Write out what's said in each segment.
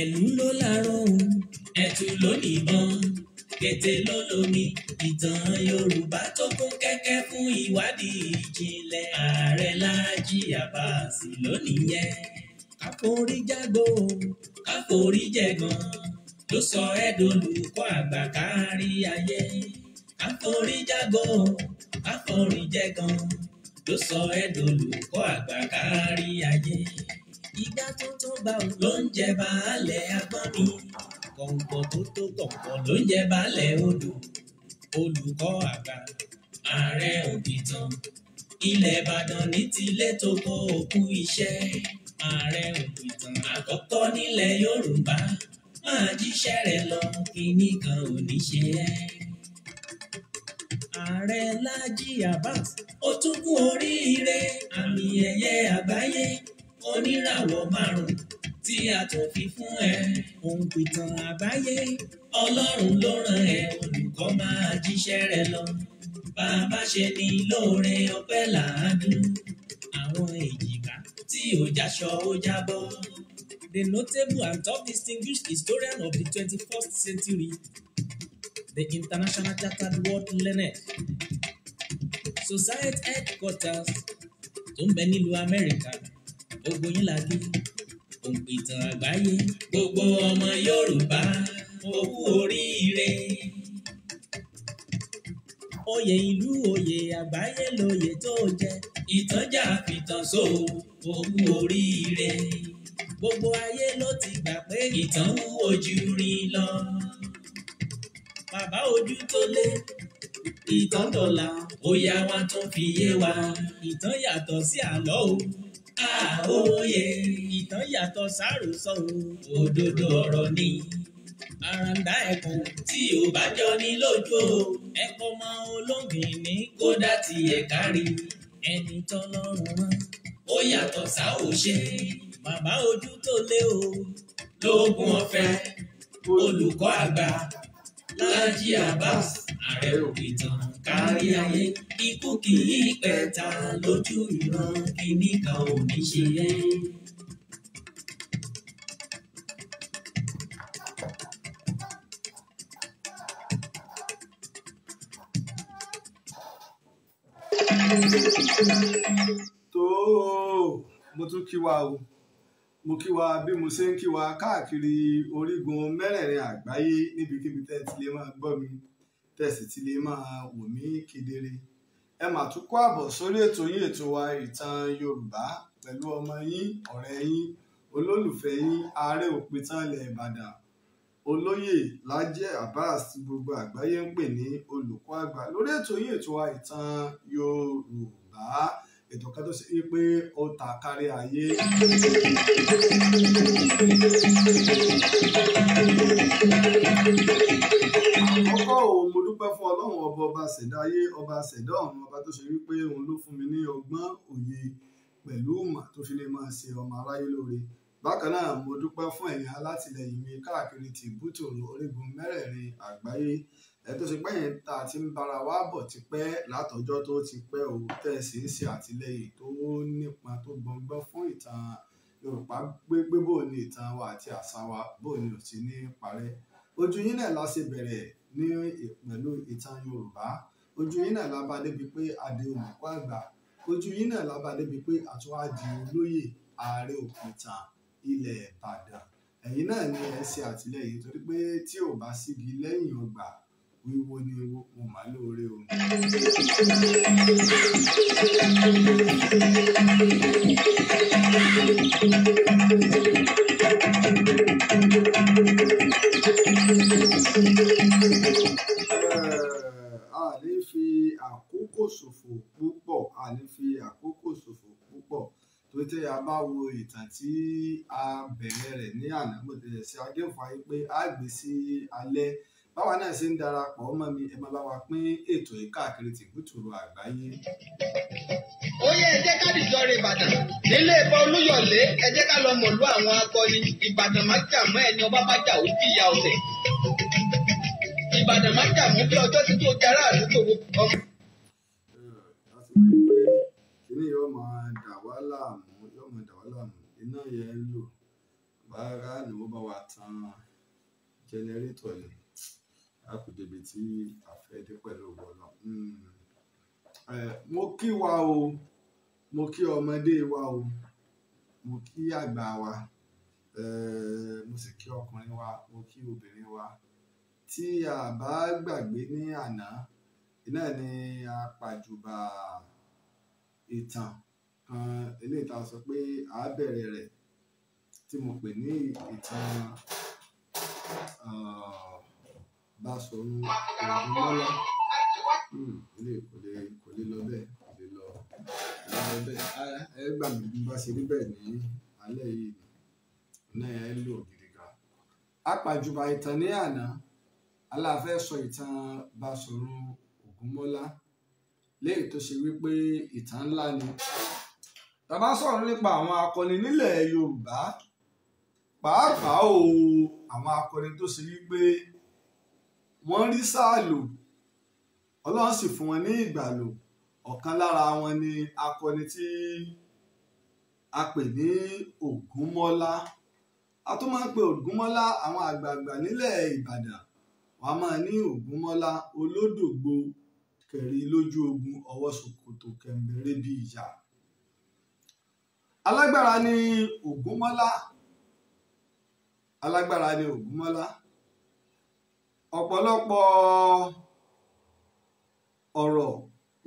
ẹ̀lú ló láró òun ẹ̀tù ló nìbọn kété ló lomi ìtàn Yorùbá tó kún kẹ́kẹ́ fún ìwádìí ìjìnlẹ̀ Ààrẹ Láàjì Àbáàsì lónìí yẹn káforí jágbó káforí jẹgàn ló sọ ẹ́ dolùkọ́ àgbà kárí ayé káforí jágbó káforí jẹgàn ló sọ ẹ́ àgbà kárí ayé ìgbà tó tó bá ò ló ń jẹ baálẹ̀ agbọ́n mi kọ̀ǹkọ̀ tó tó kọ̀ǹkọ̀ ló ń jẹ baálẹ̀ odò olùkọ́ àgbà ààrẹ òbítan ilẹ̀ ìbàdàn ní tilé tó kọ òkú iṣẹ́ ààrẹ òbítan àkọ́kọ́ nílẹ̀ yorùbá máa jíṣẹ́ rẹ̀ lọ kíní kan ò ní ṣe ẹ́ ààrẹ Lájí Abbas ó tún kú oríire àmì ẹ̀yẹ àgbáyé oníràwọ̀ márùn-ún tí a tún fi fún ẹ. òǹpìtàn àbáyé ọlọ́run ló rán ẹ olùkọ́ máa jíṣẹ́ rẹ lọ. bàbá ṣe ni lóore ọpẹ́ làánú àwọn èjìká tí ò jáṣọ ó jábọ́. The notable and top distinguished historian of the twenty-first century, the International Chartered World Learned Society headquarters tó ń bẹ nílùú Amẹ́ríkà ogun yín la dé òǹpìtàn àgbáyé gbogbo ọmọ Yorùbá ó kú oríire oyè ìlú oyè àgbáyé lóyè tó jẹ ìtànjà fìtànṣó so kú oríire gbogbo ayé ló ti gbà pé ìtàn ń ojú rí lọ bàbá ojú tó lé ìtàn dọ̀la ó yá wa tún fi yé wa ìtàn yàtọ̀ sí àlọ́ o àwòye ìtàn yàtọ̀ sáròsọ òdodo ọ̀rọ̀ ni àràǹdà ẹ̀kọ́ tí ò bá jọ ní lójú ẹ̀kọ́ máa olóngìn ní kódà ti ẹ̀ka rí ẹni tọ́lọ́run rán ó yàtọ̀ sáwòṣe bàbá ojú tó lé o lóògùn ọ̀fẹ́ olùkọ́ àgbà Lájí Abbas ààrẹ òkè tán kárí ayé ikú kì í pẹ́ ta lójú ìran kíní kan ò ní ṣe é. tóó mo tún kí wa o mo kí wa bí mo ṣe ń kí wa káàkiri orígun mẹ́rẹ̀ẹ̀rin àgbáyé níbikíbi tẹ́ ẹ ti lè máa gbọ́ mi tẹ̀sí ti lè máa wò mí kedere ẹ mà tún kó àbọ̀ sórí ètò yín ètò wa ìtàn Yorùbá pẹ̀lú ọmọ yín ọ̀rẹ́ yín olólùfẹ́ yín ààrẹ òpìtàn ilẹ̀ Ìbàdàn olóyè Laji Abbas tí gbogbo àgbáyé ń pè ní olùkọ́ àgbà lórí ètò yín ètò wa ìtàn Yorùbá ètò kan tó ṣe wípé ó ta kárí ayé. àkọ́kọ́ o mo dúpẹ́ fún ọlọ́run ọba ọba ṣẹ̀dá ayé ọba ṣẹ̀dá ọ̀run ọba tó ṣe wípé òun ló fún mi ní ọgbọ́n òye pẹ̀lú ìmọ̀ tó fi lè máa ṣe ọmọ aráyé lóore bákan náà mo dúpẹ́ fún ẹ̀yin alátìlẹyìn mi káàkiri tìbútò orígun mẹ́rẹ̀ẹ̀rin àgbáyé ẹni tó ṣe pé yẹn tá a ti ń bára wa bọ̀ tipẹ́ látọjọ́ tó ti pẹ́ o tẹ́ ẹ sì ń ṣe àtìlẹ́yìn tó nípa tó gbọngbọ́n fún ìtàn Yorùbá gbégbé bò ní ìtàn wa àti àṣà wa bò ní ò ní parẹ́ ojú yín náà la ṣe bẹ̀rẹ̀ ní pẹ̀lú ìtàn Yorùbá ojú yín náà la bá débi pé adé olùkọ́ àgbà ojú yín náà la bá débi pé àtúwádìí olóyè ààrẹ òkúta ilẹ̀ Ìbàdàn ẹ̀yin náà ni ẹ ṣe àtìlẹ́yìn torí pé tí ò bá sígi lẹ́yìn ọgbà wíwó ní ewó mo mà lóore o. Eh, a lè fi àkókò ṣòfò púpọ̀ a lè fi àkókò ṣòfò púpọ̀ tó tẹ́ a bá wo ìtàn tí a bẹ̀rẹ̀ rẹ̀ ní àná mo agẹ́fà yìí pé a gbé sí alẹ́ báwa náà ṣe ń darapọ̀ mọ́ mi ẹ máa bá wa pín ètò yìí káàkiri tìbútùrù àgbáyé. ó yẹ ẹ jẹ́ ká dìjọ rè ìbàdàn nílé ẹ̀fọ́ olúyọ̀lé ẹ jẹ́ ká lọ mọ̀lú àwọn akọni ìbàdàn má jà mọ́ ẹni ọba bá jà ó bí ìyá ọ̀sẹ̀. ìbàdàn má jà mọ́ bí ọjọ́ tí tó jẹ́ aráàlú tó kíní yóò máa dà wá láàmú yóò máa dà wá láàmú iná yẹn ń lò bá ara ni ó bá wa tan jẹnẹrétọ̀ yìí a kù débi tí a fẹ́ dé pẹ̀lú ògbọ́n náà. Hmm. Eh, mo kí wa o mo kí ọmọdé wa o mo kí àgbà wa eh, mo sì kí ọkùnrin wa mo kí obìnrin wa tí a bá gbàgbé ní àná iná ni a pàjùbà ìtàn kan eléyìí tá a sọ pé a bẹ̀rẹ̀ rẹ̀ tí mo pè ní ìtàn. Ah, bá sọ̀rọ̀ ìrànlọ́lá ilé kò lè kò lè lọ bẹ́ẹ̀ kò lè lọ lọ bẹ́ẹ̀ ẹ gbà mí bí bá ṣe rí bẹ́ẹ̀ ní alẹ́ yìí náà ẹ lò gidi gan. apàjùbà ìtàn ní àná aláàfẹ́ sọ ìtàn bá sọ̀rọ̀ ògúnmọ́lá léyìí tó ṣe wípé ìtàn ńlá ni tàbá sọ̀rọ̀ nípa àwọn akọni nílẹ̀ yorùbá pàápàá o àwọn akọni tó ṣe wípé wọ́n rí sáà lò ọlọ́run sì fún wọn ní ìgbàlò ọ̀kan lára wọn ni akọni tí a pè ní ògúnmọ́lá a tún máa ń pe ògúnmọ́lá àwọn àgbààgbà nílẹ̀ ìbàdàn wọ́n a máa ní ògúnmọ́lá olódògbò kẹ̀rí lójú ogun ọwọ́ ṣòkòtò kẹ̀mbẹ̀rẹ̀ bíi ìyá alágbára ni ògúnmọ́lá alágbára ni ògúnmọ́lá ọ̀pọ̀lọpọ̀ ọ̀rọ̀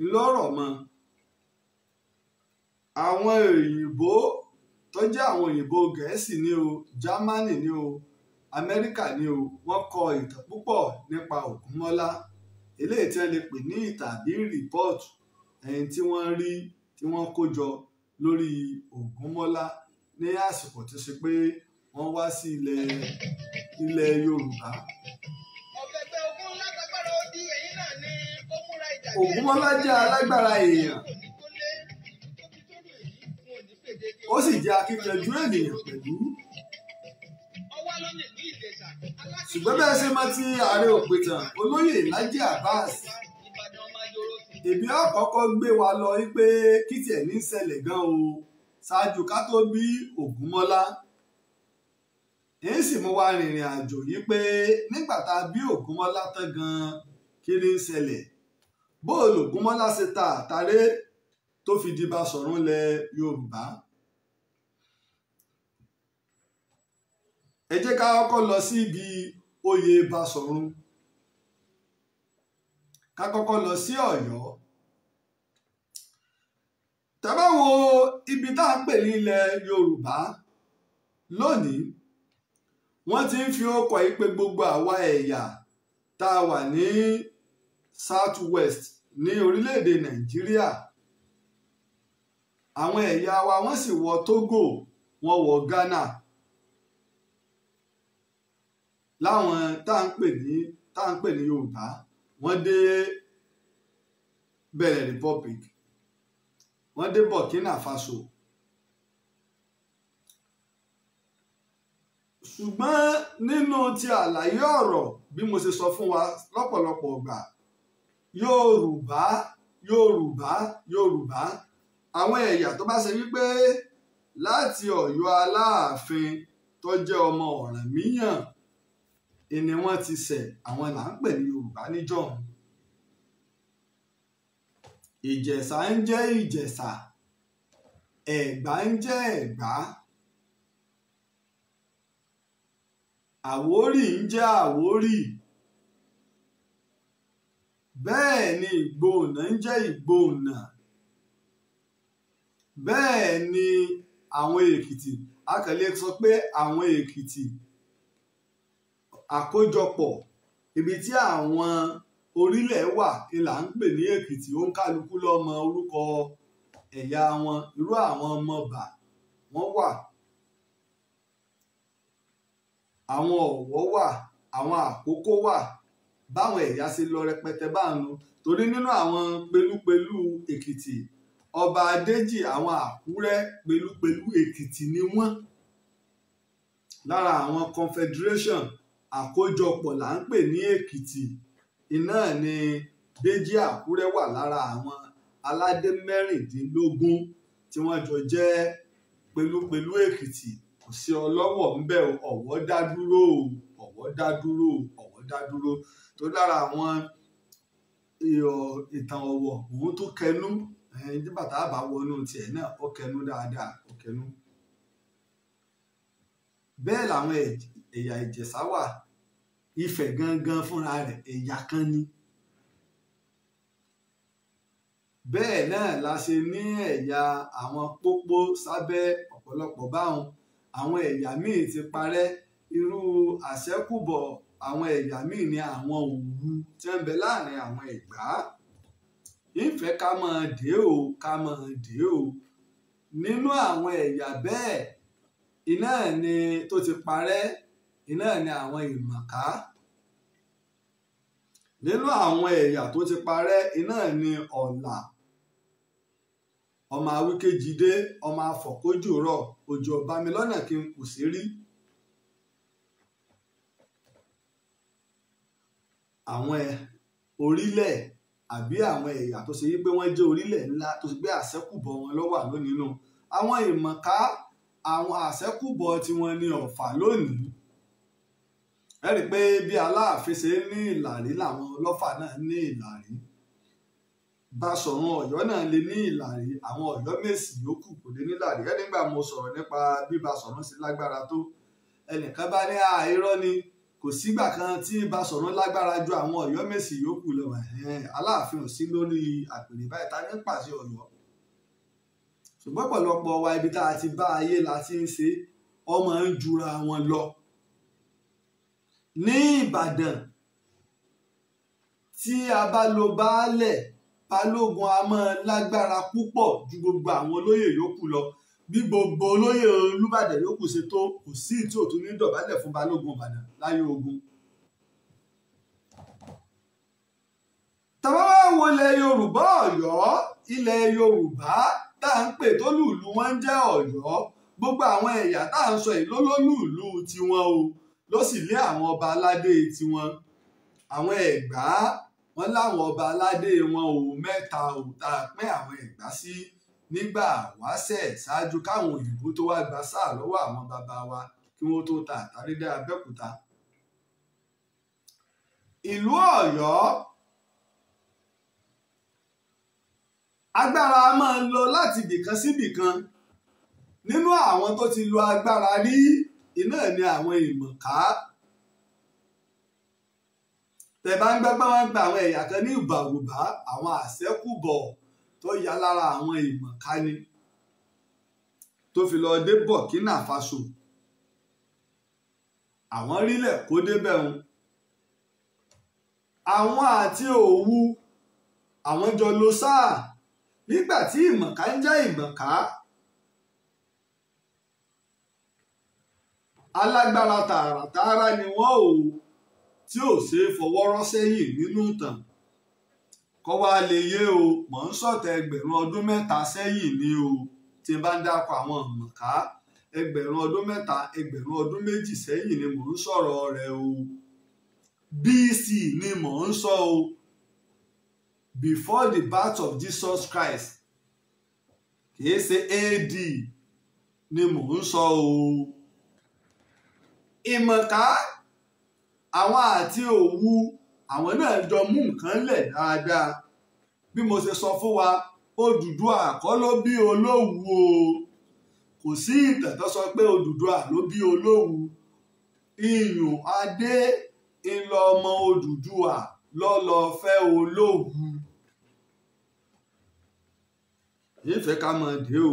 ìlọ́rọ̀ mọ́ àwọn òyìnbó tó jẹ́ àwọn òyìnbó gẹ̀ẹ́sì ni o jámánì ni o amẹ́ríkà ni o wọ́n kọ ìtàn púpọ̀ nípa ògúnmọ́lá eléyìí tí wọ́n lè pè ní ìtàbí rìpọ́ọ̀tù ẹni tí wọ́n rí tí wọ́n kó jọ lórí ògúnmọ́lá ní àsìkò tó ṣe pé wọ́n wá sí ilẹ̀ yorùbá Ògúnmọ́lá jẹ́ alágbára èèyàn ó sì jẹ́ akíkanjú ènìyàn pẹ̀lú. ṣùgbọ́n bẹ́ẹ̀ ṣe máa ti ààrẹ òpìtàn olóyè Laji Abbas èmi àkọ́kọ́ gbé wa lọ pé kí tiẹ̀ ní ṣẹlẹ̀ gan o ṣáájú ká tó bí Ògúnmọ́lá èyí sì mú wa rìnrìn àjò yìí pé nígbà tá a bí Ògúnmọ́lá tán gan kí ni ń ṣẹlẹ̀ bóòlù gúnmọ́lá ṣe ta àtàrẹ tó fi di Basọ̀rún lẹ̀ Yorùbá. ẹ jẹ́ ká kọ́kọ́ lọ sí ibi oyè Basọ̀rún ká kọ́kọ́ lọ sí Ọ̀yọ́ tá wo ibi tá à ń pè ní ilẹ̀ Yorùbá lónìí wọ́n ti ń fi ọkọ̀ yìí pè gbogbo àwa ẹ̀yà tá a wà ní south west ní orílẹ̀-èdè nàìjíríà àwọn ẹ̀yà wa wọ́n sì wọ togo wọ́n wọ ghana láwọn tá à ń pè ní tá à ń pè ní yorùbá wọ́n dé benin republic wọ́n dé burkina faso ṣùgbọ́n nínú ti àlàyé ọ̀rọ̀ bí mo ṣe sọ fún wa lọ́pọ̀lọpọ̀ ọgbà yorùbá yorùbá yorùbá àwọn ẹ̀yà tó bá ṣe wípé láti ọ̀yọ́ aláàfin tó jẹ́ ọmọ ọ̀rànmíyàn ni wọ́n ti ṣẹ̀ àwọn là ń pè ní yorùbá níjọ́un ìjẹ̀ṣà ń jẹ́ ìjẹ̀ṣà ẹ̀gbá ń jẹ́ ẹ̀gbá àwórì ń jẹ́ àwórì bẹ́ẹ̀ ni ìgbóònà ń jẹ́ ìgbóònà bẹ́ẹ̀ ni àwọn èkìtì a kàn lè sọ pé àwọn èkìtì àkójọpọ̀ ibi tí àwọn orílẹ̀ wà ni là ń pè ní èkìtì ó ń kálukú lọ́mọ orúkọ ẹ̀yà wọn irú àwọn ọmọọba wọ́n wà àwọn ọ̀wọ́ wà àwọn àkókó wà báwọn ẹ̀yà ṣe lọ rẹpẹtẹ báànú torí nínú àwọn pẹ̀lúpẹ̀lú èkìtì ọba adéjì àwọn àkúrẹ́ pẹ̀lúpẹ̀lú èkìtì ni wọ́n lára àwọn confederation àkójọpọ̀ là ń pè ní èkìtì iná ni déjì àkúrẹ́ wà lára àwọn aládé mẹ́rìndínlógún tí wọ́n jọ jẹ́ pẹ̀lúpẹ̀lú èkìtì kò sí ọlọ́wọ̀ ńbẹ̀ ọ̀wọ́ dá dúró ọ̀wọ́ dá dúró ọ̀wọ́ dá dúró tó lára àwọn ìtàn ọ̀wọ̀ òun tó kẹnu ní bàtà àbá wọnú tiẹ̀ náà ó kẹnu dáadáa ó kẹnu. bẹ́ẹ̀ làwọn ẹ̀yà ìjẹ̀ṣà wà Ifẹ̀ gangan fúnra rẹ̀ ẹ̀yà kan ni. bẹ́ẹ̀ náà la ṣe ní ẹ̀yà àwọn pópó sábẹ́ ọ̀pọ̀lọpọ̀ báwọn àwọn ẹ̀yà míì ti parẹ́ irú àṣẹ́kùbọ̀ àwọn ẹ̀yà míì ni àwọn òwú tí wọ́n ń bẹ láàrin àwọn Ẹ̀gbá ìfẹ́ ká máa dé o ká máa dé o nínú àwọn ẹ̀yà bẹ́ẹ̀ iná ni tó ti parẹ́ iná ni àwọn ìmọ̀ká nínú àwọn ẹ̀yà tó ti parẹ́ iná ni ọ̀là ọmọ awíkéjìdé ọmọ afọ̀kójúrọ̀ òjò ọba mi lọ́nà kí n kù sí rí àwọn orílẹ̀ àbí àwọn ẹ̀yà tó ṣe yí pé wọ́n jẹ́ orílẹ̀ ńlá tó ṣe pé àṣẹ́kùbọ̀ wọn ló wà lónìí nù àwọn ìmọ̀ká àwọn àṣẹ́kùbọ̀ tiwọn ni ọ̀fà lónìí ẹ rí i pé bí aláàfin ṣe ní ìlàrí làwọn ọlọ́fà náà ní ìlàrí Báṣọ̀run Ọ̀yọ́ náà lè ní ìlàrí àwọn Ọ̀yọ́ Mèsì yòókù kò lè nílàrí ẹ nígbà mo sọ̀rọ̀ nípa bí Báṣọ̀run ṣe lágbára tó ẹnìkan bá ní àìrọ́ ni. Ilari, kò sígbà kan tí Basọ̀run lágbára ju àwọn Ọ̀yọ́ Mèsì yòókù lọ Aláàfin ò lórí àpèrè báyìí ta ní pàṣẹ Ọ̀yọ́ ṣùgbọ́n ọ̀pọ̀lọpọ̀ wa ibi tá a ti bá ayé la ti ń ṣe ọmọ ń jura wọn lọ ní Ìbàdàn tí a bá lo baálẹ̀ balógun a máa lágbára púpọ̀ ju gbogbo àwọn olóyè yòókù lọ bí gbogbo olóyè olúbàdàn yòókù ṣe tó kò sí tí ò tún ní dọ̀bálẹ̀ fún balógun ìbàdàn láyé ogun. tàbáwá wo ilẹ̀ yorùbá ọ̀yọ́ ilẹ̀ yorùbá tá à ń pè tó lùlù wọn jẹ́ ọ̀yọ́ gbogbo àwọn ẹ̀yà tá à ń sọ yìí ló lólùlù tiwọn o ló sì lé àwọn ọba aládé tiwọn àwọn ẹ̀gbá wọn láwọn ọba aládé wọn ò mẹ́ta ò tá a pín àwọn ẹ̀gbá sí. Si nígbà wáṣẹ̀ ṣáájú káwọn òyìnbó tó wá gba sáà lọ́wọ́ àwọn bàbá wa kí wọ́n tó ta àtàrídá abẹ́òkúta. ìlú ọ̀yọ́ agbára máa ń lọ láti bìkan sí bìkan nínú àwọn tó ti lo agbára rí iná ni àwọn ìmọ̀ká tẹ̀ bá ń gbẹ́gbẹ́ wọn gba àwọn ẹ̀yà kan ní ìbàwùbá àwọn àṣẹ́kùbọ̀ tó yá lára àwọn ìmọ̀kání tó fi lọ dé Burkina Faso àwọn rílẹ̀ kó débẹ̀ wọn àwọn àti òwu àwọn jọ lo sáà nígbà tí ìmọ̀ká ń jẹ́ ìmọ̀ká alágbára tààràtààrà ni wọ́n ò tí ò ṣeé fọwọ́rọ́ sẹ́yìn nínú ìtàn kọ́ wá lè yé o mọ̀ ń sọ̀tẹ̀ ẹgbẹ̀rún ọdún mẹ́ta sẹ́yìn ni o tí n bá ń dákọ̀ àwọn ìmọ̀ká ẹgbẹ̀rún ọdún mẹ́ta ẹgbẹ̀rún ọdún méjì sẹ́yìn ni mò ń sọ̀rọ̀ rẹ̀ o BC ni mò ń sọ o before the birth of Jesus Christ kìí ṣe AD ni mò ń sọ o ìmọ̀ká àwọn àti òwú àwọn náà jọ mú nǹkan lẹ̀ dáadáa bí mo ṣe sọ fún wa Odùduwà àkọ́ ló bí Olówu o kò sí ìtàn tó sọ pé Odùduwà ló bí Olówu iyùn adé ńlọ ọmọ Odùduwà lọ́lọ́ fẹ́ Olówu ìfẹ́ ká mọ̀ dé o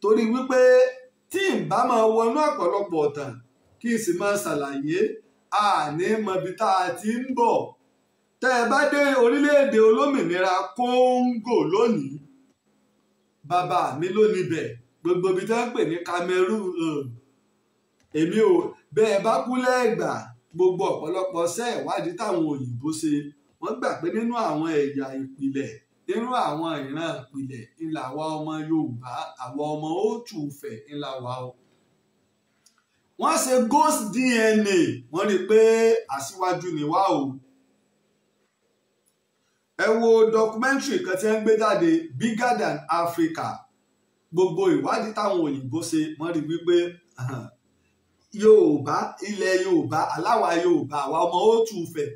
torí wípé tí n bá máa wọnú ọ̀pọ̀lọpọ̀ ọ̀tàn kí n sì máa ṣàlàyé àní mọ̀bí tá a ti ń bọ̀. tẹ́ ẹ bá dé orílẹ̀-èdè olómìnira kóńgò lónìí bàbá mi ló níbẹ̀ gbogbo ibi tẹ́ ń pè ní Cameroon um, èmi ò bẹ́ẹ̀ bá kú lẹ́ẹ̀gbà gbogbo ọ̀pọ̀lọpọ̀ ṣẹ́ ìwádìí táwọn òyìnbó ṣe wọ́n gbà pé nínú àwọn ẹ̀yà ìpìlẹ̀ nínú àwọn ìran ìpìlẹ̀ ńlá wa ọmọ Yorùbá àwọn ọmọ Oòduà ńlá wa o wọ́n ṣe ghost DNA wọ́n rí i pé aṣíwájú ni wá o ẹ wo documentary kan tí wọ́n gbé jáde bigger than Africa gbogbo ìwádìí táwọn òyìnbó ṣe wọ́n rí wípé Yorùbá ilẹ̀ Yorùbá aláwa Yorùbá àwa ọmọ òtù fẹ̀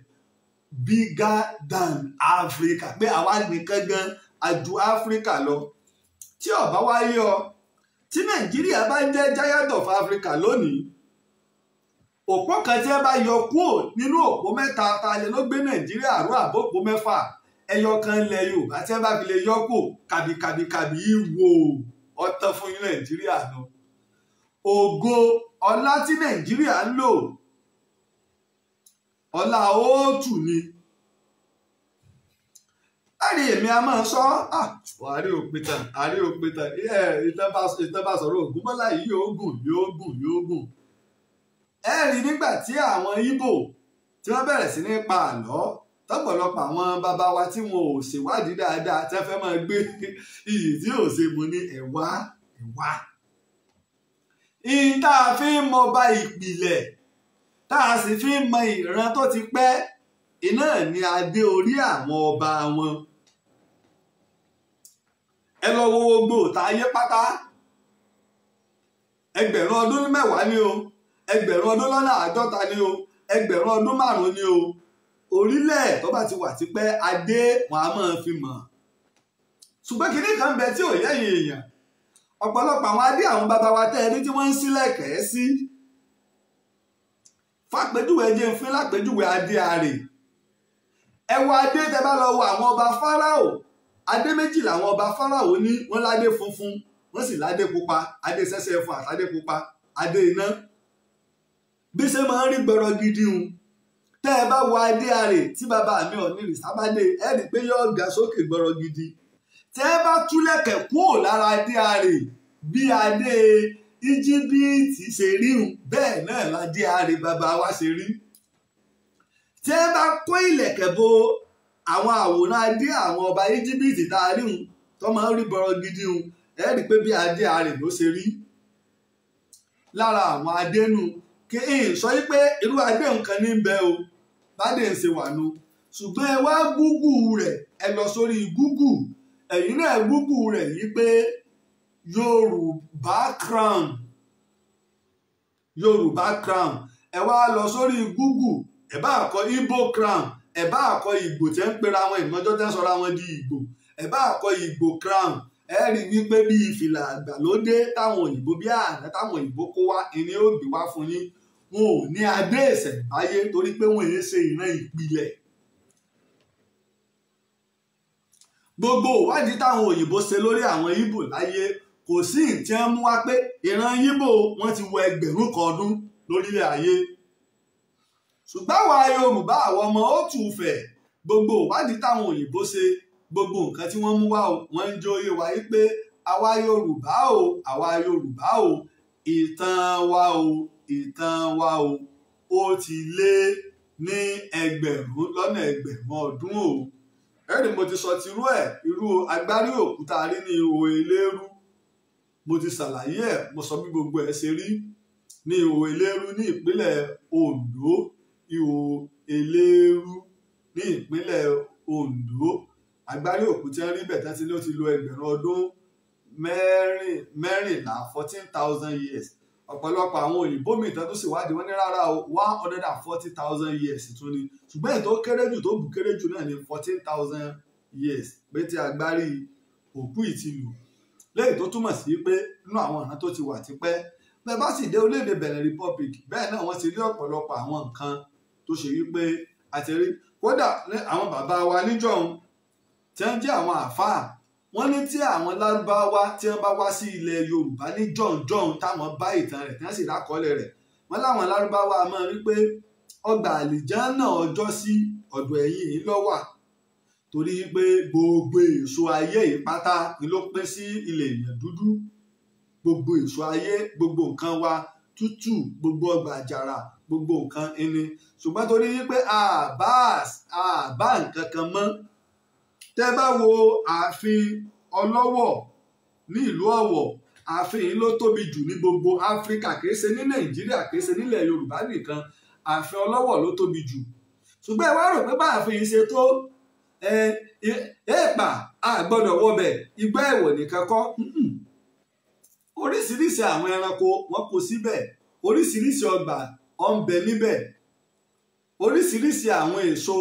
bigger than Africa pé àwa nìkan gan adu Africa lọ tí ọba wá yọ tí Nàìjíríà bá jẹ́ giant of Africa lónìí òpó kan tí ẹ bá yọ kúrò nínú òpó mẹ́ta ta lè ló gbé Nàìjíríà rú àbópó mẹ́fà ẹyọ kan lẹ yorùbá tí wọn bá fi lè yọkò kàbìkàbìkàbì yìí wò ọtán fún yín nàìjíríà nù ògo ọlá tí nàìjíríà ń lò ọlá òótù ni láàrin èmi a máa sọ àárẹ òpìtàn àárẹ òpìtàn ẹ ìtàn bá sọ̀rọ̀ ògúnmọ́lá yìí yóò gùn yóò gùn yóò gùn ẹ rí nígbà tí àwọn ibo tí wọ́n bẹ̀rẹ̀ sí ní pa àlọ́ tọ́pọ̀lọpọ̀ àwọn bàbá wa tí wọn ò ṣèwádìí dáadáa tí wọ́n fẹ́ máa gbé iyì tí ò ṣe mu ní ẹ̀wá ẹ̀wá. ìyìn tá a fi ń mọ ba ìpìlẹ̀ tá a sì fi ń mọ ìran tó ti pẹ́ iná ni adé orí àwọn ọba wọn. ẹ lọ wo gbogbo òta ayé pátá ẹgbẹ̀rún ọdún mẹ́wàá ni o ẹgbẹ̀rún ọdún lọ́nà àádọ́ta ni o ẹgbẹ̀rún ọdún márùn-ún ni o orílẹ̀ tó bá ti wà tipẹ́ adé wọn a máa fi mọ̀ ṣùgbọ́n kinní kan bẹ tí ò yẹ̀yìn èèyàn ọ̀pọ̀lọpọ̀ àwọn adé àwọn bàbá wa tẹ́ ẹni tí wọ́n ń sílẹ̀kẹ́ sí fàpèjúwe jẹ́ ń fún lápèjúwe adé àrè ẹ wo adé tẹ bá lọ wo àwọn ọba fáráò adé méjì làwọn ọba fáráò ní wọ́n ládé funfun wọ́n sì ládé pupa adé sẹ́sẹ́ fún àtàdé pupa adé iná bí ṣe máa ń rí gbọrọ gidi hùn tẹ́ ẹ bá wo adéarè tí bàbá mi ò ní rìsábàdé ẹ rí i pé yóò ga sókè gbọ́rọ̀ gidi tẹ́ ẹ bá túlẹ̀kẹ̀ kúrò lára adéarè bí adé íjíbítì ṣe rí un bẹ́ẹ̀ náà ládéarè bàbá wa ṣe rí tẹ́ ẹ bá kó ìlẹ̀kẹ̀ bo àwọn àwòrán adé àwọn ọba íjíbítì tá a rí un tó máa ń rí gbọ́rọ̀ gidi un ẹ rí i pé bí adéarè ló ṣe rí lára àwọn adé nu kí n sọ yí pé irú adé nǹkan ní bẹ́ẹ̀ o bádẹ̀ ń ṣe wà nu ṣùgbọ́n ẹ wá Google rẹ̀ ẹ lọ sórí Google ẹ̀yin náà Google rẹ̀ yí pé Yorùbá crown Yorùbá crown ẹ wá lọ sórí Google ẹ bá kọ Igbo crown ẹ bá kọ Ìgbò tẹ́ ń pera wọn ìmọ̀jọ́ tẹ́ ń sọra wọn di Ìgbò ẹ bá kọ Ìgbò crown ẹ rí i wípé bí ìfìlà àgbà ló dé táwọn òyìnbó bí àná táwọn òyìnbó kó wá ẹni ó gbé wá fún yín wọn ò ní adé ìṣẹ̀ǹbáyé torí pé wọn èyí ṣe ìran ìpìlẹ̀ gbogbo ìwádìí táwọn òyìnbó ṣe lórí àwọn Ìgbò láyé kò sí ìtí ń mú wá pé ìran Ìgbò wọn ti wọ ẹgbẹ̀rún kan ọdún lórílẹ̀ ayé ṣùgbọ́n àwa Yorùbá àwọn ọmọ ó tù fẹ̀ gbogbo ìwádìí táwọn òyìnbó ṣe gbogbo nǹkan tí wọ́n mú wá wọ́n ń jóye wa yí pé àwa Yorùbá o àwa Yorùbá o ìtàn wa o ìtàn wa o ó ti lé ní ẹgbẹ̀rún lọ́nà ẹgbẹ̀rún ọdún o ẹ̀rí mo ti sọ tirú ẹ̀ irú agbárí òkúta rí ní ihò eléérú mo ti ṣàlàyé ẹ̀ mo sọ bí gbogbo ẹ̀ ṣe rí ní ihò eléérú ní ìpínlẹ̀ Ondo ihò eléérú ní ìpínlẹ̀ Ondo agbárí òkúta rí bẹ̀tẹ́ tí ló ti lo ẹgbẹ̀rún ọdún mẹ́rìnlá fourteen thousand years ọ̀pọ̀lọpọ̀ àwọn òyìnbó míì tán tó ṣèwádìí wọn ní rárá o one hundred and forty thousand years tún ni ṣùgbọ́n ètò kéré jù tó bù kéré jù náà ní fourteen thousand years pé tí agbárí òkú yìí ti lù léyìí tó túmọ̀ sí pé inú àwọn ìran tó ti wà tipẹ́ bẹ́ẹ̀ bá sì dé orílẹ̀-èdè Benin Republic bẹ́ẹ̀ náà wọ́n ti rí ọ̀pọ̀lọpọ̀ àwọn nǹkan tó ṣe wípé àti rí kódà àwọn bàbá wa níjọ́ òun tí wọ́n jẹ́ àwọn àfáà wọ́n ní tí àwọn lárúbáwá tí wọ́n bá wá sí ilẹ̀ yorùbá ní jọ̀ǹjọ̀ǹ táwọn bá ìtàn rẹ̀ tí wọ́n sì rákọ́lẹ̀ rẹ̀ wọ́n láwọn lárúbáwá máa rí pé ọgbà àlìjánà ọjọ́ sí ọ̀dọ̀ ẹ̀yìn yìí lọ́wà torí pé gbogbo èso ayé yìí pátá ni ló pín sí ilẹ̀ èèyàn dúdú gbogbo èso ayé gbogbo nǹkan wa tútù gbogbo ọgbà àjàrà gbogbo nǹkan ẹni ṣùgbọ́n torí wípé àbá àbá nǹkan kan mọ́ tẹ́ bá wo ààfin ọlọ́wọ̀ ní ìlú ọ̀wọ̀ ààfin yìí ló tóbi jù ní gbogbo áfíríkà kìí ṣe ní nàìjíríà kìí ṣe nílẹ̀ yorùbá nìkan ààfin ọlọ́wọ̀ ló tóbi jù ṣùgbọ́n ẹ wá rò pé bá ààfin yìí ṣe tó èèpà àgbọ́dọ̀ wọbẹ̀ igbá ẹ̀wọ̀ nìkan kọ́ oríṣiríṣi àwọn ẹranko wọn kò síbẹ̀ oríṣiríṣi ọgbà ọ̀nbẹ níbẹ̀ oríṣiríṣi àwọn èso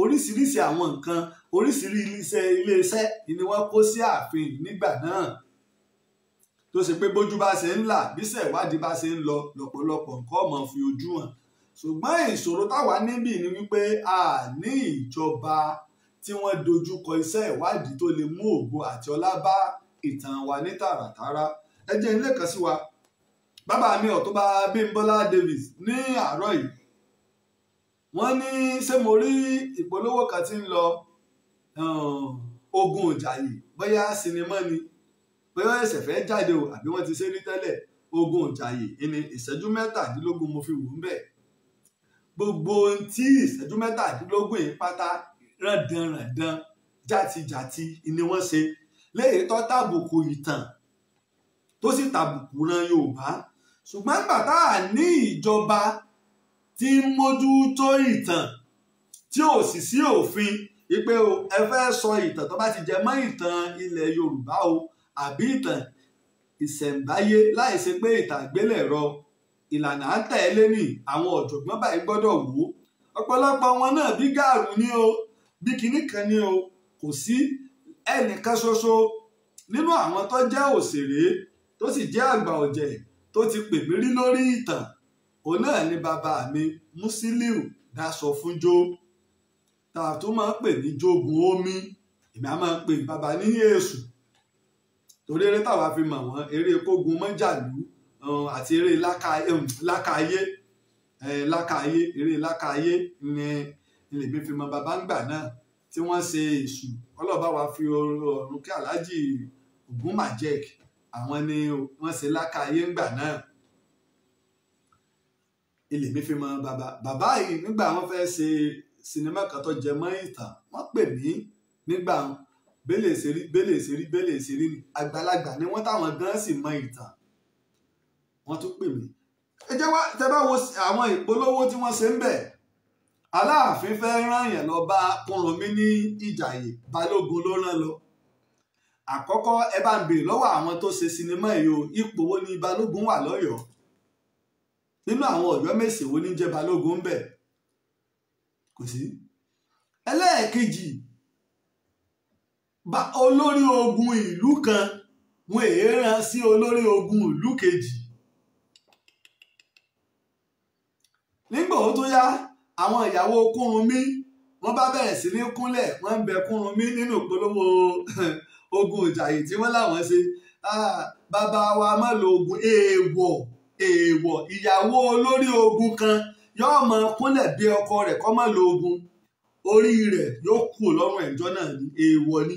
oríṣiríṣi àwọn nǹkan oríṣiríṣi iléeṣẹ́ ni wọ́n kó sí ààfin nígbà náà tó ṣe pé bójú bá ṣe ń là bíṣẹ̀ ìwádìí bá ṣe ń lọ lọ́pọ̀lọpọ̀ nǹkan ọmọ fi ojú hàn ṣùgbọ́n ìṣòro táwa níbí ni wípé a ní ìjọba tí wọ́n dojú kọ iṣẹ́ ìwádìí tó lè mú ògo àti ọlá bá ìtàn wa ní tààràtàrà ẹ jẹ́ ilé kan sí wa bàbá mi ọ̀túnba Bímbọ́lá Davis ní àárọ̀ yìí wọ́n ní ṣé mo rí ìpolówó kan tí ń lọ ogun ìjàyè bóyá sinimá ni bóyá ẹsẹ̀ fẹ́ jáde o àbí wọ́n ti ṣe rí tẹ́lẹ̀ ogun ìjàyè ìní ìṣẹ́jú mẹ́tàdínlógún mo fi wù ú bẹ́ẹ̀ gbogbo ohun tí ìṣẹ́jú mẹ́tàdínlógún yìí pátá ràndánràndán játijàti ni wọ́n ṣe léyìí tó tàbùkù ìtàn tó sì tàbùkù ran Yorùbá ṣùgbọ́n gbàtà ní ìjọba tí ń mójútó ìtàn tí ò sì sí òfin. Si ipe o ẹ fẹ́ sọ ìtàn tó bá ti jẹ mọ́ ìtàn ilẹ̀ Yorùbá o àbí ìtàn ìṣẹ̀ǹbáyé láì ṣe pé ìtàn àgbélẹ̀rọ ìlànà à ń tẹ̀lé ní àwọn ọ̀jọ̀gbọ́n báyìí gbọ́dọ̀ wò ó ọ̀pọ̀lọpọ̀ wọn náà bí gáàrú ni o bí kinní kan ni o kò sí ẹnìkan ṣoṣo nínú àwọn tó jẹ́ òṣèré tó sì jẹ́ àgbà ọ̀jẹ̀ tó ti pè rí lórí ìtàn òun náà ni bàbá mi Musiliu Dáṣọfúnjó tààtú máa ń pè ní jogun omi èmi á máa ń pè bàbá ní èṣù torí eré táwa fi mọ̀ wọ́n eré kógun mọ́jàlú àti eré lákàáyé lákàáyé eré lákàáyé ni lèmi fi mọ bàbá ń gbà náà tí wọ́n ṣe èṣù ọlọ́ọ̀bá wa fi ọ̀run kí aláàjì ògún àwọn ni wọ́n ṣe lákàáyé ń gbà náà ilé fi mọ bàbá bàbá yìí nígbà wọ́n fẹ́ ṣe sinimá kan tó jẹ mọ́ ìtàn wọ́n pè mí nígbà bẹ́lẹ̀ ìṣeré bẹ́lẹ̀ ìṣeré bẹ́lẹ̀ ìṣeré ni àgbàlagbà ni wọ́n táwọn gan sì mọ ìtàn wọ́n tún pè mí. ẹ jẹ́ wá tẹ bá wo àwọn ìpolówó tí wọ́n ṣe ń bẹ̀ aláàfin fẹ́ rán yẹn lọ bá Kúrúnmí ní Ìjàyè Balógun ló rán lọ àkọ́kọ́ ẹ bá ń béèrè lọ́wọ́ àwọn tó ṣe sinimá yìí o ipò wo ni Balógun wà lọ́yọ̀ọ́ nínú àwọn Ọ̀yọ́ mèsì wo ní jẹ́ Balógun ń kò sí. ẹlẹ́ẹ̀kejì bá olórí ogun ìlú kan wọn èé rán sí olórí ogun ìlú kejì. nígbà ó tó yá àwọn ìyàwó Kúrúnmí wọ́n bá bẹ̀rẹ̀ sí ní kúnlẹ̀ wọ́n ń bẹ Kúrúnmí nínú ìpolówó ogun ìjàyè tí wọ́n láwọn ṣe bàbá wa má lo ogun èèwọ̀ èèwọ̀ ìyàwó olórí ogun kan yóò mọ kúnlẹ̀ bí ọkọ rẹ̀ kọ́ mọ́ lo ogun orí rẹ̀ yóò kú lọ́rùn ẹ̀jọ́ náà ní èèwọ̀ ni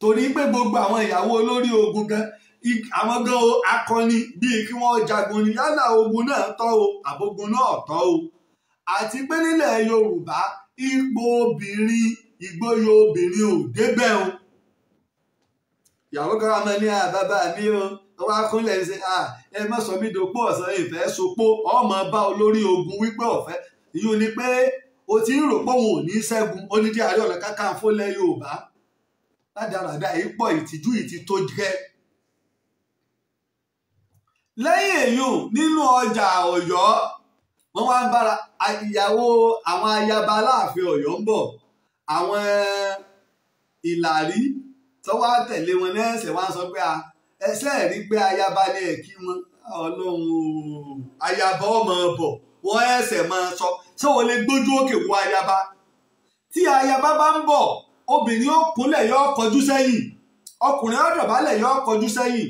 torí pé gbogbo àwọn ìyàwó olórí ogun gan àwọn gan akọni bíi kí wọ́n jagun ni yálà ogun náà tọ́ o àbógun náà tọ́ o àti pé nílẹ̀ Yorùbá ipò obìnrin ìgboyè obìnrin ò débẹ̀ o ìyàwó kan máa ní àbábá mi o tó wá kúnlẹ̀ ṣe ẹ má sọ mí dopó ọ̀sán ìfẹ́ sopó ọmọ bá olórí ogun wípé ọ̀fẹ́ ìyún ni pé o ti ń rò pé òun ò ní ṣẹ́gun ó ní dí Ààrẹ Ọ̀nà Kakanfò lẹ̀ Yorùbá ládàradà yìí pọ̀ ìtìjú ìtì tó jẹ́ lẹ́yìn èyàn nínú ọjà Ọ̀yọ́ wọ́n wá ń bára ìyàwó àwọn ayaba Aláàfin Ọ̀yọ́ ń bọ̀ àwọn eh, Ìlàrí tó wá tẹ̀lé wọn lẹ́sẹ̀ wá sọ pé a ẹsẹ̀ rí pé ayaba ni ẹ̀kí wọn ọlọ́run ayaba ọmọ bọ̀ wọ́n ẹsẹ̀ máa sọ ṣé wọ́n lè gbójú òkè wo ayaba tí ayaba bá ń bọ̀ obìnrin ó kúnlẹ̀ yọ kọjú sẹ́yìn ọkùnrin ó dọ̀bálẹ̀ yọ kọjú sẹ́yìn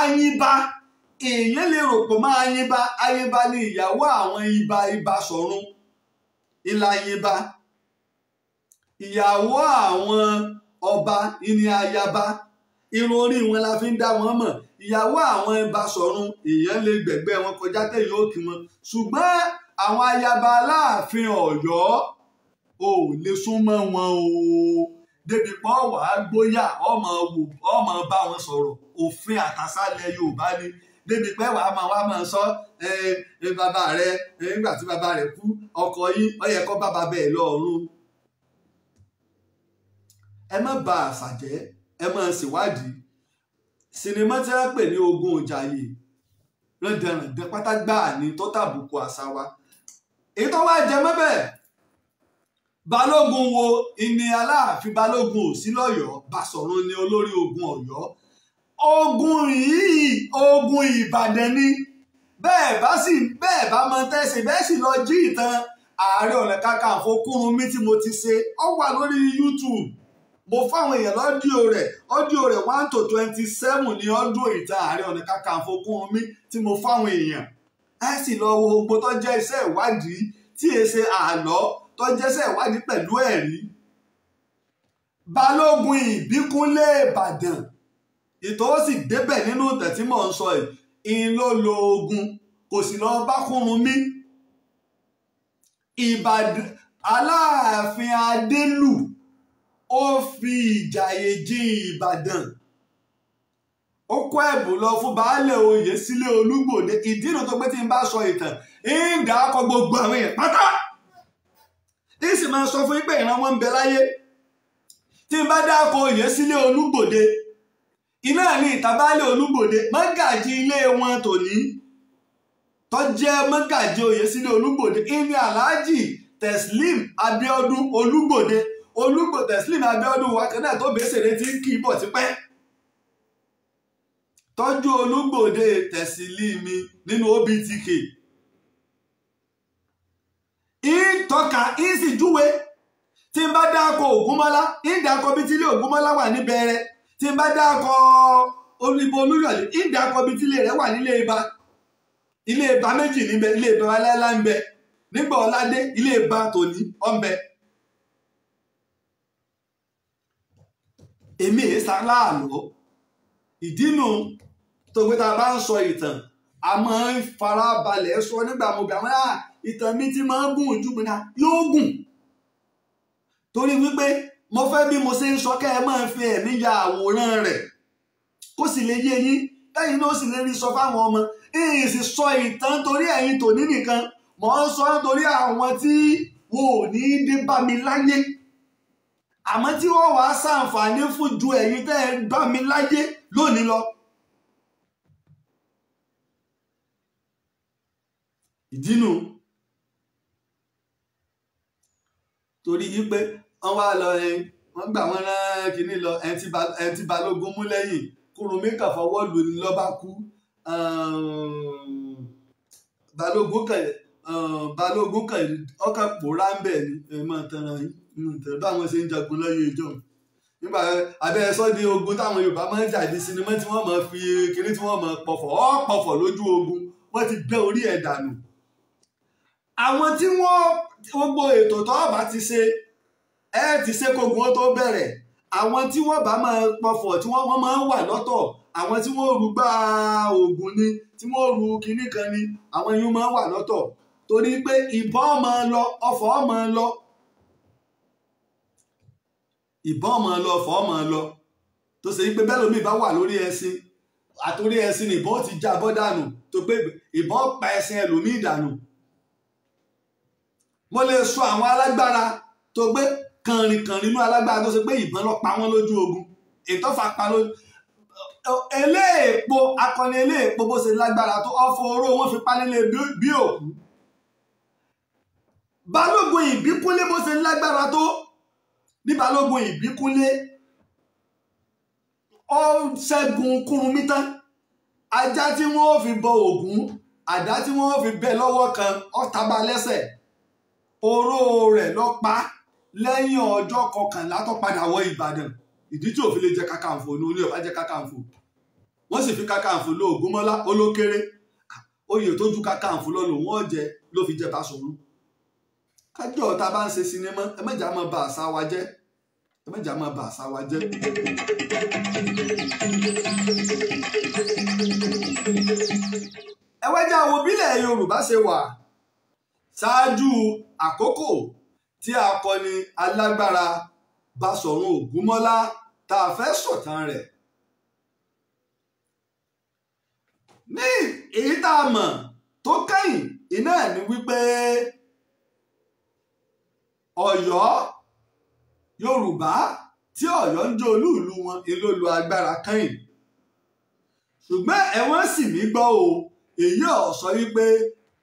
ayinba èèyàn lè rò pọ̀ mọ́ ayinba ayinba ni ìyàwó àwọn ibà ibà sọ̀run ìlà ayinba ìyàwó àwọn ọba ìní ayaba irun orí wọn la fi ń dá wọn mọ̀ ìyàwó àwọn ẹba sọ̀run èèyàn lè gbẹ̀gbẹ́ wọn kọjá téèyàn ó kì wọn ṣùgbọ́n àwọn ayaba aláàfin Ọ̀yọ́ ò lè súnmọ́ wọn o débi pọ wàá gbóyà ọmọ wò ọmọ bá wọn sọ̀rọ̀ òfin àtàsálẹ̀ Yorùbá ni débi pé wàá máa wá máa sọ ẹ bàbá rẹ nígbà tí bàbá rẹ kú ọkọ yín ó yẹ bàbá bẹ́ẹ̀ lọ ẹ má bà àṣà jẹ́ ẹ máa ṣèwádìí sinimá tí wọ́n pè ní ogun ìjàyè rẹ̀dẹ̀rẹ̀dẹ̀ pátá gbáà ní tó tàbùkù àṣà wa èyí tó wá jẹ mọ́bẹ̀ balógun wo ìní aláàfin balógun ò sí lọ́yọ̀ọ́ Basọ̀run ni olórí ogun Ọ̀yọ́ ogun yìí ogun Ìbàdàn ni bẹ́ẹ̀ bá sì bẹ́ẹ̀ bá mọ tẹ́sí bẹ́ẹ̀ sì lọ jí ìtàn Ààrẹ Ọ̀nà Kakanfò Kúrunmí tí mo ti ṣe ó wà lórí YouTube mo fáwọn èèyàn lọ́díò rẹ̀ ọ́díò rẹ̀ one to twenty seven ní ọdún ìta Ààrẹ Ọ̀nà Kakanfò Gúnmi tí mo fáwọn èèyàn ẹ sì lọ wo gbogbo tó jẹ́ iṣẹ́ ìwádìí tí è ṣe àlọ́ tó jẹ́ iṣẹ́ ìwádìí pẹ̀lú ẹ̀rí Balógun Ìbíkúnlé Ìbàdàn ìtòsí débẹ̀ nínú ìtẹ̀ tí mò ń sọ yìí ń ló lo ogun kò sì lọ bá Gúnmi Ìbàdàn Aláàfin Adélù ó fi ìjàyè jin ìbàdàn ó kó ẹ̀bùn lọ fún baálẹ̀ oyè sílé olúgbòde ìdí ìrìn tó pé tí n bá sọ ìtàn ń dà á kọ gbogbo àwọn èèyàn pátá ń sì máa sọ fún yín pé ìran wọn ń bẹ láyé tí n bá dáko oyè sílé olúgbòde iná ní ìtàbálẹ̀ olúgbòde mọ́gàjì ilé wọn tòní tó mọ́gàjì oyè sílé olúgbòde ìní aláàjì Teslim Abiodun olúgbòde olugbo teslim abiodun wakanda tó bẹ́sẹ̀rẹ̀ ti ń kí ibọ̀ tipẹ́ olugbo de tẹ̀sílíìmì nínú obtk ìtọ́ka ìsìjúwe tí n bá dáko ògúnmọ́lá ìdáko bíi tílé ògúnmọ́lá wà níbẹ̀rẹ̀ tí n bá dáko olùbọ olúyọ̀lé ìdáko bíi tílé rẹ̀ wà nílé ibà ilé ibà méjì ile ilé ibà aláìlá ń bẹ nígbà ọ̀ládé ilé ibà èmi èé sáláàlọ́ ìdínú tó gbé ta bá ń sọ ìtàn a máa ń farabalẹ̀ sọ nígbà mo gbà wọ́n á ìtàn mi ti máa ń gùn ojú mi náà yóò gùn torí wípé mo fẹ́ bí mo ṣe ń sọ kẹ́ ẹ máa fi ẹ̀mí ya àwòrán rẹ̀ kó sì lè yé yín lẹ́yìn náà ó sì lè rí sọ fáwọn ọmọ èyí sì sọ ìtàn torí ẹ̀yin tòní nìkan mò ń sọ nítorí àwọn tí wọn ò ní dé bá mi láyé àmọ́ tí wọ́n wàá ṣàǹfààní fún ju ẹ̀yin tẹ́ ẹ bá mi láyé lónìí lọ. ìdínú torí yí pé wọ́n wá lọ ẹ wọ́n gbà wọ́n rán kínní lọ ẹ ti balógun mú lẹ́yìn Kúrúnmí kàn fọwọ́ lù ní lọ́ba kú balógun kàn balógun kàn ọkàn pòórá ń bẹ̀ ni ẹ máa tanra yín tẹ̀lé báwọn ṣe ń jagun lọ́yọ̀ ìjọ nígbà abẹ́ sọ́ni ogun táwọn Yorùbá máa ń jáde sinimá tí wọ́n máa fi kiri tí wọ́n máa pọ̀fọ̀ ọ́ pọ̀fọ̀ lójú ogun wọ́n ti gbẹ́ orí ẹ̀ dànù. àwọn tí wọ́n gbogbo ètò tó bá ti ṣe ẹ ti ṣe kógun tó bẹ̀rẹ̀ àwọn tí wọ́n bá máa pọ̀fọ̀ tí wọ́n máa ń wà lọ́tọ̀ àwọn tí wọ́n rú gbá ogun ni tí wọ́n rú kinní kan ni àwọn yìí máa ń wà lọ́tọ̀ torí pé ìbọn máa lọ ọ̀fọ̀ máa lọ ìbọn ọmọ lọ fọ ọmọ lọ tó ṣe pé bẹ́ẹ̀ lómi bá wà lórí ẹṣin àtòrí ẹṣin ìbọn ti já bọ́ dànù tó pé ìbọn pa ẹṣin ẹlòmíì dànù mo lè sọ àwọn alágbára tó gbé kànrìnkànrìn inú alágbára tó ṣe pé ìbọn lọ pa wọn lójú ogun ètò fapá lójú eléèpo akọni eléèpo bó ṣe lágbára tó ọfọ oró wọn fi pálílé bí òkú balógun ìbíkúnlé bó ṣe lágbára tó bí balógun ìbíkúnlé ó ṣẹ́gun kúrunmí tán ajá tí wọ́n ó fi bọ ògún àdá tí wọ́n ó fi bẹ lọ́wọ́ kan ọ̀tàbà lẹ́sẹ̀ oró rẹ̀ lọ pa lẹ́yìn ọjọ́ kọkànlá tó padà wọ ìbàdàn ìdí tí òfin lè jẹ kàkàǹfò ní olú ìwà jẹ kàkàǹfò wọ́n sì fi kàkàǹfò lo ògúnmọ́lá olókéré oyè tó ju kàkàǹfò lọ lòun ọ̀jẹ̀ ló fi jẹ bá sòrú kájọ́ ta bá ń ṣe sinimá ẹ mẹ́jà mọ́ bá àṣà wa jẹ́ ẹ mẹ́jà máa bà àṣà wa jẹ́. ẹ wá jẹ́ àwọn bílẹ̀ Yorùbá ṣe wà ṣáájú àkókò tí akọni alágbára Basọ̀run Ògúnmọ́lá tá a fẹ́ sọ̀tàn rẹ̀. ní èyí tá a mọ̀ tó kẹ́yìn iná ẹ̀ ni wípé Ọ̀yọ́ yorùbá tí ọ̀yọ́ ń jẹ́ olú ìlú wọn ló lo agbára kẹ́yìn ṣùgbọ́n ẹ̀wọ̀n sì mí gbọ́ o èyí ọ̀ sọ wípé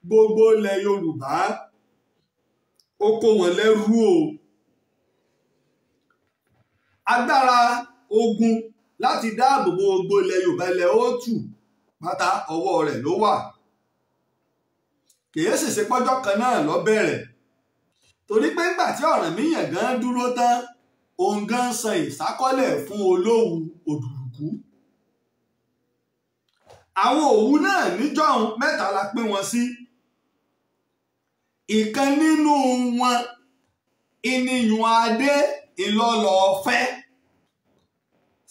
gbogbo ilẹ̀ yorùbá ó kó wọn lẹ́rú o agbára ogun láti dáàbò bo gbogbo ilẹ̀ yorùbá ilẹ̀ òtù pátá ọwọ́ rẹ̀ ló wà kèé sì ṣe kan náà ló bẹ̀rẹ̀ torí pé ńgbà tí Ọ̀rànmíyàn gan dúró tán òun gan san ìsákọ́lẹ̀ fún olówu òdùrùkú àwọn òwú náà níjọ́hun mẹ́ta la pín wọn sí ìkan nínú wọn ìníyàn adé ìlọlọ́ọ̀fẹ́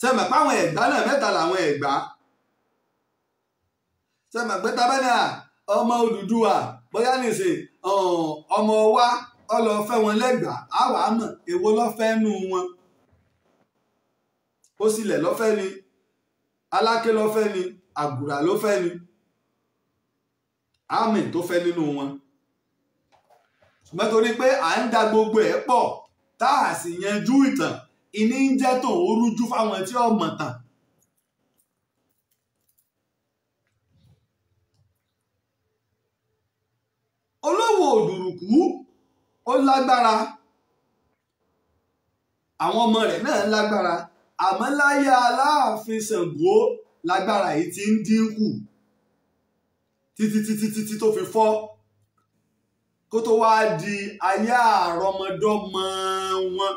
sẹ́mẹ̀ páwọn ẹ̀gbá náà mẹ́ta làwọn ẹ̀gbá sẹ́mẹ̀ pé ọmọ Odùduwà bóyá nìsín ọmọ wa ọlọ́ fẹ́ wọn lẹ́gbàá àwa mọ̀ èwo lọ́fẹ́ nù wọn ó sílẹ̀ lọ́fẹ́ ni aláké lọ́fẹ́ ni àgùrà lọ́fẹ́ ni amen tó fẹ́ nínú wọn ṣùgbọ́n torí pé à ń da gbogbo ẹ̀ pọ̀ tá a sì yanjú ìtàn ìní ń jẹ́ tòun ó rújú fáwọn tí ó mọ̀ tàn olówó òdùrùkú ó lágbára àwọn ọmọ rẹ̀ náà lágbára àmọ́ láyé aláàfin Ṣàngó lágbára yìí ti ń dínkù títí títí títí tó fi fọ́ kó tó wáá di ayé àrọmọdọ́mọ wọn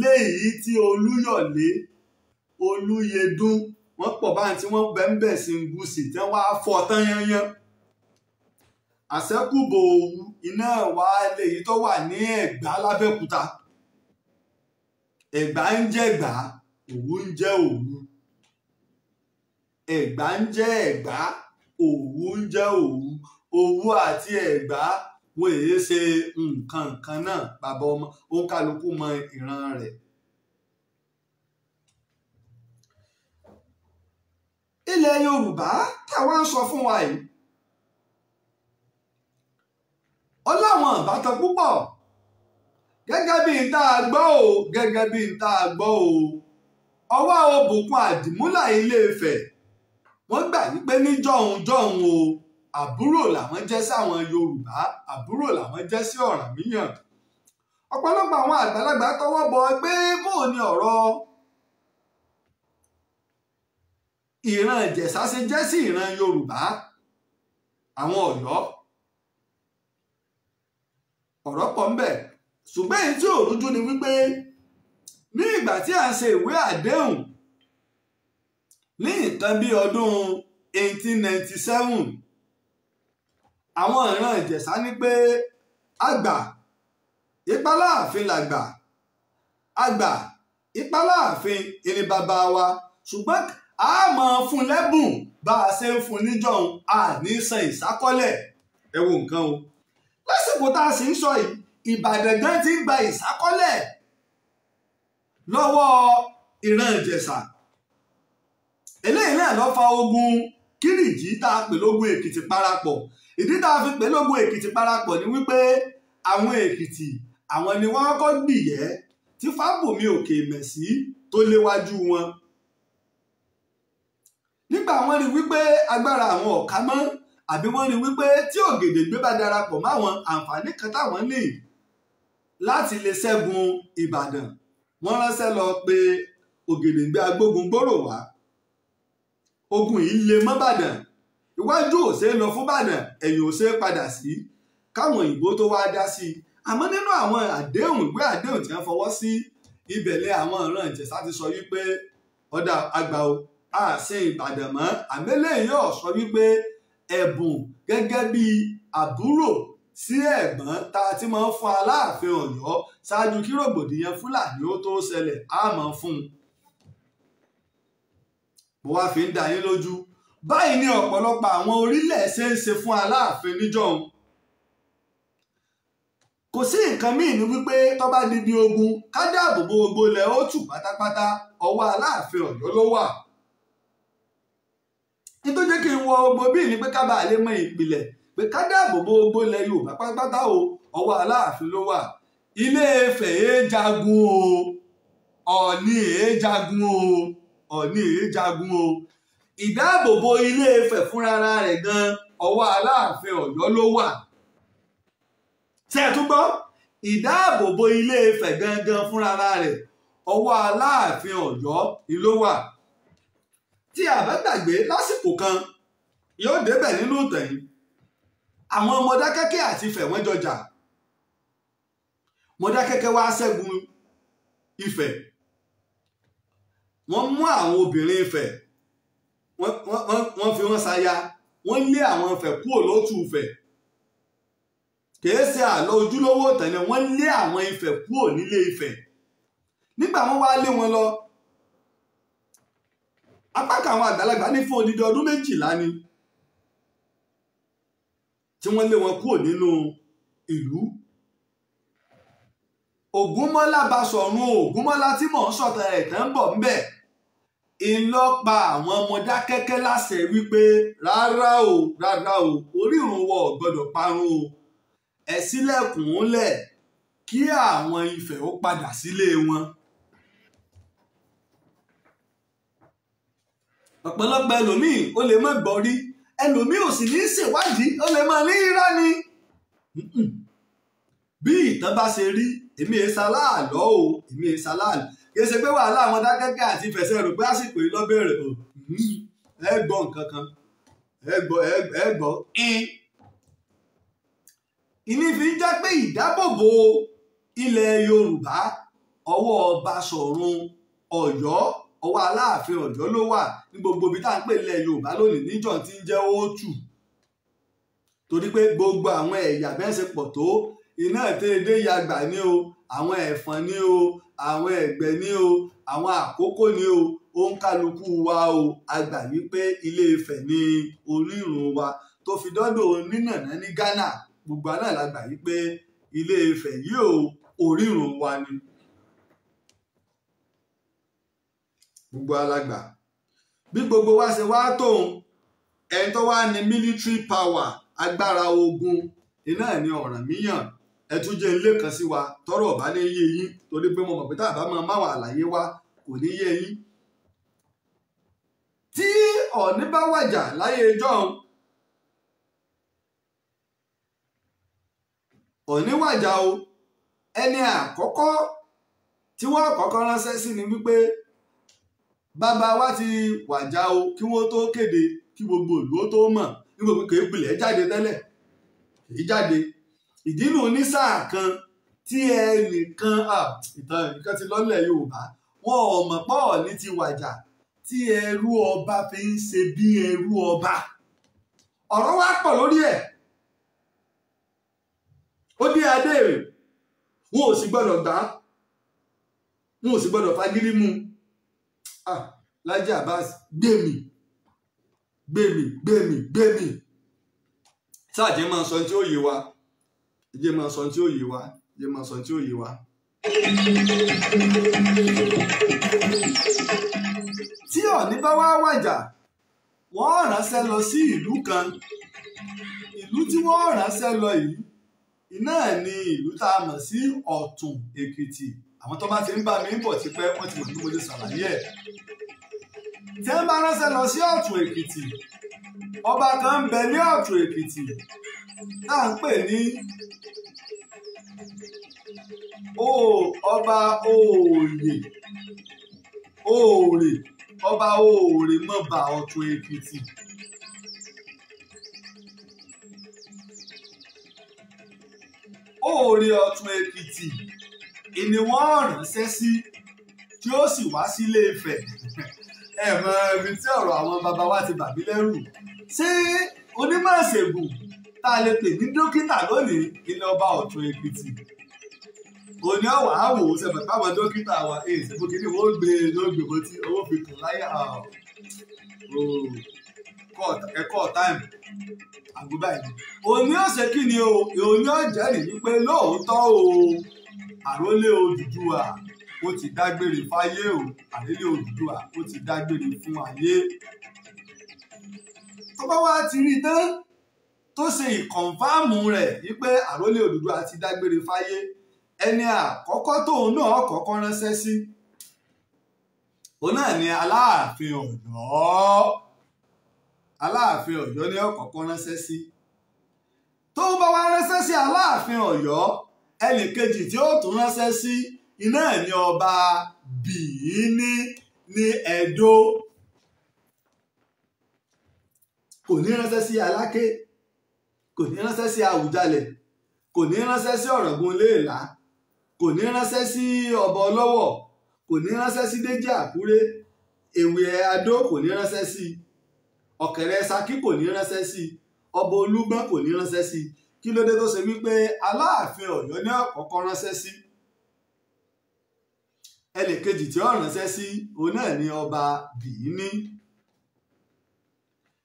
léyìí tí Olúyọ̀lé Olúyẹdùn wọ́n pọ̀ báyìí tí wọ́n bẹ́ẹ̀ bẹ́ẹ̀ sí ń gùn sí wáá fọ́ tán yányán àṣẹkùbọ òun iná wa lèyí tó wà ní ẹ̀gbá lábẹ́kúta ẹ̀gbá ń jẹ́ ẹ̀gbá òwú ń jẹ́ òwú ẹ̀gbá ń jẹ́ ẹ̀gbá òwú ń jẹ́ òwú òwú àti ẹ̀gbá wọn èyí ṣe nǹkan kan náà bàbá ọmọ ó kálukú mọ ìran rẹ̀. ilẹ̀ yorùbá táwa ń sọ fún wa yìí ó láwọn ìbátan púpọ̀ gẹ́gẹ́ bí n tá a gbọ́ o gẹ́gẹ́ bí n tá a gbọ́ o ọwọ́ Òbùkún Àdìmúlà Ilé-Ifẹ̀ wọ́n gbà wípé ní jọ̀hún jọ̀hún o àbúrò làwọn jẹ́ sáwọn Yorùbá àbúrò làwọn jẹ́ sí Ọ̀rànmíyàn ọ̀pọ̀lọpọ̀ àwọn àgbàlagbà tọwọ́ bọ pé kò ní ọ̀rọ̀ ìran Ìjẹ̀ṣà ṣe jẹ́ sí ìran Yorùbá àwọn Ọ̀yọ́ ọ̀rọ̀ pọ̀ ń bẹ ṣùgbọ́n èyí tí ò rújú ni wípé ní ìgbà tí à ń ṣe ìwé àdéhùn ní nǹkan bí ọdún 1897 àwọn ìran ìjẹ̀ṣà ní pé àgbà ipá láàfin làgbà àgbà ipá láàfin ìní bàbá wa ṣùgbọ́n a máa fún lẹ́bùn bá a ṣe ń fún níjọ́un a ní san ìsákọ́lẹ̀ ẹ wo nǹkan o lásìkò tá a sì ń sọ yìí ìbàdàn gan ti ń gba ìsákọ́lẹ̀ lọ́wọ́ ìran ìjẹ̀ṣà eléyìí náà ló fa ogun kírìjì tá a pè lógun èkìtì parapọ̀ ìdí tá a fi pè lógun èkìtì parapọ̀ ni wípé àwọn èkìtì àwọn ni wọ́n kọ́ dìyẹ́ tí fábùmí òkè mẹ̀sí tó léwájú wọn nígbà wọ́n rí wípé agbára àwọn ọ̀ka mọ́ àbí wọ́n rí wípé tí Ògèdèngbé bá darapọ̀ máwọn àǹfààní kan táwọn ní láti lè ṣẹ́gun Ìbàdàn wọ́n ránṣẹ́ lọ pé Ògèdèngbé agbógun gbòòrò wá ogun yìí lè mọ́ Bàdàn iwájú ò ṣe é lọ fún Bàdàn ẹ̀yìn ò ṣe é padà sí káwọn òyìnbó tó wáá dá sí i àmọ́ nínú àwọn àdéhùn ìwé àdéhùn tí wọ́n fọwọ́ sí ibẹ̀lẹ̀ àwọn ìran Ìjẹ̀ṣà ti sọ wípé ọ̀dà àgbà o àṣẹ Ìbàdàn mọ́ àmẹ́lẹ̀ yóò sọ wípé ẹ̀bùn gẹ́gẹ́ bí àbúrò sí ẹ̀gbọ́n tá a ti máa ń fún aláàfin ọ̀yọ́ ṣáájú kí rògbòdìyàn fúlàní ó tó ṣẹlẹ̀ á máa fún un. mo wá fi ń dá yín lójú báyìí ni ọ̀pọ̀lọpọ̀ àwọn orílẹ̀ ṣe ń ṣe fún aláàfin níjọ́un kò sí nǹkan míì ní wípé tó bá di bí ogun ká dáàbò bo gbogbo ilẹ̀ ó tù pátápátá ọwọ́ aláàfin ọ̀yọ́ ló wà ní tó jẹ́ kí n wọ gbogbo bíi ní pé ká bàa lè mọ ìpìlẹ̀ pé ká dáàbò bo gbogbo ilẹ̀ yorùbá pátápátá o ọwọ́ aláàfin ló wà ilé-ifẹ̀ èé jagun o ọ̀ọ̀ni èé jagun o ọ̀ọ̀ni èé jagun o ìdáàbòbò ilé-ifẹ̀ fúnra rẹ̀ gan ọwọ́ aláàfin ọ̀yọ́ ló wà ṣé ìdáàbòbò ilé-ifẹ̀ gangan fúnra rẹ̀ ọwọ́ aláàfin ọ̀yọ́ ló wà tí a bá gbàgbé lásìkò kan yóò débẹ̀ nínú ìtàn yìí àwọn Mọdákẹ́kẹ́ àti Ifẹ̀ wọ́n jọjà Mọdákẹ́kẹ́ wá ṣẹ́gun Ifẹ̀ wọ́n mú àwọn obìnrin Ifẹ̀ wọ́n fi wọ́n ṣaya wọ́n lé àwọn Ifẹ̀ kúrò lótú Ifẹ̀ kìí ṣe àlọ́ ojúlówó ìtàn ni wọ́n lé àwọn Ifẹ̀ kúrò nílé Ifẹ̀ nígbà wọ́n wá lé wọn lọ apá kan àwọn àgbàlagbà ní fún odidi ọdún méjìlá ni tí wọ́n lé wọn kúrò nínú ìlú ògúnmọ́lá Basọ̀run ògúnmọ́lá tí mò ń sọ̀tàn ẹ̀ tán ń bọ̀ ń bẹ̀ ìlọ́pa àwọn Mọdákẹ́kẹ́ láṣẹ wípé rárá o rárá o orírun wọ gbọ́dọ̀ parun o ẹ̀ sílẹ̀kùn ńlẹ̀ kí àwọn Ifẹ̀ ó padà sílé wọn. ọ̀pọ̀lọpọ̀ ẹlòmíì ó lè má gbọ́ rí ẹlòmíì ò sì ní ṣèwádìí ó lè má ní irọ́ ni. bí ìtàn bá ṣe rí èmi èé e ṣaláàlọ́ o èmi èé e ṣaláàlọ́ kìí ṣe pé wàhálà àwọn dákẹ́kẹ́ àti ìfẹsẹ̀ rò pé àsìkò yìí lọ́bẹ̀rẹ̀ o mm-hmm. ẹ gbọ́ nǹkan kan ẹ gbọ́ ẹ gbọ́ ìní fi ń jẹ́ pé ìdábòbò ilẹ̀ Yorùbá ọwọ́ Baṣọ̀run Ọ̀yọ́ ọwọ́ aláàfin ọ̀jọ́ ló wà ní gbogbo ibi tá à ń pè lẹ̀ yorùbá lónìí níjọ́ tí ń jẹ́ òòtù torí pé gbogbo àwọn ẹ̀yà bẹ́ẹ̀ ṣe pọ̀ tó iná ìtẹ́lẹ́dẹ́ yàgbà ni o àwọn ẹ̀fọn ni o àwọn ẹ̀gbẹ́ ni o àwọn àkókò ni o ó ń kálukú wa o a wípé ilé Ifẹ̀ ni orírun wa tó fi dọ́dọ̀ onínàná ní Ghana gbogbo àná la wípé ilé Ifẹ̀ yìí o orírun wa ni. gbogbo alàgbà bí gbogbo wa ṣe wá tóun ẹni tó wá ní military power agbára ogun iná ẹ̀ ní Ọ̀rànmíyàn ẹ tún jẹ́ ilé kan sí wa tọ́rọ̀ ọ̀bá ní yé yín torí pé mo mọ̀ pé tá a bá máa máwọn àlàyé wa kò ní yé yín. tí Ọ̀ọ̀ni bá wàjà láyé ìjọ́un Ọ̀ọ̀ni wàjà o ẹni àkọ́kọ́ tí wọ́n àkọ́kọ́ ránṣẹ́ sí ni wípé bàbá wa ti wàjà o kí wọ́n tó kéde kí gbogbo ìlú tó mọ̀ nígbà pé gbilẹ̀ jáde tẹ́lẹ̀ kèé jáde ìdínú ní kan tí ẹnìkan ìtàn ẹnìkan ti lọ́lẹ̀ Yorùbá wọn ò mọ̀ pọ̀ ní ti wàjà tí ẹrú ọba fi ń ṣe bí ẹrú ọba ọ̀rọ̀ wa pọ̀ lórí ẹ̀ ó dé adé rẹ̀ wọn ò sì gbọ́dọ̀ gbà wọn ò sì gbọ́dọ̀ fagídí mú ah Laji Abbas gbèmí gbèmí gbèmí gbèmí sáàjẹ́ máa sọ tí ó yé wa jẹ́ máa sọ tí ó yé wa jẹ́ máa sọ tí ó yé wa. tí ọ̀ní bá wá wàjà wọ́n ránṣẹ́ lọ sí ìlú kan ìlú tí wọ́n ránṣẹ́ lọ yìí iná ní ìlú tá a mọ̀ sí Ọ̀tún Èkìtì àwọn tó bá ti ń bá mi ń bọ̀ ti pẹ́ wọ́n ti mọ̀ bí mo lè ṣàlàyé ẹ̀. tí wọ́n bá ránṣẹ́ lọ sí ọ̀tún èkìtì ọba kan ń bẹ ní ọ̀tún èkìtì tá à ń pè ní ọba òòlè òòlè ọba òòlè mọ̀bà ọ̀tún èkìtì. òòlè ọ̀tún èkìtì ìní wọ́n ránṣẹ́ sí tí ó sì wá sílé Ifẹ̀ ẹ mọ ibi tí ọ̀rọ̀ àwọn baba wa ti bàbí lẹ́rù ṣé onímọ̀ ìṣègùn tá a lè pè ní dókítà lónìí ilé ọba Ọ̀tún Èkìtì òní ọ̀wà á wò ó ṣe bàtà àwọn dókítà wa ẹ̀ ṣèpò kìíní wọ́n gbé e ló gbé bó ti owó fi kàn láyà ẹ̀kọ́ táìmù àgùbá yìí òní ọ̀sẹ̀ kìíní o òní ọ̀jẹ̀rì wípé lóòótọ́ o àrólé Odùduwà ó ti dágbére fáyé o àrólé Odùduwà ó ti dágbére fún ayé. tó bá wá ti rí i tán tó ṣe ìkọ̀nfáàmù rẹ̀ wípé àrólé Odùduwà ti dágbére fáyé ẹni àkọ́kọ́ tóun náà kọ́kọ́ ránṣẹ́ sí òun náà ni Aláàfin Ọ̀yọ́ Aláàfin Ọ̀yọ́ ni ó kọ́kọ́ ránṣẹ́ sí tóun bá wá ránṣẹ́ sí Aláàfin Ọ̀yọ́ ẹnìkejì tí ó tún ránṣẹ́ sí iná ní ọba bìíní ní Ẹdó kò ní ránṣẹ́ sí Aláké kò ní ránṣẹ́ sí Àwùjalẹ̀ kò ní ránṣẹ́ sí Ọ̀ràngún-Iléèlá kò ní ránṣẹ́ sí ọba Ọlọ́wọ̀ kò ní sí Déjì Àkúrẹ́ kí ló dé tó ṣe wípé aláàfin Ọ̀yọ́ ní ọkọọkọ ránṣẹ́ sí ẹnìkejì tí ó ránṣẹ́ sí òun náà ni ọba bìíní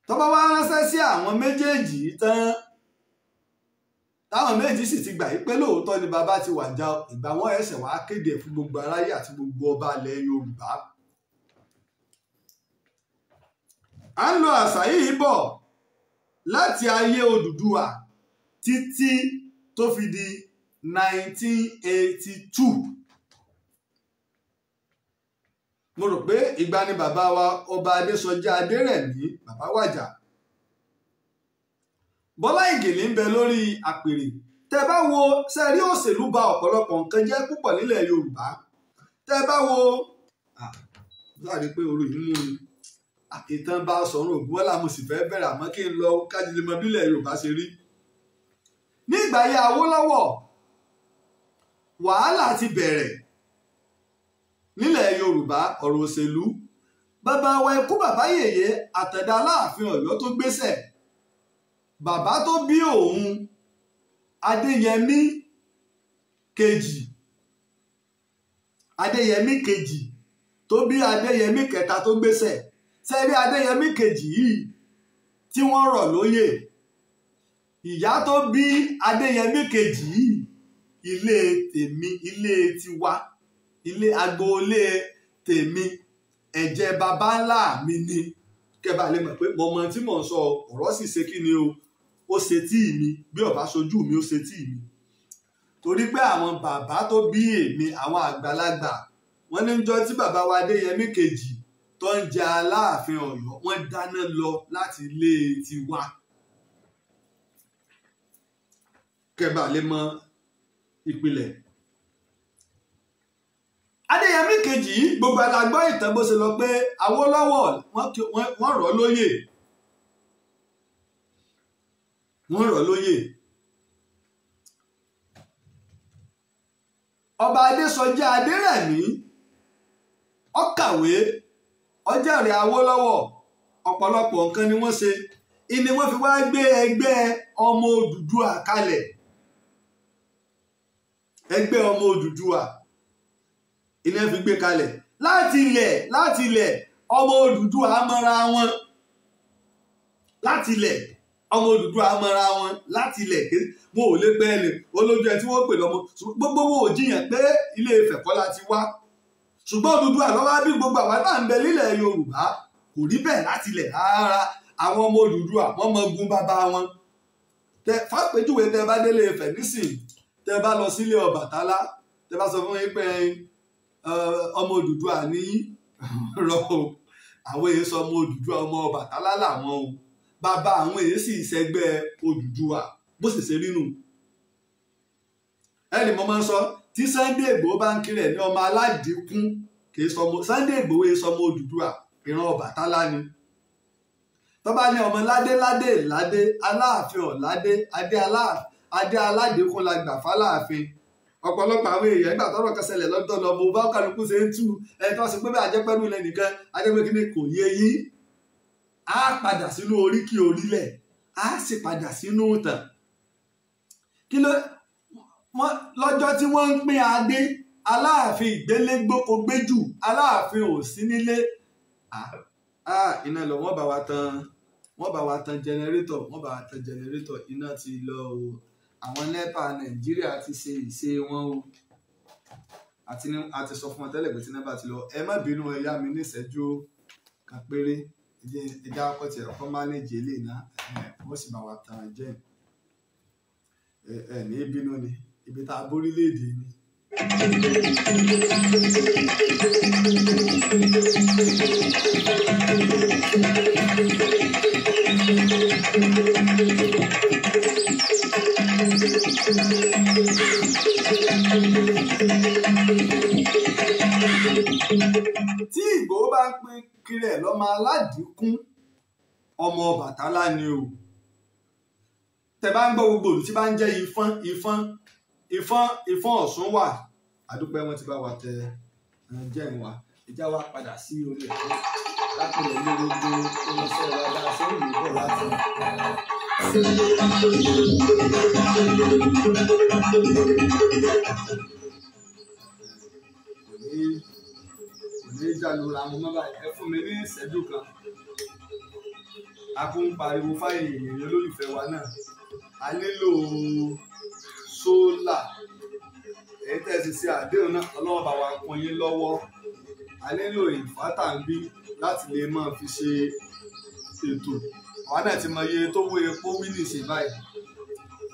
tọ́ba wá ránṣẹ́ sí àwọn méjèèjì tán táwọn méjì sì ti gbà yí pé lóòótọ́ ni bàbá ti wàjà ìgbà wọn ẹsẹ̀ wàá kéde fún gbogbo aráyé àti gbogbo ọba ilẹ̀ Yorùbá à ń lo àṣà yìí bọ̀ láti ayé Odùduwà títí tó fi di 1982 mo rò pé ìgbà ni bàbá wa ọba adésọjá adérẹ̀mí bàbá wàjà bọ́lá ìgèlè ń bẹ lórí àpèrè tẹ bá wo sẹ́rí òṣèlú ba ọ̀pọ̀lọpọ̀ nǹkan jẹ́ púpọ̀ nílẹ̀ yorùbá tẹ bá wo láàrin pé orí mú mi ìtàn bá sọ̀rọ̀ ògbúwọ́lá mo sì fẹ́ bẹ̀rẹ̀ àmọ́ kí n lọ kájílẹ̀ bílẹ̀ yorùbá ṣe rí ní ìgbà yẹn Awólọ́wọ̀ wàhálà ti bẹ̀rẹ̀ nílẹ̀ Yorùbá ọ̀rọ̀ òṣèlú bàbá wa ikú bàbá yèyé àtẹ̀dá Aláàfin Ọ̀yọ́ tó gbéṣẹ̀ bàbá tó bí òun Adéyẹmí kejì Adéyẹmí kejì tó bí Adéyẹmí kẹta tó gbéṣẹ̀ sẹ́rí Adéyẹmí kejì yìí tí wọ́n rọ̀ lóyè ìyá tó bí adéyẹmí kejì yìí ilé tèmi ilé tiwa ilé agboolé tèmi ẹ̀jẹ̀ baba ńlá mi ni kẹba lè mọ̀ pé mọ̀mọ́ tí mò ń sọ ọ̀rọ̀ sì ṣe kí ni o ó ṣe tí mi bí ọba ṣojú mi ó ṣe tí mi torí pé àwọn bàbá tó bí èmi àwọn àgbàlagbà wọn ní jọ tí bàbá wa adéyẹmí kejì tó ń jẹ aláàfin ọ̀yọ́ wọn dáná lọ láti ilé tiwa kẹba lè mọ ìpìlẹ̀. adéyẹmí kejì yìí gbogbo alágbọ́ ìtàn bó ṣe lọ pé awólọ́wọ̀ wọ́n rọ̀ lóyè wọ́n rọ̀ lóyè. ọba adésọjí adérẹ̀mí ó kàwé ó jàre awólọ́wọ̀ ọ̀pọ̀lọpọ̀ nǹkan ni wọ́n ṣe ìní wọ́n fi wá gbé ẹgbẹ́ ọmọ Odùduwà kalẹ̀ ẹgbẹ́ ọmọ Odùduwà iná fi gbé kalẹ̀ láti ilẹ̀ láti ilẹ̀ ọmọ Odùduwà mọ́ra wọn láti ilẹ̀ ọmọ Odùduwà mọ́ra wọn láti ilẹ̀ mo ò lè pẹ́ ẹni olójú ẹ tí wọ́n pè lọ́mọ gbogbo wo ò jiyàn pé ilé Ifẹ̀ kọ́ la ti wá ṣùgbọ́n Odùduwà ló wá bí gbogbo àwa náà ń bẹ nílẹ̀ Yorùbá kò rí bẹ́ẹ̀ láti ilẹ̀ rárá àwọn ọmọ Odùduwà wọ́n mọ gun bàbá wọn fàpèjúwe tẹ bá délé Ifẹ̀ nísìnyí tẹ bá lọ sílé Ọbàtálá tẹ bá sọ fún yín pé ọmọ Odùduwà ní rọ àwọn èyí sọ ọmọ Odùduwà ọmọ Ọbàtálá làwọn o bàbá àwọn èyí sì ṣẹgbẹ́ Odùduwà bó sì ṣe nínú ẹnì mo máa ń sọ tí Sunday Igboho bá ń kiri ẹ ní ọmọ aládìíkún kì í sọmọ Sunday Igboho yìí sọmọ Odùduwà ìran Ọbàtálá ni tọ́ba ní ọmọ ládé ládé ládé aláàfin ọ̀ládé adé aláàfin adé aládékun la gbà fáláàfin ọ̀pọ̀lọpọ̀ àwọn èèyàn nígbà tọ́rọ̀ kan ṣẹlẹ̀ lọ́dọ̀ lọ mo bá kálukú ṣe ń tú ẹni tó ṣe pé bẹ́ẹ̀ ajẹ́pẹ́nu ilẹ̀ nìkan ajẹ́pẹ́kí ni kò yé yí á padà sínú oríkì orílẹ̀ á sì padà sínú ìtàn kí ló wọ́n lọ́jọ́ tí wọ́n ń pín adé aláàfin ìgbélégbòkó gbéjù aláàfin ò sí nílé iná lọ wọ́n bá wa tan wọ́n bá wa tan jẹnẹrétọ̀ wọ́n bá wa tan jẹnẹrétọ̀ iná ti lọ o àwọn nẹ́pà nàìjíríà ti ṣe ìṣe wọn o àti sọ fún wọn tẹ́lẹ̀ pé tí nẹ́pà ti lọ ẹ má bínú ẹ yá mi níṣẹ́jú kan péré ẹjẹ́ akọ́tì ẹ̀rọ kan mánéjì eléyìí náà wọ́n sì máa wà tàn án jẹ́ ẹ̀ ní bínú ni ibi tá a bórílẹ̀-èdè ni. Thank you tí Ìgbòho bá ń pe kiri ẹ̀ lọ́mọ aládìíkún ọmọ Ọbàtálá ni o tẹ bá ń gbọ́ gbogbo olù tí bá ń jẹ́ ìfọ́n ìfọ́n ìfọ́n ìfọ́n Ọ̀ṣun wà àdúpẹ́ wọn ti bá wa tẹ ẹ jẹ́ ìwà ìjà wa padà sí orí ẹ̀kọ́ lápẹ̀rẹ̀ ní gbogbo ìránṣẹ́ wa bá a ṣe ń lò bọ̀ láti. òní ìjà lóra mo má báyìí ẹ fún mi ní ìṣẹ́jú kan a kún ń pariwo fáyìn ènìyàn olólùfẹ́ wa náà a nílò sólà èyí tẹ̀sí sí àdéhùn náà ọlọ́wọ́ bá wa kún yín lọ́wọ́ a nílò ìfátà ń bí láti lè máa fi ṣe ètò àwa náà ti mọ iye tó wó epo wí nìṣe báyìí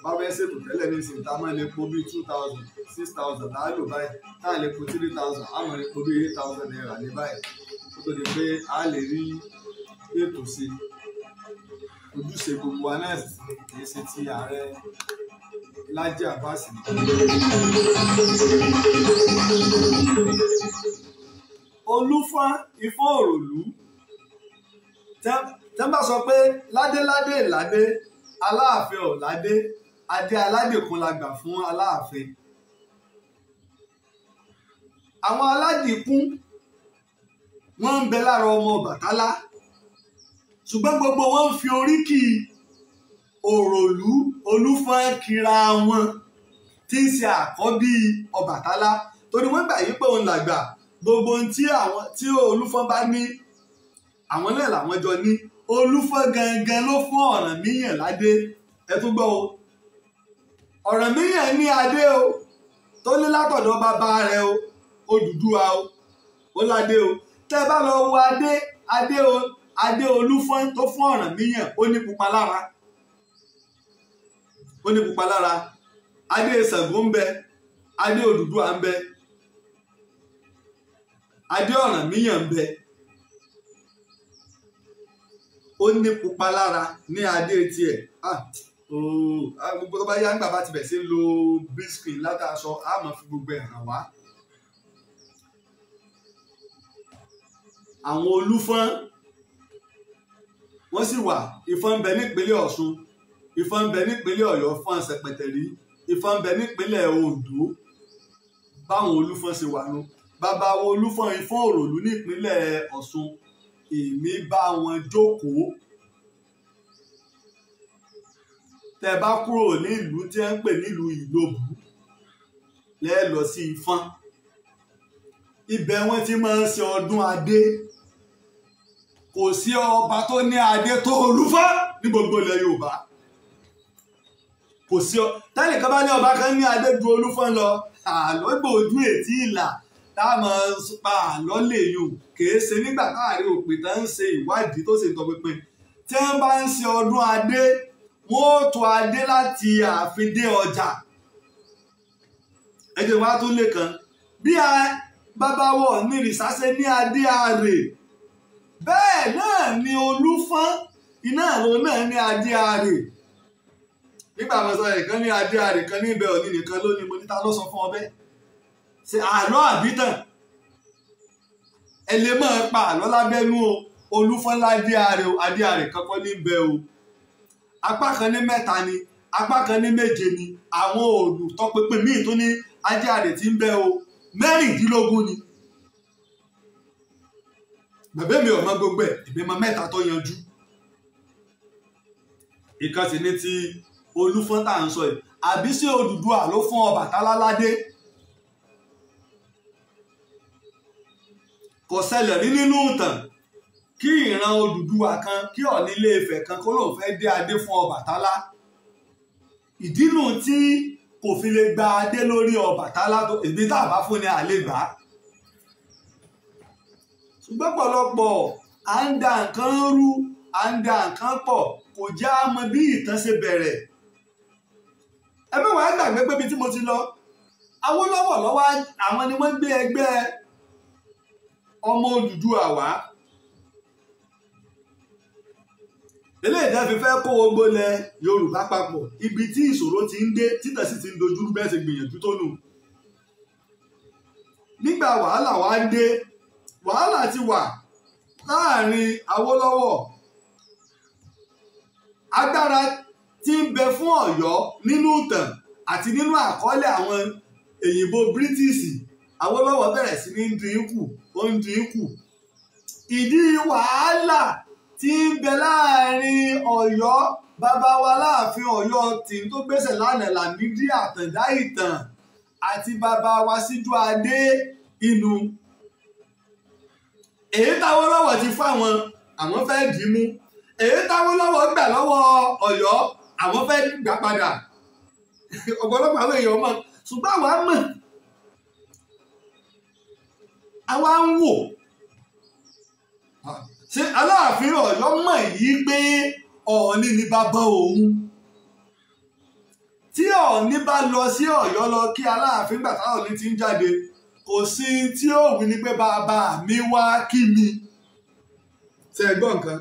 bábẹ́ ṣètò tẹ́lẹ̀ nìṣe tá a máa lè po bíi two thousand six thousand tá a lò báyìí tá a lè po three thousand a máa lè po bíi eight thousand naira ní báyìí kó tó di pé a lè rí ètò sí ojúṣe gbogbo wa náà kì í ṣe ti ààrẹ Laji Abbas olúfọ́n ifọ̀ òròlú tẹ́ bá sọ pé ládéládé ìládé aláàfin ọ̀ládé adé aládìkún la gbà fún aláàfin àwọn aládìkún wọ́n ń bẹ lára ọmọ Ọbàtálá ṣùgbọ́n gbogbo wọn ń fi oríkì òròlú olúfọ́n kira wọn tí ń ṣe àkọ́bí Ọbàtálá torí wọ́n gbà yí pé òun làgbà gbogbo ohun tí àwọn tí olúfọ́n bá ní àwọn náà làwọn jọ ní olúfọ́n gangan ló fún Ọ̀rànmíyàn ládé ẹ tún gbọ́ o Ọ̀rànmíyàn ní adé o tó ní látọ̀dọ̀ bàbá rẹ̀ o Odùduwà o ó ládé o tẹ́ bá lọ wo adé adé o adé olúfọ́n tó fún Ọ̀rànmíyàn ó ní pupa lára ó ní pupa lára adé Ṣàngó ń bẹ adé Odùduwà ń bẹ adé ọ̀ràn míyàn ń bẹ ó ní pupa lára ní adé tiẹ̀ gbogbo tó bá yá nígbà bá ti bẹ̀ sí lo biscuit látàṣọ á máa fi gbogbo ẹ̀ hàn wá. àwọn olúfọ́n wọ́n sì wà ìfọ́n ń bẹ nípínlẹ̀ Ọ̀ṣun ìfọ́n ń bẹ nípínlẹ̀ Ọ̀yọ́ fọ́n ṣẹpẹtẹrí ìfọ́n ń bẹ nípínlẹ̀ Oǹdó báwọn olúfọ́n ṣe wà nù. No bàbá wo olúfọyín fún òròlú nípínlẹ̀ Ọ̀ṣun èmi bá wọn jókòó tẹ bá kúrò nílùú tí ẹ ń pè nílùú ìlóbù lẹ lọ sí Ifọ̀n ibẹ̀ wọn ti máa ń ṣe ọdún adé kò sí ọba tó ní adé tó olúfá ní gbogbo ilẹ̀ Yorùbá kò sí ọ tẹ́lẹ̀ kan bá ní ọba kan ní adé ju olúfá lọ àlọ́ gbòójú ètí ìlà tá táwọn pa àlọ́ lè yùn kìí ṣe nígbà káàrí òpè tá ń ṣe ìwádìí tó ṣe tọpinpin tí wọ́n bá ń ṣe ọdún adé wọ́n ó tó adé láti ààfin dé ọjà ẹjẹ wa tó lè kan bí a bábáwọ̀ ní ìrìsáṣẹ́ ní adé ààrẹ bẹ́ẹ̀ náà ni olúfọ́n iná àwọn náà ní adé ààrẹ nígbà mọ̀sán ẹ̀kan ní adé ààrẹ kan ní ibẹ̀ òní nìkan lónìí mo níta ló sọ fún ọ bẹ́ẹ̀ ṣe àlọ́ àbítàn ẹ lè máa pa àlọ́ lábẹ́nú o olúfọlá adéàrẹ o adéàrẹ kankan ní bẹ o apá kan ní mẹ́ta ni apá kan ní méje ni àwọn olùtọpinpin míì tó ní adéàrẹ ti ń bẹ o mẹ́rìndínlógún ni bàbá mi ò mọ gbogbo ẹ̀ èmi mọ mẹ́ta tó yanjú ìkànsìn ní ti olúfọ́n tá à ń sọ yìí àbí ṣé Odùduwà ló fún Ọbàtálá ládé. kò ṣẹlẹ̀ rí nínú ìtàn kí ìran Odùduwà kan kí Ọọ̀ni ilé Ifẹ̀ kan kó lóun fẹ́ dé adé fún Ọbàtálá ìdínú tí kò fi lè gba adé lórí Ọbàtálá tó èmi tá a bá fún ni àlégbà ṣùgbọ́n pọ̀lọpọ̀ à ń da nǹkan rú à ń da nǹkan pọ̀ kò já mọ bí ìtàn ṣe bẹ̀rẹ̀ ẹ mẹ́wàá gbàgbé pé bí tí mo ti lọ Awólọ́wọ̀ lọ́wọ́ àwọn ni wọ́n gbé ẹgbẹ́ ọmọ Odùduwà wá eléyìí náà fi fẹ́ kó gbogbo lẹ̀ Yorùbá papọ̀ ibi tí ìṣòro ti ń dé títẹ̀ sì ti ń dojú bẹ́ẹ̀ ti gbìyànjú tó nù nígbà wàhálà wá ń dé wàhálà ti wà láàrin Awolowo. agbára ti ń bẹ fún Ọ̀yọ́ nínú ìtàn àti nínú àkọọ́lẹ̀ àwọn èyìnbó British Awólọ́wọ̀ bẹ̀rẹ̀ sí ní dín kù ó ń dín kù ìdí wàhálà tí ń bẹ láàrin Ọ̀yọ́ bàbá wa láàfin Ọ̀yọ́ tí tó gbèsè lánàá Lámídì Àtàndá Ìtàn àti bàbá wa Síjú Adé inú èyí táwọn lọ́wọ́ ti fáwọn àwọn fẹ́ dì í mú èyí táwọn lọ́wọ́ gbà lọ́wọ́ Ọ̀yọ́ àwọn fẹ́ gbà padà ọ̀pọ̀lọpọ̀ àwọn èèyàn mọ̀ ṣùgbọ́n àwa mọ̀ àwa ń wò ṣé aláàfin ọ̀yọ́ mọ̀ yìí pé ọ̀ọ́ni ni bàbá òun tí ọ̀ọ́ni bá lọ sí ọ̀yọ́ lọ kí aláàfin gbàtà ọ̀ọ́ni ti ń jáde kò sí tí ó wí ni pé bàbá mi wá kí mi ṣe gbọ́ nǹkan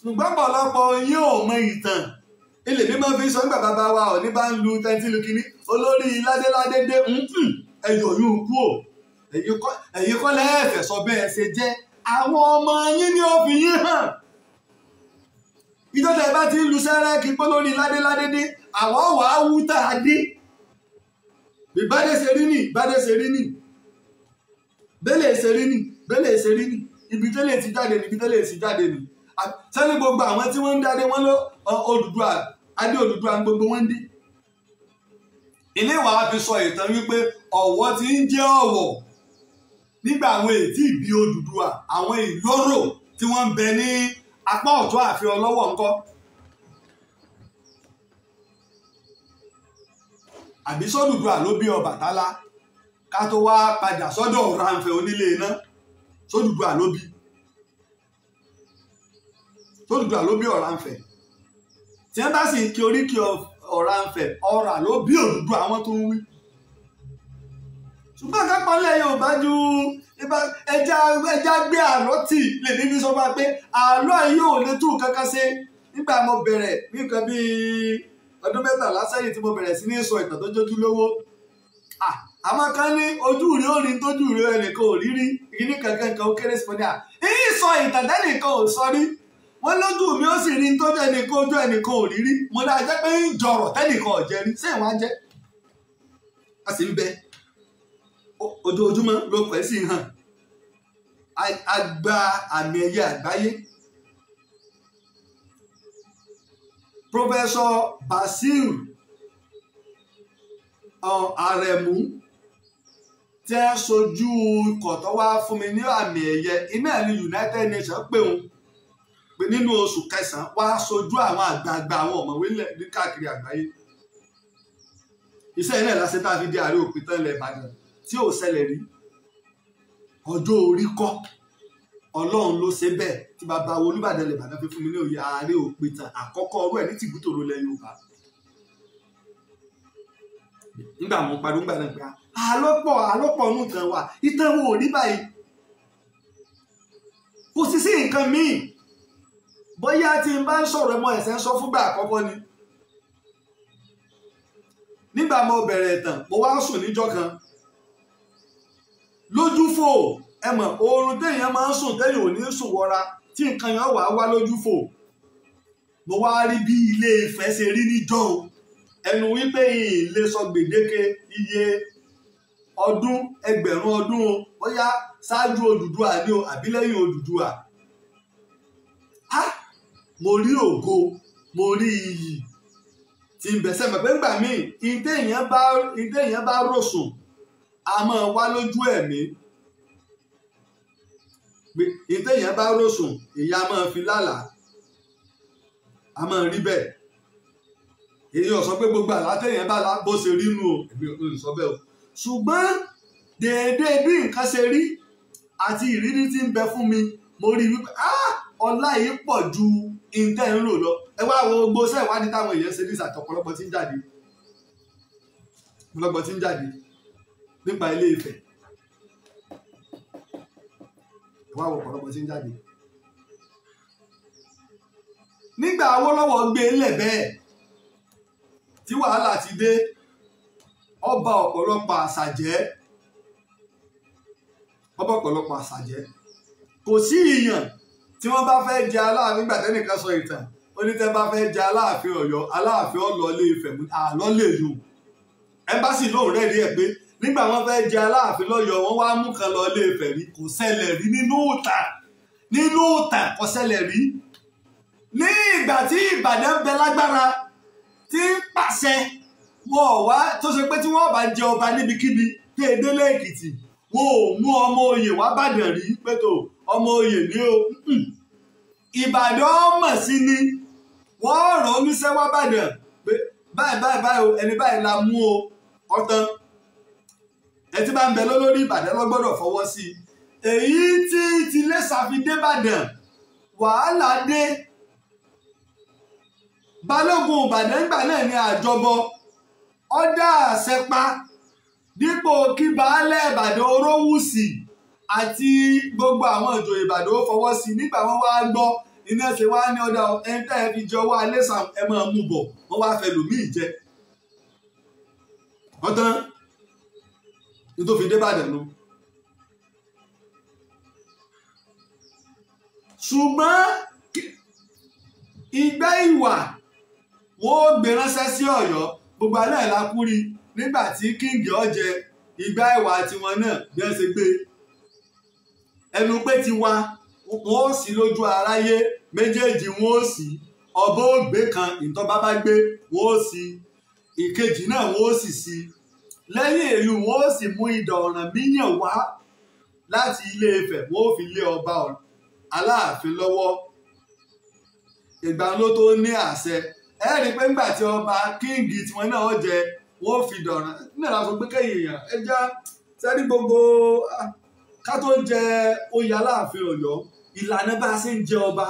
ṣùgbọ́n pọ̀lọpọ̀ yín ò mọ ìtàn ilé mímọ́ fi sọ nígbà bàbá wa ọ̀ọ́ni bá ń lu tẹ́ntì lu kínní olórí ládéládé dé ẹ̀yọ̀ yóò kú ò ẹ̀yin kọ́ lẹ́ẹ̀fẹ̀ sọ bẹ́ẹ̀ ṣe jẹ́ àwọn ọmọ yín ni ó fi yín hàn ìjọba ìbá ti ń lu sẹ́rẹ́ẹ̀kì pé lórí ládéládé dé àwọn wàá wú tá a dé ìbádé ṣe rí nì ìbádé ṣe rí nì bẹ́lẹ̀ ṣe rí nì bẹ́lẹ̀ ṣe rí nì ibi tẹ́lẹ̀ ti jáde níbi tẹ́lẹ̀ ti jáde nì sẹ́ni gbogbo àwọn tí wọ́n ń dáadé wọ́n lọ Odùduwà adé Odùduwà gbogbo wọ́n ń dé ilé ìwà wa fi sọ ìtàn wípé ọ̀wọ́ ti ń jẹ́ ọ̀wọ̀ nígbà àwọn èdè ìbí Odùduwà àwọn ìlóró tí wọ́n ń bẹ ní apá ọ̀tún ààfin ọlọ́wọ̀ ńkọ́ àbí sọ́dùdùà ló bí Ọbàtálá ká tó wá padà sọ́dọ̀ Ọ̀rànfẹ̀ onílé iná sọ́dùdùà ló bí sọ́dùdùà ló bí Ọ̀rànfẹ̀ tí wọ́n bá sì ń kí oríkì Ọ̀rànfẹ̀ ọ̀rà ló bí Odùduwà àwọn tó ń wí nǹkan kan palẹ̀ Yorùbá ju ẹja ẹja gbé àlọ́ tì lè níbi sọ fún wa pé àlọ́ yìí ò lè tú kankan ṣe nígbà mo bẹ̀rẹ̀ ní nǹkan bíi ọdún mẹ́tàlá sẹ́yìn tí mo bẹ̀rẹ̀ sí ní sọ ìtàn tó jójú lówó àmọ́ kan ní ojú rí ó rí tójú rí ẹnìkan ò rí rí kíní kankan kan ó kéré sí fúnni à èyí sọ ìtàn tẹ́nìkan ò sọ rí wọ́n lójú mi ó sì rí tójú ẹnìkan ojú ẹnìkan ò rí rí mo dáa jẹ́ pé ń jọrọ̀ tẹ́nìkan ò jẹ rí sẹ́yìn wá jẹ́ a sì ń bẹ́ẹ̀ ojoojúmọ́ ló pẹ́ sí hàn a gba àmì ẹ̀yẹ àgbáyé Professor Basir Aremu tẹ́ sojú ikọ̀ tó wá fún mi ní àmì ẹ̀yẹ iná ẹ̀ ní United Nations pé òun pé nínú oṣù kẹsàn-án wá sojú àwọn àgbààgbà àwọn ọ̀mọ̀wé ní káàkiri àgbáyé iṣẹ́ ilé ìlàsẹ̀ tá a fi di àárẹ̀ òpin tán ilẹ̀ tí ò ṣẹlẹ̀ rí ọjọ́ orí kọ́ ọlọ́run ló ṣe bẹ́ẹ̀ tí bàbá wo olúbàdàn lè bàdàn fi fún mi ní òye ààrẹ òpin tán àkọ́kọ́ ọrú ẹ̀ ní tìbútòrò lẹ yorùbá nígbà mo parí nígbà náà pé àlọ́pọ̀ àlọ́pọ̀ nù tán wà ìtàn wo ò báyìí kò sì sí nǹkan míì bóyá tí n bá ń sọ̀rọ̀ ẹmọ ẹ̀sẹ̀ ń sọ fúngbà àkọ́kọ́ ni nígbà mo bẹ̀rẹ̀ ìtàn mo wá sùn níjọ́ kan lójúfò ẹ mọ̀ oorun téèyàn máa ń sùn téèyàn ò ní sùn wọra tí nǹkan yẹn wàá wá lójúfò mo wá rí bí ilé Ifẹ̀ ṣe rí níjọ́ o ẹnu wípé ilé sọ gbèdéke iye ọdún ẹgbẹ̀rún ọdún o bóyá ṣáájú Odùduwà ni o àbí lẹ́yìn Odùduwà á mo rí ògo mo rí iyì tí ń bẹ̀sẹ̀ mọ̀ pé ńgbà míì ìdéèyàn bá rò sùn a máa wá lójú ẹ̀mí ìtẹ̀yìn bá rọ̀sùn ìyá máa fi lálàá a máa rí bẹ́ẹ̀ èyí ò pé gbogbo àlátẹ̀yìn bá la bó ṣe rí nu o èmi ò sọ bẹ́ẹ̀ o ṣùgbọ́n dèédé bí nǹkan ṣe rí àti ìrírí tí ń bẹ fún mi mo rí wípé ah! ọlá yìí pọ̀ ju ìtẹ̀ ń lò lọ ẹ wá wo gbogbo sẹ́ẹ̀ wá ní táwọn èèyàn ṣe ní ìsàtọ̀ ọ̀pọ̀lọpọ̀ tí ń jáde ọ̀pọ̀lọpọ̀ tí ń jáde nípa ilé Ifẹ̀ ìwà àwọn ọ̀pọ̀lọpọ̀ ti ń jáde nígbà Awólọ́wọ̀ gbé e lẹ̀ bẹ́ẹ̀ tí wàhálà ti dé ọba ọ̀pọ̀lọpọ̀ àṣà ọba ọ̀pọ̀lọpọ̀ àṣà kò sí ìyàn tí wọ́n bá fẹ́ jẹ aláàfin nígbà tẹ́nìkan sọ ìtàn ó bá fẹ́ jẹ aláàfin Ọ̀yọ́ aláàfin ọ̀lọ́lé Ifẹ̀ àlọ́lé yòó ẹmbásì lóun rẹ́ẹ̀rí ẹ̀ pé nígbà wọn fẹ́ jẹ aláàfin lọ́yọ̀ọ́ wọn wá mú kan lọ ilé Ifẹ̀ rí kò ṣẹlẹ̀ rí nínú ìtàn nínú ìtàn kò ṣẹlẹ̀ rí ní ìgbà tí Ìbàdàn ń bẹ lágbára tí ń pàṣẹ wọn ò wá tó ṣe pé tí wọn bá jẹ ọba níbikíbi tí edélé Èkìtì wọn ò mú ọmọ oyè wá bàdàn rí pẹtò ọmọ oyè ní o hmm. Ìbàdàn ọmọ sí ni wọn rọ oníṣẹ́ wá bàdàn báyìí báyìí báyìí ẹni báyìí la mú o ọtán ẹ ti bá ń bẹ lólórí ìbàdàn lọ́gbọ́dọ̀ fọwọ́ sí i èyí tí tilé ṣàfidé ìbàdàn wàhálà dé balógun ìbàdàn gbà náà ní àjọbọ ọdá àṣẹpa dípò kí baálẹ̀ ìbàdàn orówùsì àti gbogbo àwọn ìjòyè ìbàdàn ó fọwọ́ sí i nígbà wọn wá gbọ́ iná ṣe wá ní ọ̀dà ẹ̀ńtà ẹ̀ fi jọ wá lẹ́sàn ẹ̀ máa mú bọ̀ wọ́n wá fẹ́ lòmíì jẹ. ọ̀tán nítorí fi dé Ìbàdàn nu. ṣùgbọ́n ìgbẹ́ ìwà wọ́n ó gbé ránṣẹ́ sí Ọ̀yọ́ gbogbo alẹ́ la kú nígbà tí kíngì ọ̀jẹ̀ ìgbà ìwà tiwọn náà bí wọ́n ṣe gbé ẹnu pé ti wa wọ́n ó sì lójú aráyé méjèèjì wọ́n ó sì ọba ògbé kan ìtọ́ba bá gbé wọ́n ó sì ìkejì náà wọ́n ó sì sí lẹ́yìn èyí wọ́n ó sì mú idà ọ̀ràn míyàn wá láti ilé Ifẹ̀ wọ́n ó fi lé ọba Aláàfin lọ́wọ́ ìgbà ló tó ní àṣẹ ẹ rí i pé ńgbà tí ọba kíngì tiwọn náà jẹ wọ́n ó fi dọ̀ràn nígbà láti gbé kẹ́yìn èèyàn ẹ já sẹ́rí gbogbo ká tó jẹ oyè Aláàfin Ọ̀yọ́ ìlànà bá a ṣe ń jẹ ọba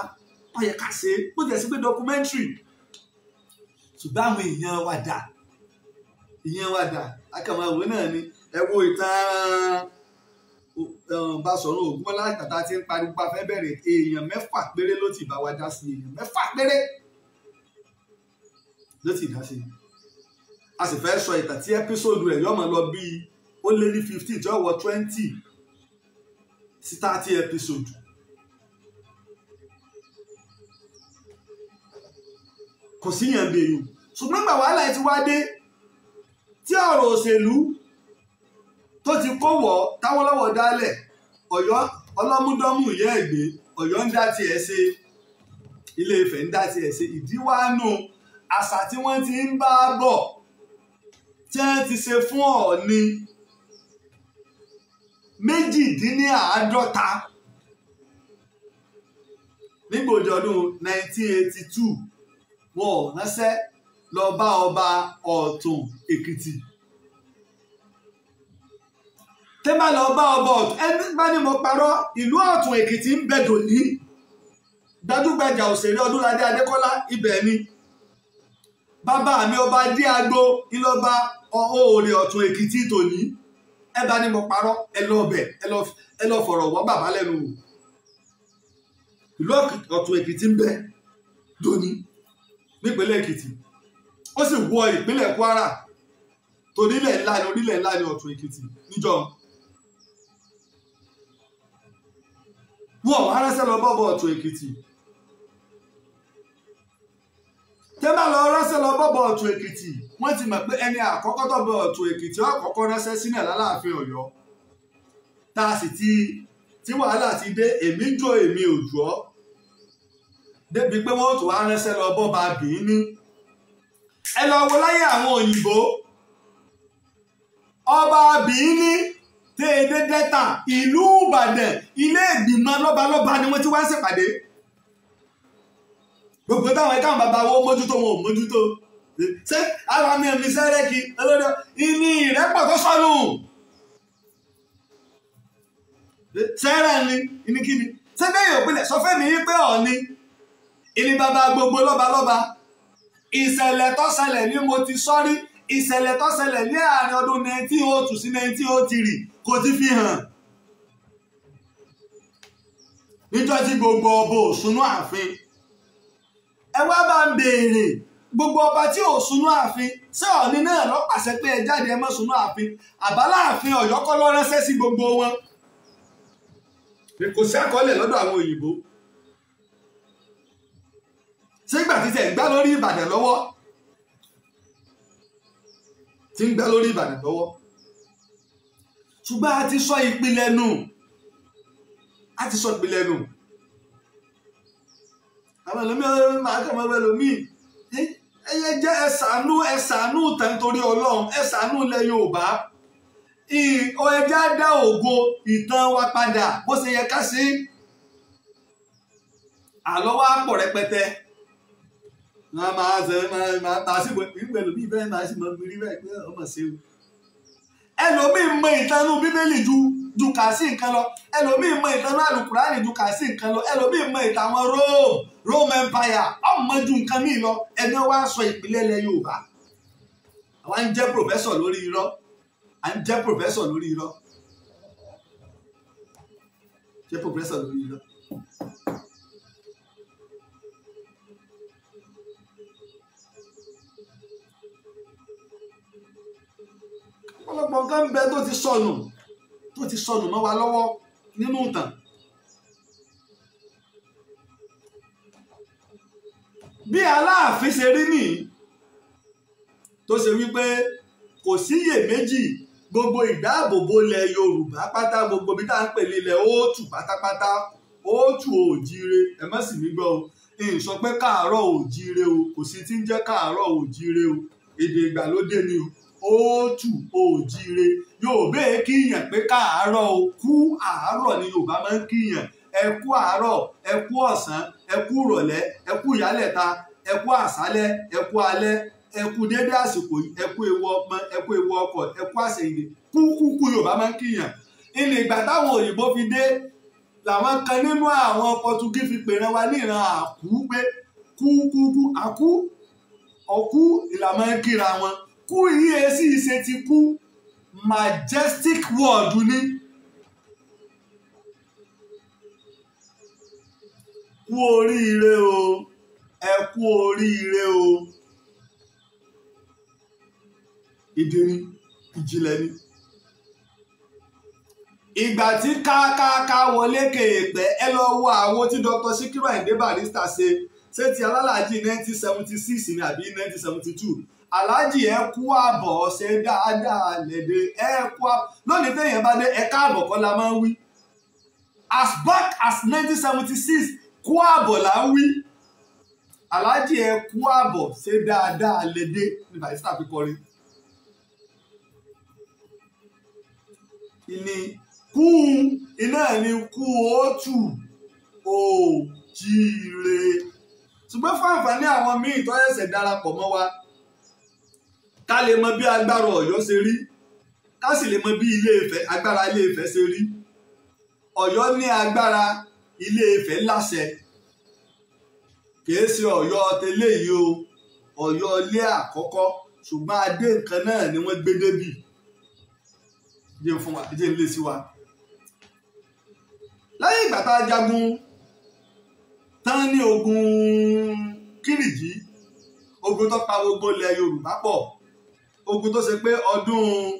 ó yẹ ká ṣe bó jẹ sí pé documentary ṣùgbọ́n àwọn èèyàn wà dáa ìyẹn wà dà akàmàwé náà ni ẹ wo ìtàn um, Basọ̀run Ògúnmọ́lá tàtà tí ń pariwo pa fẹ́ bẹ̀rẹ̀ èèyàn mẹ́fà péré ló ti bá wa dá sí èèyàn mẹ́fà péré ló ti dá sí a sì fẹ́ sọ ìtàn tí ẹ́písòdù rẹ̀ yọmọ lọ bíi ó lé ní fifteen tí ó wọ twenty sí thirty ẹ́písòdù. kò síyàn bèèyàn ṣùgbọ́n gbà wàhálà ẹ ti wá dé tí ọ̀rọ̀ òṣèlú tó ti kó wọ̀ táwọ́lọ́wọ́ dálẹ̀ ọ̀yọ́ ọlọ́múdọ́mù ìyá ẹ̀gbẹ́ ọ̀yọ́ ń dá tiẹ̀ ṣe ilé Ifẹ̀ ń dá tiẹ̀ ṣe ìdíwáánu àṣà tí wọ́n ti ń bá bọ̀ tí wọ́n ti ṣe fún méjìdínláàádọ́ta nígbòdì 1982 lọ bá ọba ọ̀tún èkìtì tẹ́bà lọ bá ọba ọ̀tún ẹni bá ní mo parọ́ ìlú ọ̀tún èkìtì ń bẹ dòní gbajúgbajà òṣèré ọdúnladé adékọ́lá ibẹ̀ ni bàbá mi ọba dé agbo ńlọba òòrè ọ̀tún èkìtì tòní ẹ bá ní mo parọ́ ẹ lọ bẹ̀ ẹ lọ fọ̀rọ̀ wọ́n bàbá lẹ́nu ìlú ọ̀tún èkìtì ń bẹ dòní nípínlẹ̀ èkìtì ó sì wọ ìpínlẹ̀ Kwara torílẹ̀ ńlá ní orílẹ̀ ńlá ní Ọ̀tún Èkìtì níjọ wọn aránṣẹ́ lọ bọbọ Ọ̀tún Èkìtì tẹ bá lọ ránṣẹ́ lọ bọbọ Ọ̀tún Èkìtì wọ́n ti mọ̀ pé ẹni àkọ́kọ́ tó bọ Ọ̀tún Èkìtì ọkọkọ ránṣẹ́ sílẹ̀ lálàáfin Ọ̀yọ́ tá a sì ti tí wàhálà ti dé èmi ń jó èmi ò débi pé wọ́n tún wá ránṣẹ́ lọ bọba bìíní ẹ lọ wo láyé àwọn òyìnbó ọba bìíní téèdé dẹ́ta ìlú ìbàdàn ilé ìgbìmọ̀ lọ́balọ́ba ni wọ́n ti wá ṣèpàdé gbogbo táwọn ẹ̀ka bàbá wo mójútó wọn ò mójútó ṣé àwọn àmì ẹ̀mí sẹ́rẹ́kì olódò ìní ìrẹ́pọ̀ tó sọnù sẹ́rẹ̀ ni ìní kíni sẹ́fẹ̀ yóò pilẹ̀ sọ mi yí pé ọ̀ ni ìní bàbá gbogbo lọ́balọ́ba ìṣẹ̀lẹ̀ tó ṣẹlẹ̀ ní mo ti sọ́rí ìṣẹ̀lẹ̀ tó ṣẹlẹ̀ ní àárín ọdún 1902 sí 1903 kò ti fi hàn níjọ́ tí gbogbo ọba òsùnú ààfin ẹ wá bá ń béèrè gbogbo ọba tí ò súnú ààfin ṣé ọ̀ní náà lọ pàṣẹ pé ẹ jáde ẹ má súnú ààfin àbáláàfin ọ̀yọ́kọ́ lọ ránṣẹ́ sí gbogbo wọn kò sí àkọọ́lẹ̀ lọ́dọ̀ àwọn òyìnbó ṣégbà tí tẹ̀ ń gbá lórí Ìbàdàn lọ́wọ́ tí ń gbá lórí Ìbàdàn lọ́wọ́ ṣùgbọ́n a ti sọ ìpìlẹ̀ nù a ti sọ ìpìlẹ̀ nù àwọn ẹlòmíràn máa kọ́ ọmọ ẹlòmíì ẹyẹ jẹ́ ẹ ṣàánú ẹ ṣàánú tẹ̀ nítorí Ọlọ́run ẹ ṣàánú ilẹ̀ Yorùbá ẹjẹ́ á dá ògo ìtàn wa padà bó ṣe yẹ ká sí àlọ́ wa pọ̀ rẹpẹtẹ máa máa sẹ máa máa sì gbẹ lómi bẹ́ẹ̀ máa sì máa gbérí bẹ́ẹ̀ pé ọmọ ṣe o. ẹlòmíì mọ ìtanú bíbélì ju ju kà sí nǹkan lọ ẹlòmíì mọ ìtanú àlùkùránì ju kà sí nǹkan lọ ẹlòmíì mọ ìtàwọn Rome Rome Empire ọmọ ju nǹkan míì lọ ẹni wá sọ ìpìlẹ̀ ilẹ̀ Yorùbá àwa ń jẹ́ pòfẹ́sọ̀ lórí irọ́ à ń jẹ́ pòfẹ́sọ̀ lórí irọ́ jẹ́ pòfẹ́sọ̀ lórí irọ́. ọ̀pọ̀lọpọ̀ nǹkan ń bẹ tó ti sọnù tó ti sọnù mọ́ wa lọ́wọ́ nínú ìtàn. bí aláàfin ṣe rí nìyí tó ṣe wípé kò síyèméjì gbogbo ìdáàbòbò ilẹ̀ yorùbá pátá gbogbo bí tá à ń pè ní ilẹ̀ òòtù pátápátá òòtù òòjíire ẹ má sì mí gbọ́ o n sọ pé káàárọ̀ òòjíire o kò sí ti ń jẹ́ káàárọ̀ òòjíire o èdè ìgbàlódé ni o òòtù òjire yorùbá kíyàn pé káàárọ̀ o kú àárọ̀ ni yorùbá máa ń kíyàn ẹ kú àárọ̀ ẹ kú ọ̀sán ẹ kú ìrọ̀lẹ́ ẹ kú ìyálẹ̀ta ẹ kú àṣálẹ́ ẹ kú alẹ́ ẹ kú dédé àsìkò yìí ẹ kú ewu ọmọ ẹ kú ewu ọkọ ẹ kú àṣeyìnde kúkúkú yorùbá máa ń kíyàn ilé ìgbà táwọn òyìnbó fi dé làwọn kan nínú àwọn pọtugí fi pèrè wa ní àkú pé kúkúkú àkú ọkú ìlànà kíra wọn kú yìí èsì ìṣe ti kú majestic world ni kú oríire o ẹ kú oríire o ìdí ni ìjìnlẹ̀ ni ìgbà tí kákáká wọlé kéèpẹ ẹ lọ wo àwọn tí Dr. Sikiru Ayinde Barrister ṣe ṣé ti alálàájì nineteen ni àbí nineteen aláàjì ẹ kú àbọ̀ ọ̀sẹ̀ dáadáa lẹ́dẹ̀ ẹ kú àbọ̀ lónìí téèyàn bá dé ẹ káàbọ̀ kọ́ la máa ń wí as back as nineteen seventy six kú àbọ̀ là ń wí aláàjì ẹ kú àbọ̀ ṣe dáadáa lẹ́dẹ̀ ní barista fi kọrin. ìní kú iná ní kú òótù òjìire ṣùgbọ́n fún àǹfààní àwọn míì tó ẹ̀sẹ̀ darapọ̀ mọ́ wa ká lè mọ bí agbára Ọ̀yọ́ ṣe rí ká sì lè mọ bí Ilé Ifẹ̀ agbára Ilé Ifẹ̀ ṣe rí Ọ̀yọ́ ní agbára Ilé Ifẹ̀ láṣẹ kìí ṣe Ọ̀yọ́ tẹ́lẹ̀ yìí o Ọ̀yọ́ ilé àkọ́kọ́ ṣùgbọ́n adé nǹkan náà ni wọ́n gbé débì jẹ́ fún wa jẹ́ lé sí wa lẹ́yìn ìgbà tá a jagun tán ní ogun Kírìjí ogun tó pa gbogbo ilẹ̀ Yorùbá pọ̀ ogun tó ṣe pé ọdún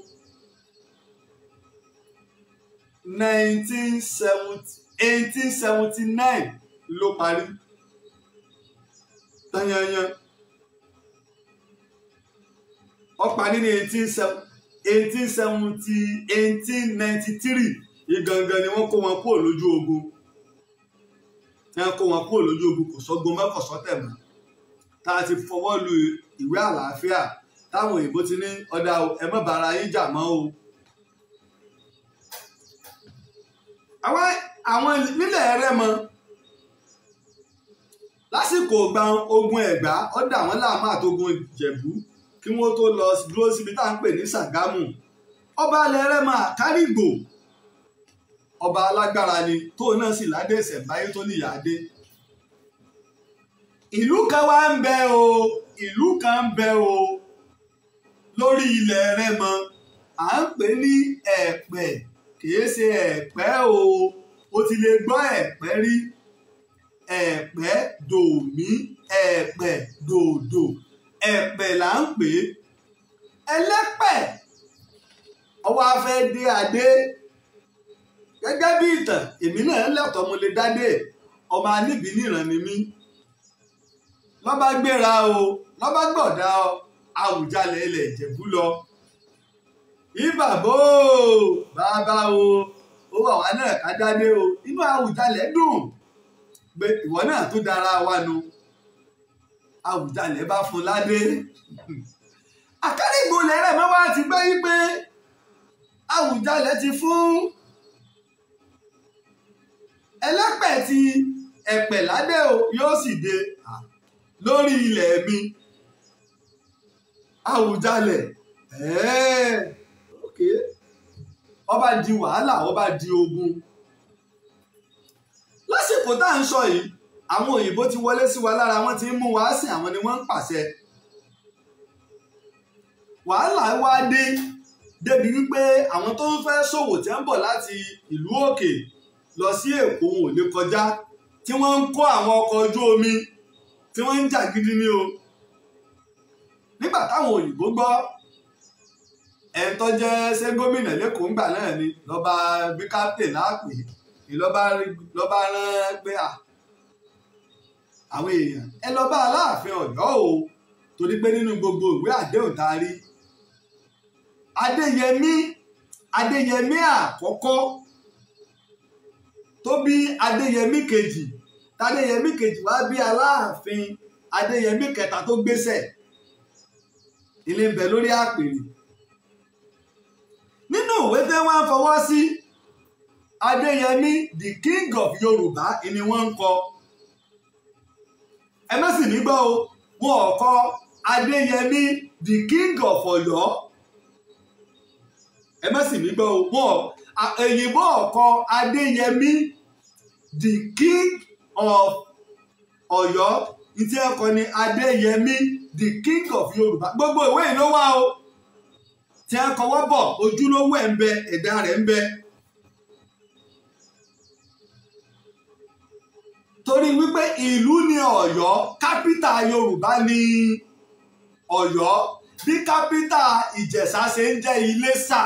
eighteen seventy nine ló parí tanyanyan ó parí eighteen seventy eighteen ninety three ìgangan ni wọ́n kó wọn kúrò lójú ogun wọ́n kó wọn kúrò lójú ogun kò sọ́gun mẹ́kọ̀ọ́sọ́tẹ̀ tá a ti fọwọ́ lu ìwé àlàáfíà táwọn òyìnbó ti ní ọ̀dà ẹ má bára yín jà mọ́ o. àwọn àwọn nílẹ̀ Rẹ́mọ lásìkò gba ogun Ẹ̀gbá ọ̀dà wọn láàmú àtogun Ìjẹ̀bú kí wọ́n tó lọ dúró síbi tá à ń pè ní Ṣàgámù ọba alẹ́ Rẹ́mọ àkárìgbò ọba alágbára ni tóun náà sì ládé ìṣẹ̀mbáyé tó níyà á dé ìlú kan wá ń bẹ o ìlú kan ń bẹ o lórí ilẹ̀ Rẹ́mọ à ń pè ní ẹ̀pẹ̀ kìí ṣe ẹ̀pẹ́ o o ti lè gbọ́ ẹ̀pẹ́ rí ẹ̀pẹ́ dòmí ẹ̀pẹ́ dòdò ẹ̀pẹ́ là ń pè é ẹlẹ́pẹ̀ ọwọ́ afẹ́ dé adé gẹ́gẹ́ bí ìtàn èmi náà lẹ́tọ̀ mo lè dádé ọmọ alíbi níran ni mí lọ́ba gbéra o lọ́ba gbọ̀dá o. Àwùjalẹ̀ ilẹ̀ Ìjẹ̀bú lọ. Ìbàbò bàbá o ó wà wá náà ká jáde o inú Àwùjalẹ̀ dùn pé ìwọ náà tó dára wa nu Àwùjalẹ̀ bá fún ládé. Akérègbòlẹ̀ rẹ̀ mọ́ wá ti gbé yí pé Àwùjalẹ̀ ti fún ẹlẹ́pẹ̀ ti ẹ̀pẹ̀ ládé o yóò sì dé lórí ilẹ̀ mi Àwùjalẹ̀ ọba di wàhálà ọba di ogun lásìkò tá à ń sọ yìí àwọn òyìnbó ti wọlé sí wa lára wọn ti ń mú wa sìn àwọn ni wọ́n ń pàṣẹ wàhálà wá dé débi wípé àwọn tó ń fẹ́ ṣòwò tí ń bọ̀ láti ìlú òkè lọ sí èkó wọn ò lè kọjá tí wọ́n ń kó àwọn ọkọ̀ ojú omi tí wọ́n ń jà gidi ni o. nígbà táwọn òyìnbó gbọ́ ẹ̀ńtọ́ jẹ́ ṣé gómìnà lẹ́kọ̀ọ́ ńgbà náà ni lọ́ba bí captain láàpè ni lọ́ba rán pé à àwọn èèyàn ẹ lọ bá aláàfin Ọ̀yọ́ o torí pé nínú gbogbo ìwé àdéhùn tá a rí Adéyẹmí Adéyẹmí àkọ́kọ́ tó bí Adéyẹmí kejì tAdéyẹmí kejì wá bí aláàfin Adéyẹmí kẹta tó gbéṣẹ́ ilé ń bẹ lórí àpèrè nínú ìwé tí wọ́n fọwọ́ sí Adéyẹmí the king of Yorùbá ni wọ́n ń kọ ẹ má sì ní gbọ́ o wọn ò kọ Adéyẹmí the king of Ọ̀yọ́ ẹ má sì ní gbọ́ o wọn èyìnbó ọkọ Adéyẹmí the king of Ọ̀yọ́ ìtí ẹ̀kọ́ ni Adéyẹmí the king of yorùbá gbogbo ìwé yìí ló wà o tí a kọwọ́ bọ̀ ojúlówó ẹ̀ ń bẹ ẹ̀dá rẹ̀ ń bẹ. torí wípé ìlú ni ọ̀yọ́ kápítà yorùbá ni ọ̀yọ́ bí kápítà ìjẹ̀ṣà ṣe ń jẹ́ iléṣà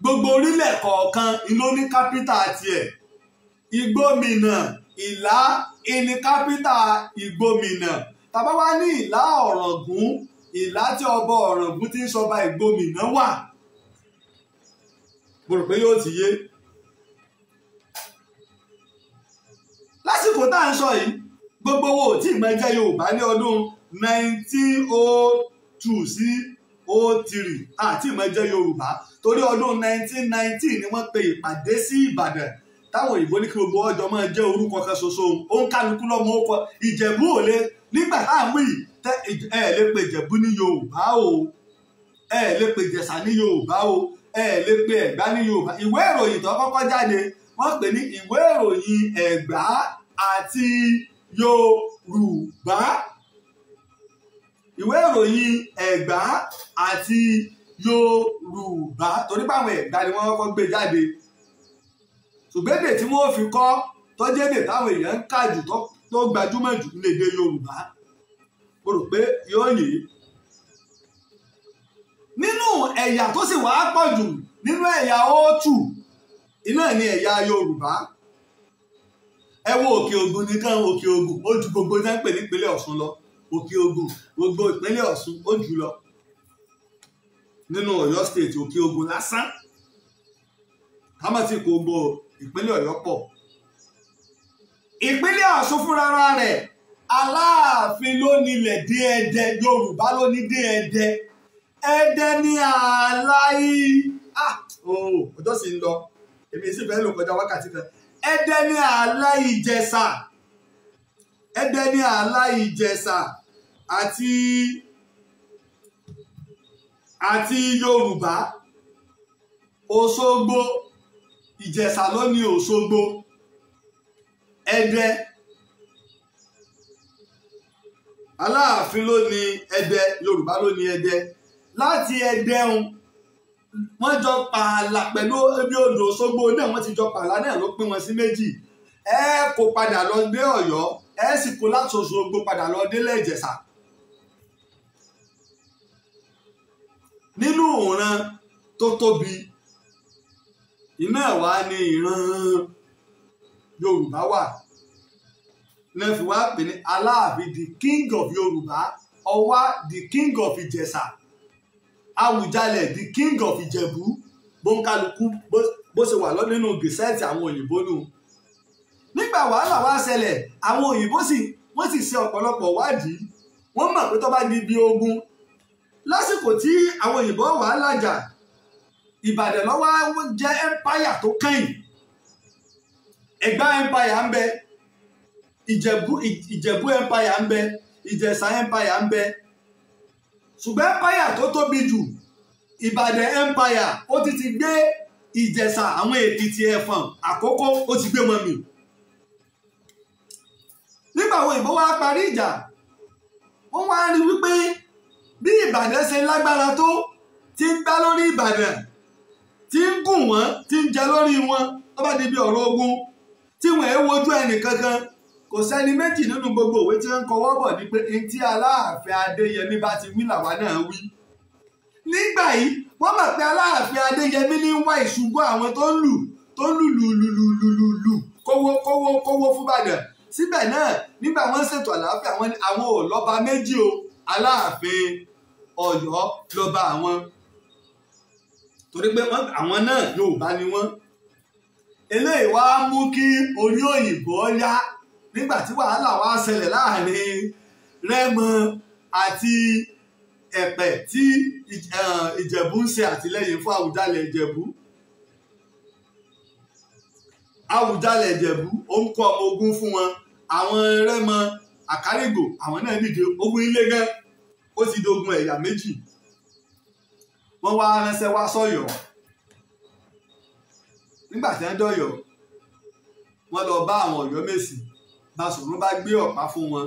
gbogbo orílẹ̀ kọ̀ọ̀kan ló ní kápítà tiẹ̀ ìgbómìnà ìlá ìní kápítà ìgbómìnà tàbá wá ní ìlà ọ̀ràngún ìlà tí ọba ọ̀ràngún ti ń sọba ìgbòmìnà wà mo rò pé yóò ti yé lásìkò tá à ń sọ yìí gbogbo wo tí ìgbẹ́jẹ́ yorùbá ní ọdún nineteen oh two sí oh three àti ìgbẹ́jẹ́ yorùbá torí ọdún nineteen nineteen ni wọ́n pe ìpàdé sí ìbàdàn táwọn òyìnbó ní kí gbogbo ọjọ́ máa jẹ́ orúkọ kan ṣoṣo òun kálukú lọ́mọ ó òle nígbà tá à ń wí ẹ lè pe Ìjẹ̀bú ní Yorùbá o ẹ lè pe Ìjẹ̀ṣà ní Yorùbá o ẹ lè pe Ẹ̀gbá ní Yorùbá ìwé ìròyìn tó kọ́kọ́ jáde wọ́n pè ní ìwé ìròyìn Ẹ̀gbá àti Yorùbá ìwé ìròyìn Ẹ̀gbá àti Yorùbá torí báwọn Ẹ̀gbá ni wọ́n kọ́kọ́ gbé jáde ṣùgbọ́n èdè tí wọ́n fi kọ́ tọ́jú èdè táwọn èèyàn ń kà jù tó tó gbajúmọ̀ jù lédè Yorùbá o rò pé yóò yé nínú ẹ̀yà tó sì wàá pọ̀ jù nínú ẹ̀yà òtù iná ní ẹ̀yà Yorùbá ẹ wo Òkè nìkan Òkè ogun ó ju gbogbo náà pè nípínlẹ̀ lọ Òkè gbogbo ìpínlẹ̀ ó lọ nínú Ọ̀yọ́ state Òkè lásán gbogbo ìpínlẹ̀ Ọ̀yọ́ pọ̀ ìpínlẹ̀ Ọ̀ṣun fúnra rẹ̀ aláàfin ló nílẹ̀ dé Ẹdẹ Yorùbá ló ní dé ní ah, ọjọ́ sì ń lọ èmi sì fẹ́ lò kọjá wákàtí kan Ẹdẹ ní àlàyé Ìjẹ̀ṣà Ẹdẹ ní àti àti Yorùbá Òṣogbo Ẹdẹ Aláàfin ló ní Ẹdẹ Yorùbá ló ní Ẹdẹ láti Ẹdẹ ń wọ́n jọ pààlà pẹ̀lú ebi odò Òṣogbo náà wọ́n ti jọ pààlà náà ló pín wọn sí méjì ẹ kó padà lọ dé Ọ̀yọ́ ẹ sì kó láti Òṣogbo padà lọ délé Ìjẹ̀ṣà nínú ìran tó tóbi iná ẹ̀wá ni ìran yorùbá wà lẹ́fi wá pè ní aláàfin the king of yorùbá ọwá the king of ìjẹ̀ṣà awùjalẹ̀ the king of ìjẹ̀bú bóńkálukú bó ṣe wà nínú gẹ̀sẹ́ẹ̀tì àwọn òyìnbó nù nígbà wàhálà wá ṣẹlẹ̀ àwọn òyìnbó sì wọ́n sì ṣe ọ̀pọ̀lọpọ̀ wádìí wọ́n mọ̀ pé tó bá di ibi ogun lásìkò tí àwọn òyìnbó wàhálà jà ìbàdàn ló wá jẹ́ empire tó kẹ́yìn ẹ̀gbá empire ń bẹ ìjẹ̀bú ìjẹ̀bú empire ń bẹ ìjẹ̀ṣà empire ń bẹ ṣùgbọ́n empire tó tóbi jù ìbàdàn empire ó ti ti gbé ìjẹ̀ṣà àwọn èkìtì ẹ̀fọ̀n àkókò ó ti gbé wọn mì nígbà wo ìbọn wa parí ìjà wọ́n wá rí wípé bí ìbàdàn ṣe lágbára tó ti ń gbá lórí ìbàdàn tí ń gùn wọ́n tí ń jẹ lórí wọn tó bá di bí ọ̀rọ̀ ogun tí wọn ẹ wojú ẹnì kankan kò sẹ́ni méjì nínú gbogbo òwe tí wọ́n kọwọ́ bọ̀ ni pé etí aláàfin adéyẹmí bá ti wí làwa náà wí nígbà yìí wọ́n mọ̀ pé aláàfin adéyẹmí ní wá ìṣubú àwọn tó ń lù tó ń lù lù lù lù lù lù kówó kówó kówó fúbàdàn síbẹ̀ náà nígbà wọ́n ṣètò àlàáfíà wọn ni àwọn ò lọ́ba méjì o aláàfin ọ̀yọ́ lọ́ba àwọn torí pé àwọn náà yorùbá ni wọ́n eléyìí wá mú kí orí òyìnbó yá nígbà tí wàhálà wá ṣẹlẹ̀ láàrin rẹ́mọ àti ẹ̀pẹ̀ tí ìjẹ̀bú ń ṣe àtìlẹ́yìn fún àwùjalẹ̀ ìjẹ̀bú àwùjalẹ̀ ìjẹ̀bú ó ń kó ọmọ ogun fún wọn àwọn rẹ́mọ àkárìgbò àwọn náà nìdí ogun ilé gan ó ti dogun ẹ̀yà méjì wọ́n wá ránṣẹ́ wá sọ́yọ̀ọ́ nígbà tí wọ́n dọ̀yọ́ wọ́n lọ bá àwọn ọ̀yọ́ mèsì Baṣọ̀run bá gbé ọ̀pá fún wọn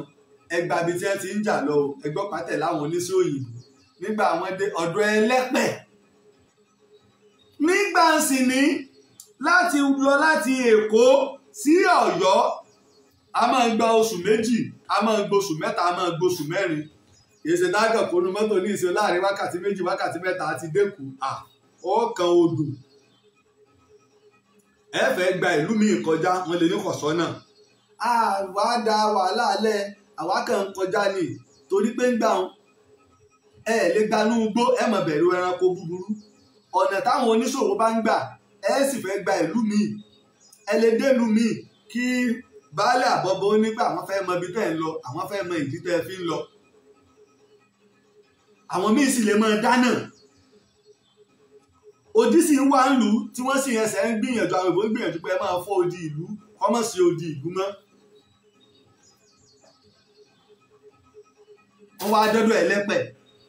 ẹgbà bíi tí wọ́n ti ń jà lọ o ẹgbọ́n pàtẹ láwọn oníṣẹ́ òyìnbó nígbà wọ́n dé ọ̀dọ̀ ẹlẹ́pẹ̀ nígbà sì ní láti lọ láti Èkó sí Ọ̀yọ́ a máa ń gba oṣù méjì a máa ń gboṣù mẹ́ta a máa ń gboṣù mẹ́rin èsè dágàn kónú mọ́tò ní ìṣe láàrin wákàtí méjì wákàtí mẹ́ta àti dẹ́kun à ọ̀ọ́kan odò ẹ fẹ́ gba ìlú mi kọjá wọn lè ní kọ̀sọ́nà àwa da wàhálà alẹ́ àwa kàn ń kọjá ni torí pé ń gbà wọn ẹ lè gbanú gbó ẹ mọ̀ bẹ̀rù ẹranko búburú ọ̀nà táwọn oníṣòwò bá ń gbà ẹ sì fẹ́ gba ìlú mi ẹ lè délùú mi kí baálé àbọ̀bọ̀ onígbà àwọn fẹ́ mọ ibi tẹ́ ń lọ àwọn fẹ́ mọ ìdí tẹ́ fi ń lọ àwọn míì sì lè mọ dáná odi sì ń wá ń lù tí wọ́n sì ẹsẹ̀ ń gbìyànjú àwọn ìbò ń gbìyànjú pé ẹ máa fọ́ odi ìlú kọ́mọ̀ sí odi ìlú mọ́. wọ́n wá dọ́dọ̀ ẹlẹ́pẹ̀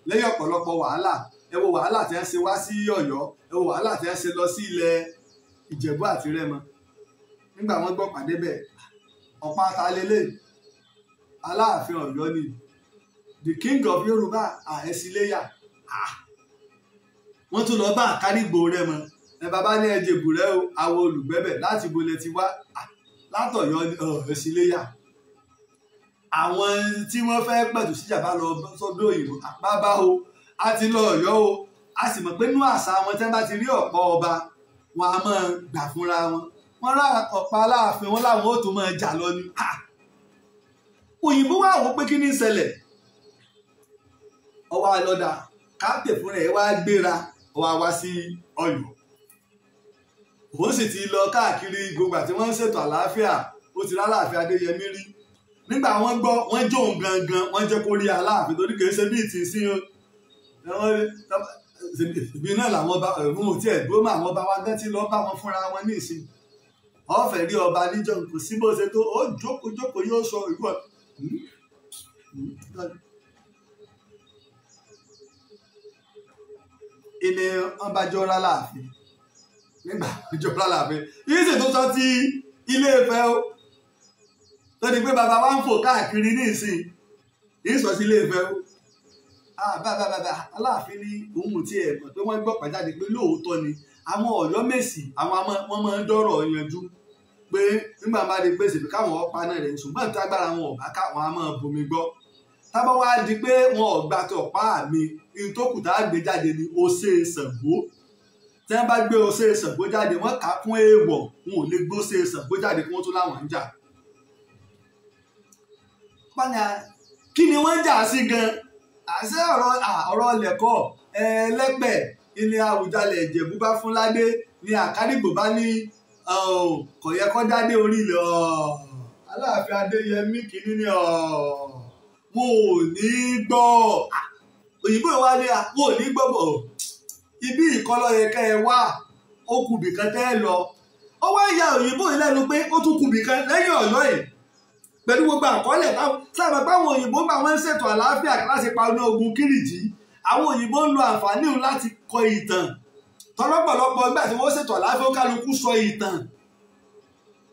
lẹ́yìn ọ̀pọ̀lọpọ̀ wàhálà ẹ wo wàhálà tẹ́ ń ṣe wá sí ọ̀yọ́ ẹ wo wàhálà tẹ́ ń ṣe lọ sí ilẹ̀ ìjẹ̀bú àti rẹ́mọ nígbà wọ́n gbọ́ pàdé bẹ̀ ọ̀pá ta lélẹ̀ aláàfin ọ̀yọ́ ni the king of yorùbá àhẹ́síléyà ah wọ́n tún lọ bá àkárìgbò rẹ mọ ẹ bàbá ní ẹjẹ bùrẹ o àwọn olùgbẹbẹ láti bolẹ ti wá látọyọ ẹsìléyà àwọn tí wọ́n fẹ́ pẹ̀tù síjà bá lọ sọ́dọ̀ òyìnbó bàbá o a ti lọ Ọ̀yọ́ o a sì mọ̀ pé nú àṣà wọn tí wọ́n bá ti rí ọ̀pọ̀ ọba wọn a máa gbà fúnra wọn wọn rà ọ̀pá aláàfin wọn làwọn ò tún máa jà lọ ni òyìnbó wà wọ́n pé kí ní ṣẹlẹ̀ ọwọ́ àlọ́dà káàpẹ̀ fúnra ẹ̀ wá gbéra ó wá wá sí Ọ̀yọ́ òun sì ti lọ káàkiri gbogbo àti wọ́n ń ṣètò àlàáfíà ó ti rálàáfíà Adéyẹmí rí nígbà wọ́n gbọ́ wọ́n jó òun gangan wọ́n jẹ́ kó rí Aláàfin torí kìí ṣe bíi ti sí ìbí náà làwọn bá ẹ̀rù mọ̀ tí ẹ̀ gbó mà wọ́n bá wá gán tí lọ́ bá wọn fúnra wọn ní ìsìn ọ̀fẹ́ rí ọba níjọ kò sí bó ṣe tó ó jókòó jókòó yóò sọ ìwọ hmm? Hmm? ilé ọ̀nbàjọ́ra láàfin nígbà ìjọba láàfin yìí sì tó sọ ti ilé Ifẹ̀ o lọ́ni pé bàbá wa ń fò káàkiri ní ìsìn yìí sọ sí ilé Ifẹ̀ o bàbàbàbà aláàfin ní òun tí ẹ mọ̀ pé wọ́n gbọ́ pàjáde pé lóòótọ́ ni àwọn Ọ̀yọ́ Mèsì àwọn wọ́n máa ń dọ́rọ̀ yanjú pé nígbà máa di pèsè pé káwọn ọ̀pá náà rẹ̀ ṣùgbọ́n tágbára wọn ò bá káwọn á máa bomi gbọ́ tábà wá di pé wọn ò gba tọ̀pá mi ihun tó kù tá a gbé jáde ni ose Ṣàngó tí wọn bá gbé ose Ṣàngó jáde wọn kà á kún èèwọ̀ wọn ò lè gbé ose Ṣàngó jáde kí wọn tó láwọn ń jà. pàlà kí ni wọ́n ń jà sí gan àṣẹ ọ̀rọ̀ ọ̀rọ̀ lẹ́kọ̀ọ́ ẹlẹ́gbẹ́ ilé Àwùjalẹ̀ Ìjẹ̀bú bá fún Ládé ni Àkádìgbò bá ní kọ̀yẹ́kọ́ dádé orí ilẹ̀ Aláàfin Adéyẹmí kìíní ni ọ̀ọ́ wọn ò ní gbọ́ ah, òyìnbó wa ni wọn ò ní gbọ́ bọ̀ ibi ìkọlọ́ yẹn kẹ́ ẹ wá ó kù bìkan tẹ́ ẹ lọ ó wá ya òyìnbó yìí lẹ́nu pé ó tún kù bìkan lẹ́yìn ọ̀yọ́ yìí pẹ̀lú gbogbo àkọọ́lẹ̀ sábà báwọn òyìnbó bá wọn ń ṣètò àlàáfíà láti pa ọ̀nà ogun kìrìjì àwọn òyìnbó ń lo àǹfààní láti kọ ìtàn tọlọ́pọ̀lọpọ̀ ìgbà tí wọ́n ṣètò àlàáfíà ó kálukú sọ ìtàn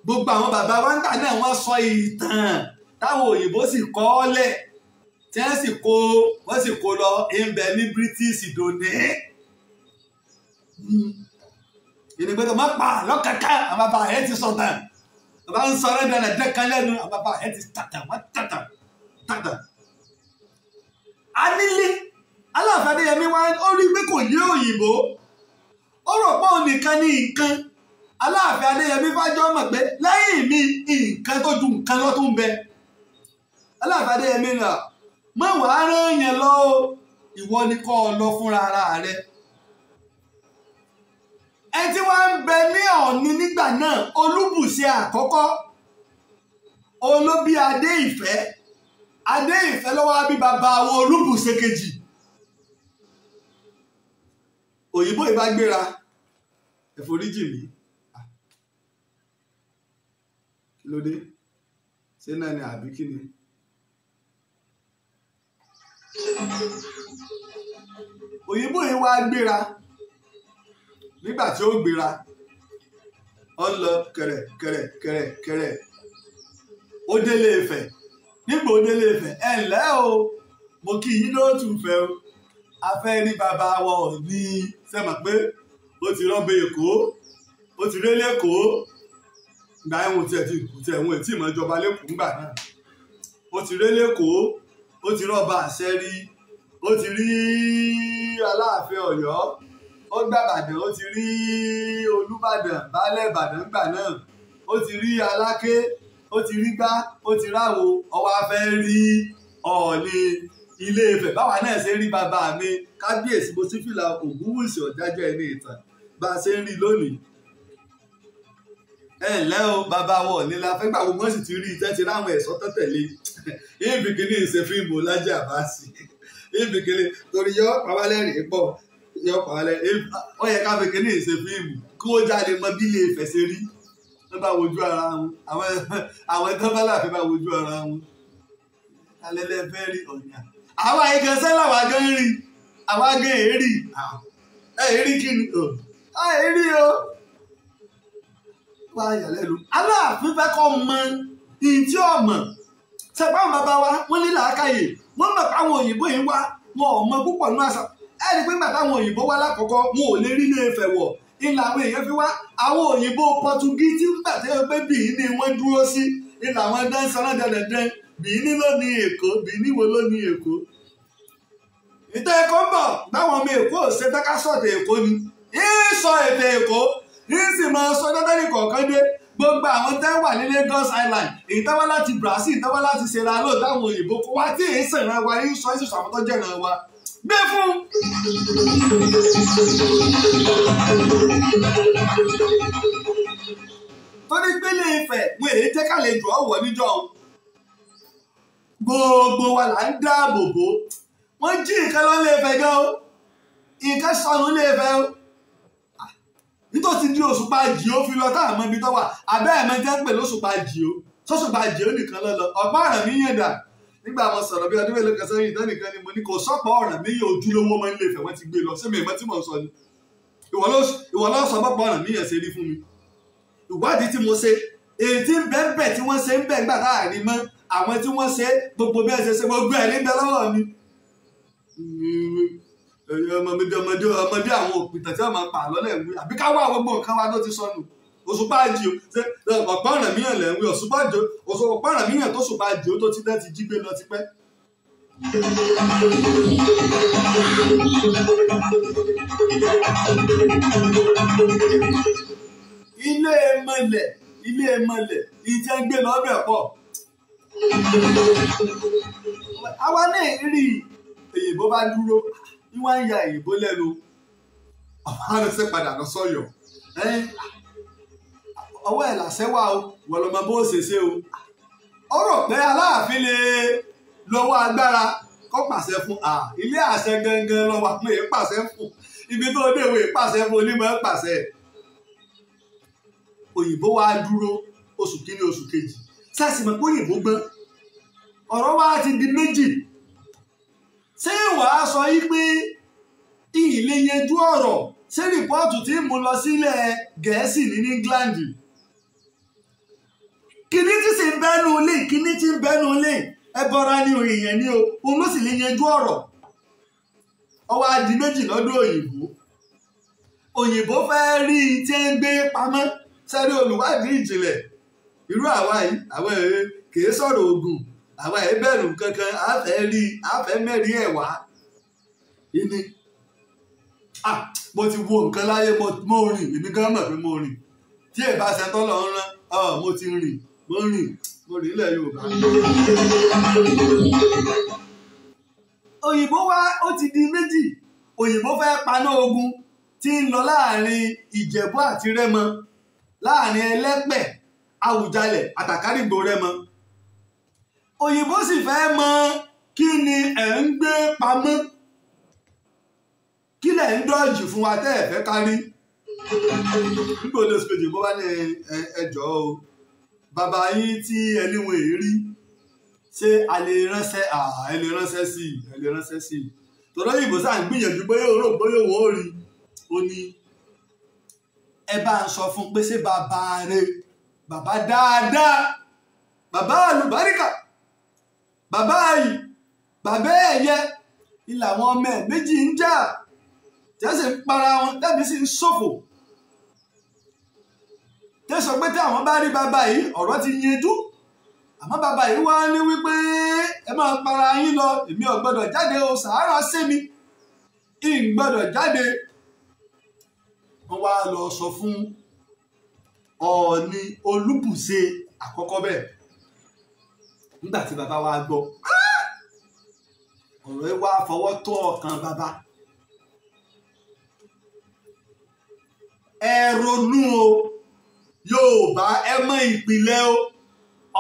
gbogbo àwọn bàbá wa ń gbà náà wọ́n sọ ìtàn táwọn òyìnbó sì kọ ọ́ lẹ̀ tí wọ́n sì kó wọ́n sì kó lọ ìbẹ ní british dòní hmm. ìdìgbẹ́tọ̀ má pa lọ́kàkà àbàbà ẹ̀ ti sọ̀tàn bàbá ń sọ̀rọ̀ dáná dẹ́kan lẹ́nu àbàbà ẹ̀ ti tàtà wọ́n tàtà tàtà. anílé Aláàfin Adéyẹmí wá ó rí pé kò yé òyìnbó ó rò pé òun nìkan ní nǹkan Aláàfin Adéyẹmí fájọ́ mọ̀ pé lẹ́yìn mi nǹkan tó ju nǹkan lọ́tún bẹ Aláàfin Adéyẹmí náà má wàá rán yẹn lọ o ìwọ ni kọ́ ọ lọ fúnra ara rẹ ẹ tí wọ́n ń bẹ ní ọ̀ọ́ni nígbà náà olúbùṣe àkọ́kọ́ olóbí adé ìfẹ́ adé ìfẹ́ lọ́wọ́ bí bàbá àwọn olúbùṣe kejì òyìnbó ìbá gbéra ẹ̀foríjì mi ah. kí ṣé náà ni àbí kí ni òyìnbó yìí wá gbéra nígbà tí ó gbéra ó lọ kẹrẹ kẹrẹ kẹrẹ kẹrẹ ó délé Ifẹ̀ nígbà ó délé Ifẹ̀ ẹ ǹlẹ́ o mo kí yín lóòtú fẹ́ o a fẹ́ rí bàbá wa ní sẹ́mọ̀ pé ó ti rọ́bẹ Èkó ó ti rélé Èkó gbà ẹ̀wọ̀n tiẹ̀ tí ìmọ̀ ìjọba lẹ́kọ̀ọ́ ńgbà náà ó ti rélé Èkó ó ti rọ́ọ̀bà àṣẹ rí ó ti rí aláàfin ọ̀yọ́ ó gbàbàdàn ó ti rí olúbàdàn baálé ìbàdàn gbà náà ó ti rí aláké ó ti rí gbá ó ti ráwo ọwọ́ afẹ́ rí ọ̀ọ̀ni ilé Ifẹ̀ báwa náà ṣe rí bàbá mi kábíyèsí mo sì fìlà ògúnwùsì ọ̀dájọ́ ẹni ìtàn bá a ṣe ń rí lónìí ẹ ǹlẹ́ o bàbá wọ̀ ní la fẹ́ gbà gbogbo sì ti rí iṣẹ́ ti ráwọn ẹ̀ṣọ́ tẹ́tẹ̀lé ìbìkínì ìṣèfíìmù lájà bá sí ìbìkínì torí yọ pàwálẹ́rìí pọ̀ yọ pàwálẹ́rìí ó yẹ ká bìkínì ìṣèfíìmù kí wọ́n jáde mọ bí ilé Ifẹ̀ ṣe rí wọ́n bá wojú ara wọn àwọn ẹ̀dán bá láàfin bá wojú ara wọn alẹ́lẹ́ fẹ́ rí ọ̀yà àwọn àyíká sẹ́lá wà gán rí àwọn agán èrì èrì kí ni o èrì o wọ́n á yà lẹ́nu aláàfin fẹ́ kọ́ mọ ìyìn tí sẹ́pà bàbá wa wọ́n ní làákàyè wọ́n mọ̀ káwọn òyìnbó yìí wá wọn ò mọ púpọ̀ nínú àṣà ẹni pé gbàtà àwọn òyìnbó wá lákọ̀ọ́kọ́ wọn ò lè rí ní ẹfẹ̀ wọ̀ ilà àwọn èèyàn fi wá àwọn òyìnbó pọtugíìsì ń gbàtẹ́ pé bìí ni dúró sí ilà àwọn dáńsán náà dẹ̀dẹ̀dẹ̀ bìí ní ló ní èkó bìí níwo ló ní èkó ìtọ́ ẹ̀kọ́ ń bọ̀ báwọn ọmọ èkó ṣe dáká sọ̀tẹ̀ èkó ni ń sọ èkó ń máa sọ dandan ní kọ̀ọ̀kan dé gbogbo àwọn tẹ́ wà ní Lagos Island èyí tẹ́wọ́ láti Brazil tẹ́wọ́ láti Sierra Leone táwọn òyìnbó kó wá tí èyí sẹ̀ràn wa yìí sọ ìṣòṣò àwọn tó jẹ̀ràn wa gbé fún. torí gbélé Ifẹ̀ wọn èyí jẹ́ kálejò ọ̀wọ́ níjọ́ gbogbo wa là ń dáàbò bò wọ́n jí nǹkan lọ́lé Ifẹ̀ gan o nǹkan sọnù lé Ifẹ̀ o nítòsí di òṣùpá jì ó fi lọ tá àmọ́ ibi tó wà abẹ́ ẹ̀mọ́ jẹ́ pé lóṣùpá jì sóṣùpá jì nìkan lọ lọ ọ̀pá ọ̀ràn mi yẹn dà nígbà mo sọ̀rọ̀ bí ọdún mélòó kan sẹ́yìn ìtàn nìkan ni mo ní kò sọ́pọ̀ ọ̀ràn mi yẹn ojúlówó ọmọ ilé ìfẹ́ wọn ti gbé lọ sí mi ìmọ̀ tí mò ń sọ ni ìwọ ló sọ pọ́pọ́ ọ̀ràn mi yẹn ṣe rí fún mi ìwádìí tí mo ṣe èyí tí ń bẹ́ẹ̀ bẹ́ẹ̀ tí wọ́n ṣe ń bẹ́ẹ̀ gbà láàrin mọ́ àwọn tí wọ́n ṣe gbogbo bí ẹ ṣe ṣe gbogbo ẹ̀ níbẹ̀ lọ́wọ́ mi ẹ̀yin ọmọdé ọmọdé ọmọdé àwọn òpìtàn tí wọ́n máa pa àlọ́ lẹ́wí àbí ká wá gbogbo nǹkan wa tó ti sọnù òṣùpá àjì o ọ̀pá ọ̀ràn míyàn lẹ́wí òṣùpá àjò òṣùpá ọ̀ràn míyàn tó ṣùpá àjò tó ti dẹ́ ti jí gbé lọ tipẹ́. ilé mọlẹ̀ ilé mọlẹ̀ ìjẹ́ ń gbé lọ́bẹ̀ pọ̀ àwa náà rí èyí bó bá dúró ní wọ́n á ya èyìnbó lẹ́nu àwọn aránṣẹ́ padà lọ sọ́yọ̀ ọwọ́ ẹ̀ làṣẹ wà o wọ́n lọ́mọ bó ṣe ṣe o ó rò pé aláàfin lè lọ́wọ́ agbára kó pàṣẹ fún a ilé àṣẹ gangan lọ́wọ́ àpò èyí pàṣẹ fún ibi tó dé ìwé pàṣẹ fún onímọ̀ pàṣẹ òyìnbó wa dúró oṣù kínní oṣù kejì sásìmọ̀ pé òyìnbó gbọ́n ọ̀rọ̀ wa ti di méjì ṣé wàá sọ yí pé ìlé yanjú ọ̀rọ̀ ṣé rìpọ́ọ̀tù tí mo lọ sílẹ̀ gẹ̀ẹ́sì ní England kìíní tí sì ń bẹ́nu ilé kìíní tí ń bẹ́nu ilé ẹ bọ́ra ni èèyàn ni o òun ló sì lè yanjú ọ̀rọ̀ ọwọ́ adi méjì lọ́dún òyìnbó òyìnbó fẹ́ rí i tí ń gbé pamọ́ sẹ́rí olùwádìí ìjìnlẹ̀ irú àwa yìí àwọn èrè kìí sọ̀rọ̀ ogun làwa ẹ̀ kankan àfẹ́ rí àfẹ́ mẹ́rin ẹ̀ wá ìní mo ti wo nǹkan láyé mo rìn èmi gan mọ̀ pé mo rìn tí ẹ̀ bá ṣẹtọ́ lọ ń rán mo ti rìn mo rìn mo rìn ilẹ̀ Yorùbá. òyìnbó wá ó ti di méjì òyìnbó fẹ́ paná ogun tí ń lọ láàrin Ìjẹ̀bú àti Rẹ́mọ láàrin Ẹlẹ́pẹ̀ Àwùjalẹ̀ àtàkárìgbò Rẹ́mọ òyìnbó sì fẹ́ mọ kí ni ẹ̀ ń gbé pamọ́ kí lẹ̀ ń dọ́ọ̀jì fún wa tẹ́ ẹ̀ fẹ́ kárí nígbà olóòsì kejì bó bá ní ẹjọ́ o bàbá yín tí ẹlẹ́wọ̀n èrí ṣé a lè ránṣẹ́ ẹ lè ránṣẹ́ sí i ẹ lè ránṣẹ́ sí i tọ́lọ́ òyìnbó sáà ń gbìyànjú bóyá òórò bóyá òun ó rí ó ní ẹ bá ń sọ fún pé ṣé bàbá rẹ bàbá dáadáa bàbá àlùbáríkà bàbá yìí bàbá ẹ̀yẹ ilà àwọn ọmọ ẹ̀ méjì ń jà tẹ́sí ń para wọn tẹ́bí sì ń ṣòfò tẹ́sọ pé tí àwọn bá rí bàbá yìí ọ̀rọ̀ ti yanjú àmọ́ bàbá yìí wá ní wípé ẹ máa para yín lọ èmi ò gbọ́dọ̀ jáde o sàárà sí mi ìn gbọ́dọ̀ jáde wọ́n wá lọ sọ fún Ọọ̀ni Olúbùṣe àkọ́kọ́ bẹ́ẹ̀ nígbà tí bàbá wa gbọ́ ọ̀rọ̀ ẹ wá fọwọ́ tó ọkàn bàbá ẹ ronú o Yorùbá ẹ mọ ìpìlẹ̀ o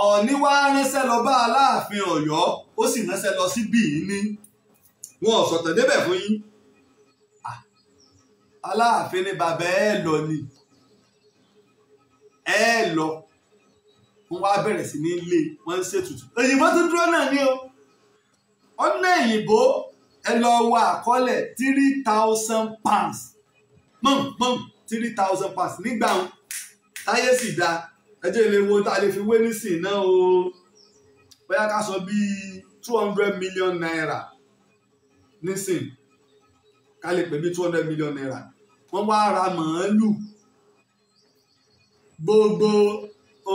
Ọọ̀ni wá ránṣẹ́ lọ bá Aláàfin Ọ̀yọ́ ó sì ránṣẹ́ lọ sí Bìíní wọn ò sọ̀tàn débẹ̀ fún yín Aláàfin ni bàbá ẹ lọ ni ẹ lọ wọ́n wá bẹ̀rẹ̀ sí ní lé wọ́n ń ṣètùtù òyìnbó tó dúró náà ni o ọ̀nà òyìnbó ẹ lọ wá àkọọ́lẹ̀ three thousand pounds mọ̀n mọ̀n three thousand pounds nígbà wọn táyé sì dá ẹjẹ́ ilé wo tá a lè fi wé nísìnyí náà o bóyá ká sọ bíi two hundred million naira nísìnyí ká lè pè bíi two hundred million naira wọ́n wá ra màálù gbogbo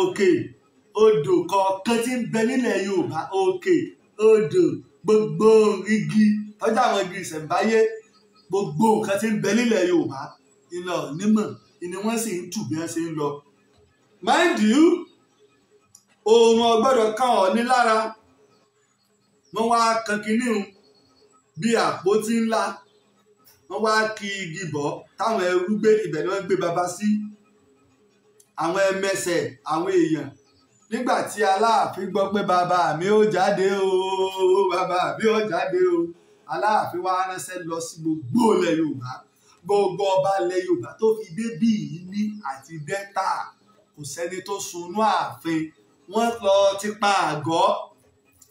òkè. Okay odò kọ̀ọ̀kan tí ń bẹ nílẹ̀ Yorùbá òkè odò gbogbo igi tọ́jú àwọn igi ìṣẹ̀ǹbáyé gbogbo nǹkan tí ń bẹ nílẹ̀ Yorùbá ìlọ onímọ̀ ni wọ́n sì ń tù bí wọ́n ṣe ń lọ. mind you oòrùn ọgbọ́dọ̀ kan ọ̀ ní lára wọ́n wá kan kínní un bí àpótí ńlá wọ́n wá kí igi bọ̀ táwọn ẹrú gbé ibẹ̀ ni wọ́n gbé baba sí àwọn ẹmẹsẹ̀ àwọn èèyàn nígbà tí aláàfin gbọ́ pé bàbá mi ò jáde o bàbá mi ò jáde o aláàfin wa ránṣẹ́ lọ sí gbogbo ilẹ̀ yorùbá gbogbo ọba ilẹ̀ yorùbá tó fi débí yìí ní àti delta kò sẹ́ni tó sunú ààfin wọ́n lọ ti pa àgọ́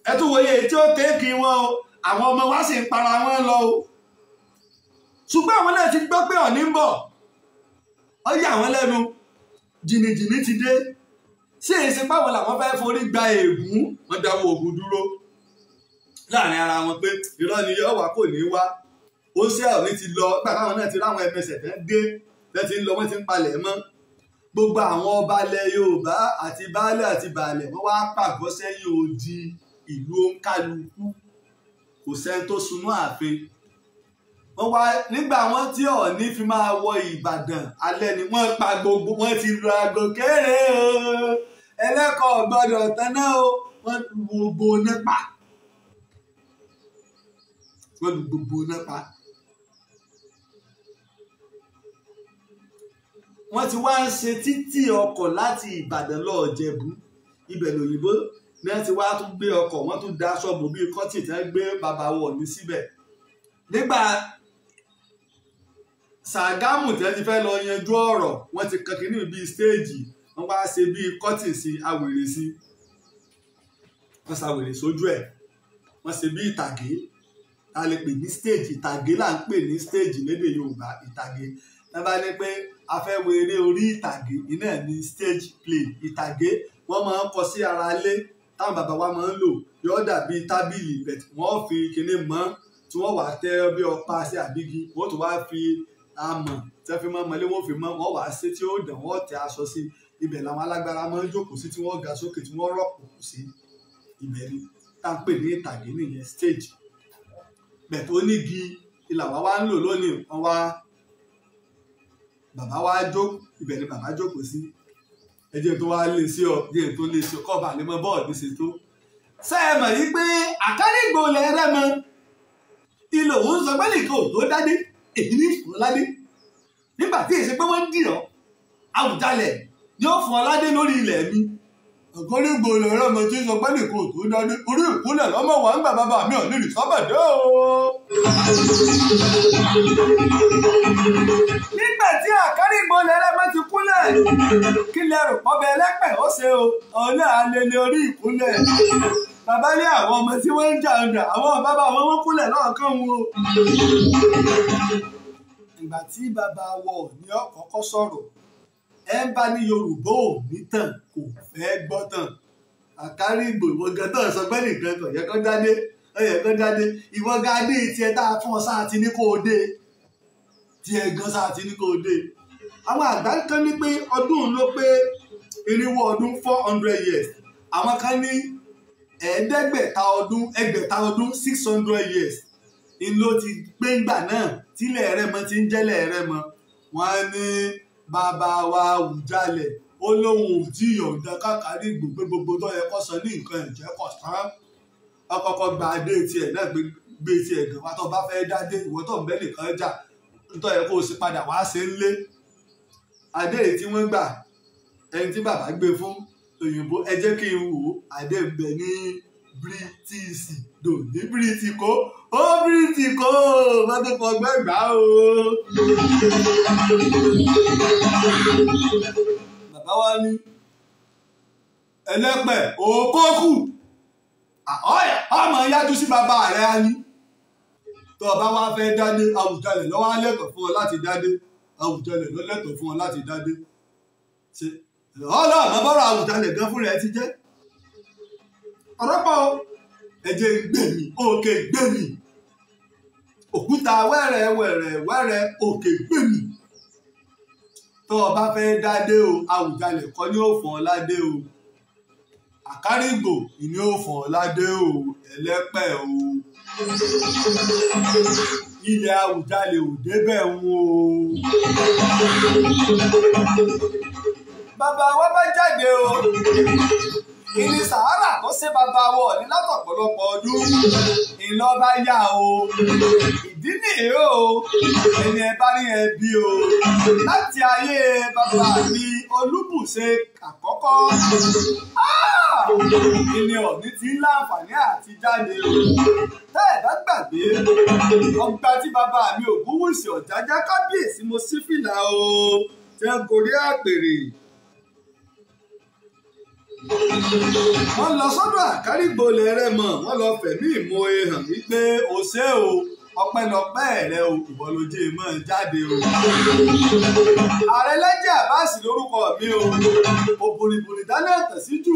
ẹ tún wòye tí ó kéèkì wọn o àwọn ọmọ wa sì ń para wọn lọ o ṣùgbọ́n àwọn náà ti gbọ́ pé ọ̀ní ń bọ̀ ó yà wọ́n lẹ́nu jìnnìjìnnì ti dé ṣé èsì páwọn làwọn fẹ́ forí gba ègún wọn dáwọ́ ògùn dúró láàrin ara wọn pé irọ́ ni yóò wá kò ní wá ó ṣe ọ̀rẹ́ ti lọ gbà káwọn náà ti ráwọn ẹmẹsẹ̀ tán dé tán ti ń lọ wọ́n ti ń palẹ̀ mọ́ gbogbo àwọn ọba ilẹ̀ Yorùbá àti baálẹ̀ àti baálẹ̀ wọ́n wá pàgọ́ sẹ́yìn odi ìlú òǹkàlùkù kò sẹ́ni tó sunú ààfin wọ́n wá nígbà wọn tí Ọọ̀ni fi máa wọ Ìbàdàn alẹ́ ni wọ́n pa gbogbo wọ́n ti ra gòkèrè ooo ẹlẹ́kọ̀ọ́ gbọ́dọ̀ tán náà o wọ́n lu gbogbo nípa wọ́n lu gbogbo nípa. wọ́n ti wá ń ṣe títì ọkọ̀ láti Ìbàdàn lọ Jẹ̀bú ibẹ̀ lòyìnbó ni wọ́n ti wá tún gbé ọkọ̀ wọ́n tún da ṣọ́ọ̀bù bíi kọ́tì tí wọ́n gbé bàbá wọ̀ ní síbẹ̀ nígbà Ṣàgámù tí wọ́n ti fẹ́ lọ yanjú ọ̀rọ̀ wọ́n ti kankan níbi stéèjì wọ́n wá ṣe bíi cotton sí awèrè sí wọ́n ṣàwèrè sójú ẹ̀ wọ́n ṣe bíi ìtàgé a lè pè ní stage ìtàgé là ń pè ní stage lédè Yorùbá ìtàgé tábà ní pé a fẹ́ wo eré orí ìtàgé iná ní stage play ìtàgé wọ́n máa ń kọ sí ara lé táwọn bàbá wa máa ń lò yọ dàbí tábìlì bẹ̀tì wọ́n fi kinní mọ́ tí wọ́n wà tẹ́ bí ọ̀pá sí àbígi wọ́n tún wá fi amọ̀ tẹ́fí mọ́ mọ́lé wọ́n fi mọ́ wọ́n wà á tí ó dàn wọ́n tẹ aṣọ sí i ibẹ̀ làwọn alágbára máa ń jókòó sí tí wọ́n ga sókè tí wọ́n rọ̀pò sí ibẹ̀ ni tá à ń pè ní ìtàgé nìyẹn stage bẹ̀ tó nígi ilà wa wá ń lò lónìí wọ́n wá bàbá wa jó ibẹ̀ ni bàbá jókòó sí ẹjẹ tó wá lè sí ọ díẹ̀ tó lè sí ọ kọ́ bàálẹ̀ mọ́ bọ́ọ̀dù ṣe tó ṣe é mọ̀ yí pé àkárìgbò lẹ rẹ mọ ilé òun sọ pé nìkan ò tó dádé èyí ní ìṣòro ládé nígbà tí èsì pé wọ́n dìrọ̀ àwùjalẹ̀ yóò fún aládé lórí ilẹ̀ mi àkọ́lé gbòòlò ẹ̀rọ ọmọ tí ń sọ pẹ́lú ìkó tó dáadé orí ìkúnlẹ̀ lọ́mọ wà ń gbà bàbá mi ò nílùú sábàdé o. nígbà tí àkárí ìgbòòlò ẹlẹ́mọ ti kúnlẹ̀ kí lè rò pọ́bẹ ẹlẹ́pẹ̀ ó ṣe o ọ̀nà àlele orí ìkúnlẹ̀ bàbá ní àwọn ọmọ tí wọ́n ń jà ọ̀dà àwọn bàbá wọn wọ́n kúnlẹ̀ lọ́ọ̀kan ìgbà tí bàbá wọ̀ ní ọ̀kọ́kọ́ sọ̀rọ̀ ẹ ń bá ní yorùbá ò ní tàn kò fẹ́ gbọ́ tàn àkárí ìgbò ìwọ̀n gan náà sọ pé nìkan kan yẹ kán dáadé ẹyẹ kán dáadé ìwọ̀n gan adé tiẹ̀ tá a fún ọ sáà ti ní kó o dé tiẹ̀ gan sáà ti ní kó o dé àwọn àgbà kan ní pé ọdún ló pé irinwó ọdún four hundred years àwọn kan ní ẹ̀ẹ́dẹ́gbẹ̀ta ọdún ẹgbẹ̀ta ọdún six hundred years ni ló ti gbéǹgbà náà tílẹ̀ rẹ̀ mọ́ ti ń jẹ́lẹ̀ rẹ̀ mọ́ wọ́n ní bàbá wa Àwùjalẹ̀ ó lóun yọ̀ǹda káàkiri gbogbo gbogbo tó yẹ kó san ní nǹkan ẹ̀jẹ̀ kò san ọkọ̀ọ̀kọ̀ gba adé tiẹ̀ náà gbé tiẹ̀ gan wa tó bá fẹ́ dádé ìwọ tó ń bẹ́ nìkan jà tó yẹ kó o sì padà wá sí ń adé tí wọ́n gbà ẹni tí bàbá gbé fún òyìnbó ẹ jẹ́ kí n wò adé ń ní bírítíìsì Do dòní bíríìtì kó ó bíríìtì kó má tó fọgbẹ́ gbà o. bàbá wa ní ẹlẹ́pẹ̀ òkókù ọmọ yájú sí bàbá rẹ̀ á ní tó o bá wá fẹ́ dádé Awùjalẹ̀ lọ́wọ́ á lẹ́tọ̀ọ́ fún ọ láti dádé Awùjalẹ̀ ló lẹ́tọ̀ọ́ fún ọ láti dádé ọlọ́ọ̀mọ́ bọ́rọ̀ Awùjalẹ̀ gan fúnra ẹ ti jẹ́ ọ̀rọ̀ pọ̀ o ẹjẹ gbẹmí òkè gbẹmí òkúta wẹrẹ wẹrẹ wẹrẹ òkè gbẹmí tó o bá fẹ́ dádé o Àwùjalẹ̀ kọ́ ni ó fọ́n ládé o àkárìgbò ni ó fọ́n ládé o ẹlẹ́pẹ̀ o ilẹ̀ Àwùjalẹ̀ ò débẹ̀ ń o. bàbá wa bá jáde o ìní sahara, tó ṣe bàbá wọ ní látọ̀pọ̀lọpọ̀ ọdún ìlọba yá o ìdí nìyí o ẹni ẹ bá ní ẹbí o láti ayé bàbá mi olúbùṣe àkọ́kọ́ ah! ìní ọ̀ní ti ń láǹfààní àti jáde o tẹ́ ẹ̀ bá gbàgbé ọgbà tí bàbá mi ògúnwùsì ọ̀jájá kábíyèsí mo sí fìlà o tẹ́ ń gorí àpèrè wọ́n lọ sọ́dọ̀ àkárìgbò lẹ́rẹ̀ mọ̀ wọ́n lọ fẹ̀mí ìmọ̀ ehàn wípé o ṣé o ọpẹ́lọpẹ́ rẹ o ìwọ ló jáde o. ààrẹ Laji Abbas lórúkọ mi o òbòrìbòrì dáná tẹ̀sí jù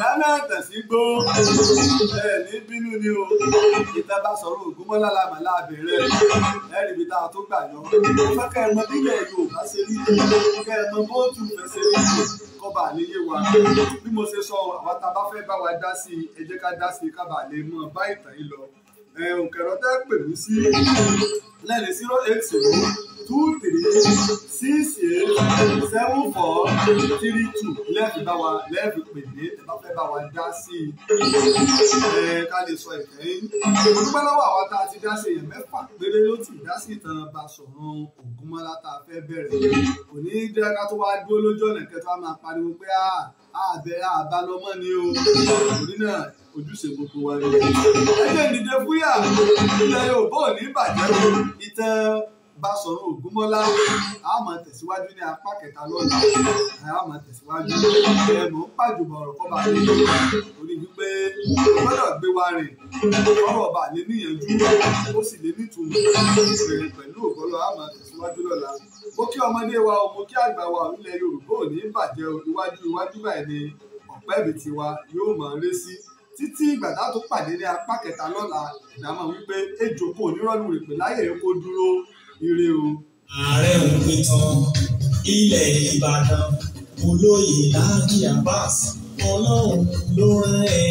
dáná tẹ̀sí gbó ẹ ní bínú ni o ìta bá sọ̀rọ̀ ògúnmọ́lá làmà láàbẹ̀rẹ̀ ẹ̀rì mi tá a tó gbà yọ. fẹ́kẹ́ ẹ mọ bílẹ̀ Yorùbá ṣe rí kẹ́ ẹ mọ bóòtù fẹsẹ̀ rí kọ́ba àníyé wa bí mo ṣe sọ àwọn tá a bá fẹ́ bá wa dá sí ẹ òǹkẹ̀rọ̀ tẹ́ pè mí sí lẹ́ni zero eight zero two three six eight seven four three two lẹ́ẹ̀fì bá wa lẹ́ẹ̀fì pè mí ẹ bá fẹ́ bá wa dá sí i ẹ ká lè sọ ìfẹ́ yín. olùpẹ́ lọ́wọ́ àwọn tá a ti dá sí èèyàn mẹ́fà péré ló ti dá sí ìtàn Basọ̀run Ògúnmọ́lá tá a fẹ́ bẹ̀rẹ̀ òní jẹ́ ká tó wá dúró lójú ọ̀nà kẹta máa pariwo pé áà àbẹ̀rẹ̀ àbálọmọ́ ni o torí náà ojúṣe gbogbo wa ni. ẹgbẹ́ ìdíje fúyà ilẹ̀ Yorùbá ò ní bàjẹ́ o ìtàn Basọ̀run Ògúnmọ́lá a máa tẹ̀síwájú ní apá kẹta lọ́la a máa tẹ̀síwájú ẹ mọ̀ ń pàjùbọ̀ ọ̀rọ̀ kọ́ba rẹ̀ torí wípé gbọ́dọ̀ gbé wa rè ọ̀rọ̀ ọba lè níyànjú ó sì lè nítumọ̀ pẹ̀lú ògbọ́lọ́ a tẹ̀síwájú lọ́la mo kí ọmọdé wa o mo kí àgbà wa nílẹ̀ Yorùbá ò ní bàjẹ́ iwájú iwájú báyìí ni ọ̀pẹ́ mi ti wa yóò máa ré sí títí ìgbà tá a tó pàdé ní apá kẹta lọ́la ìdámọ̀ wípé ejò kò nírọ̀lù rèpè láyè kó dúró ire o. ààrẹ òpin tán ilẹ̀ Ìbàdàn olóyè Láàkì Abbas ọlọ́run ló rán ẹ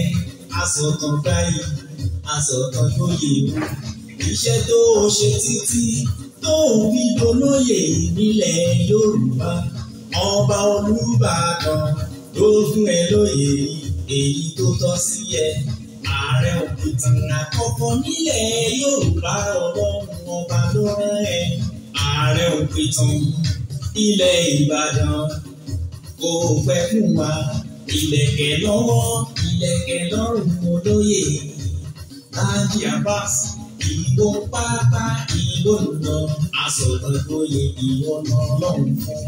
asọ̀tàn gbáyé asọ̀tàn lóye iṣẹ́ tó o ṣe títí tó fi dolóyè nílẹ̀ Yorùbá ọba Olúbàdàn ló fún ẹ lóyè èyí tó tọ́ sí ẹ ààrẹ òkìtìrìn àkọ́kọ́ nílẹ̀ Yorùbá ọlọ́run ọba ló rán ẹ ààrẹ òkìtìrìn ilẹ̀ Ìbàdàn kò pẹ́ fún wa ìlẹ̀kẹ̀ lọ́wọ́ ìlẹ̀kẹ̀ lọ́rùn olóyè Tájì Abbas ìbò pátá ìbò lọ àsọ̀tàn gboyè ìwọ lọ lọ́hùn fún.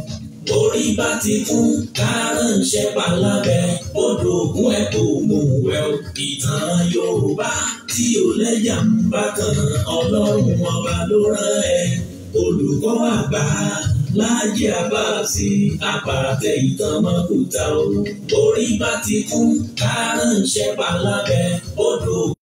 orí bá ti fún kárán ṣẹ́pà lábẹ́ odò ògùn ẹ̀ tó mú wẹ̀ o. ìtàn Yorùbá tí ò lẹ́jà ń bá kan ọlọ́run ọba ló rán ẹ olùkọ́ àgbà Láàjì Àbáàsì àpàtẹ ìtàn o. orí bá ti kú kárán ṣẹ́pà odò.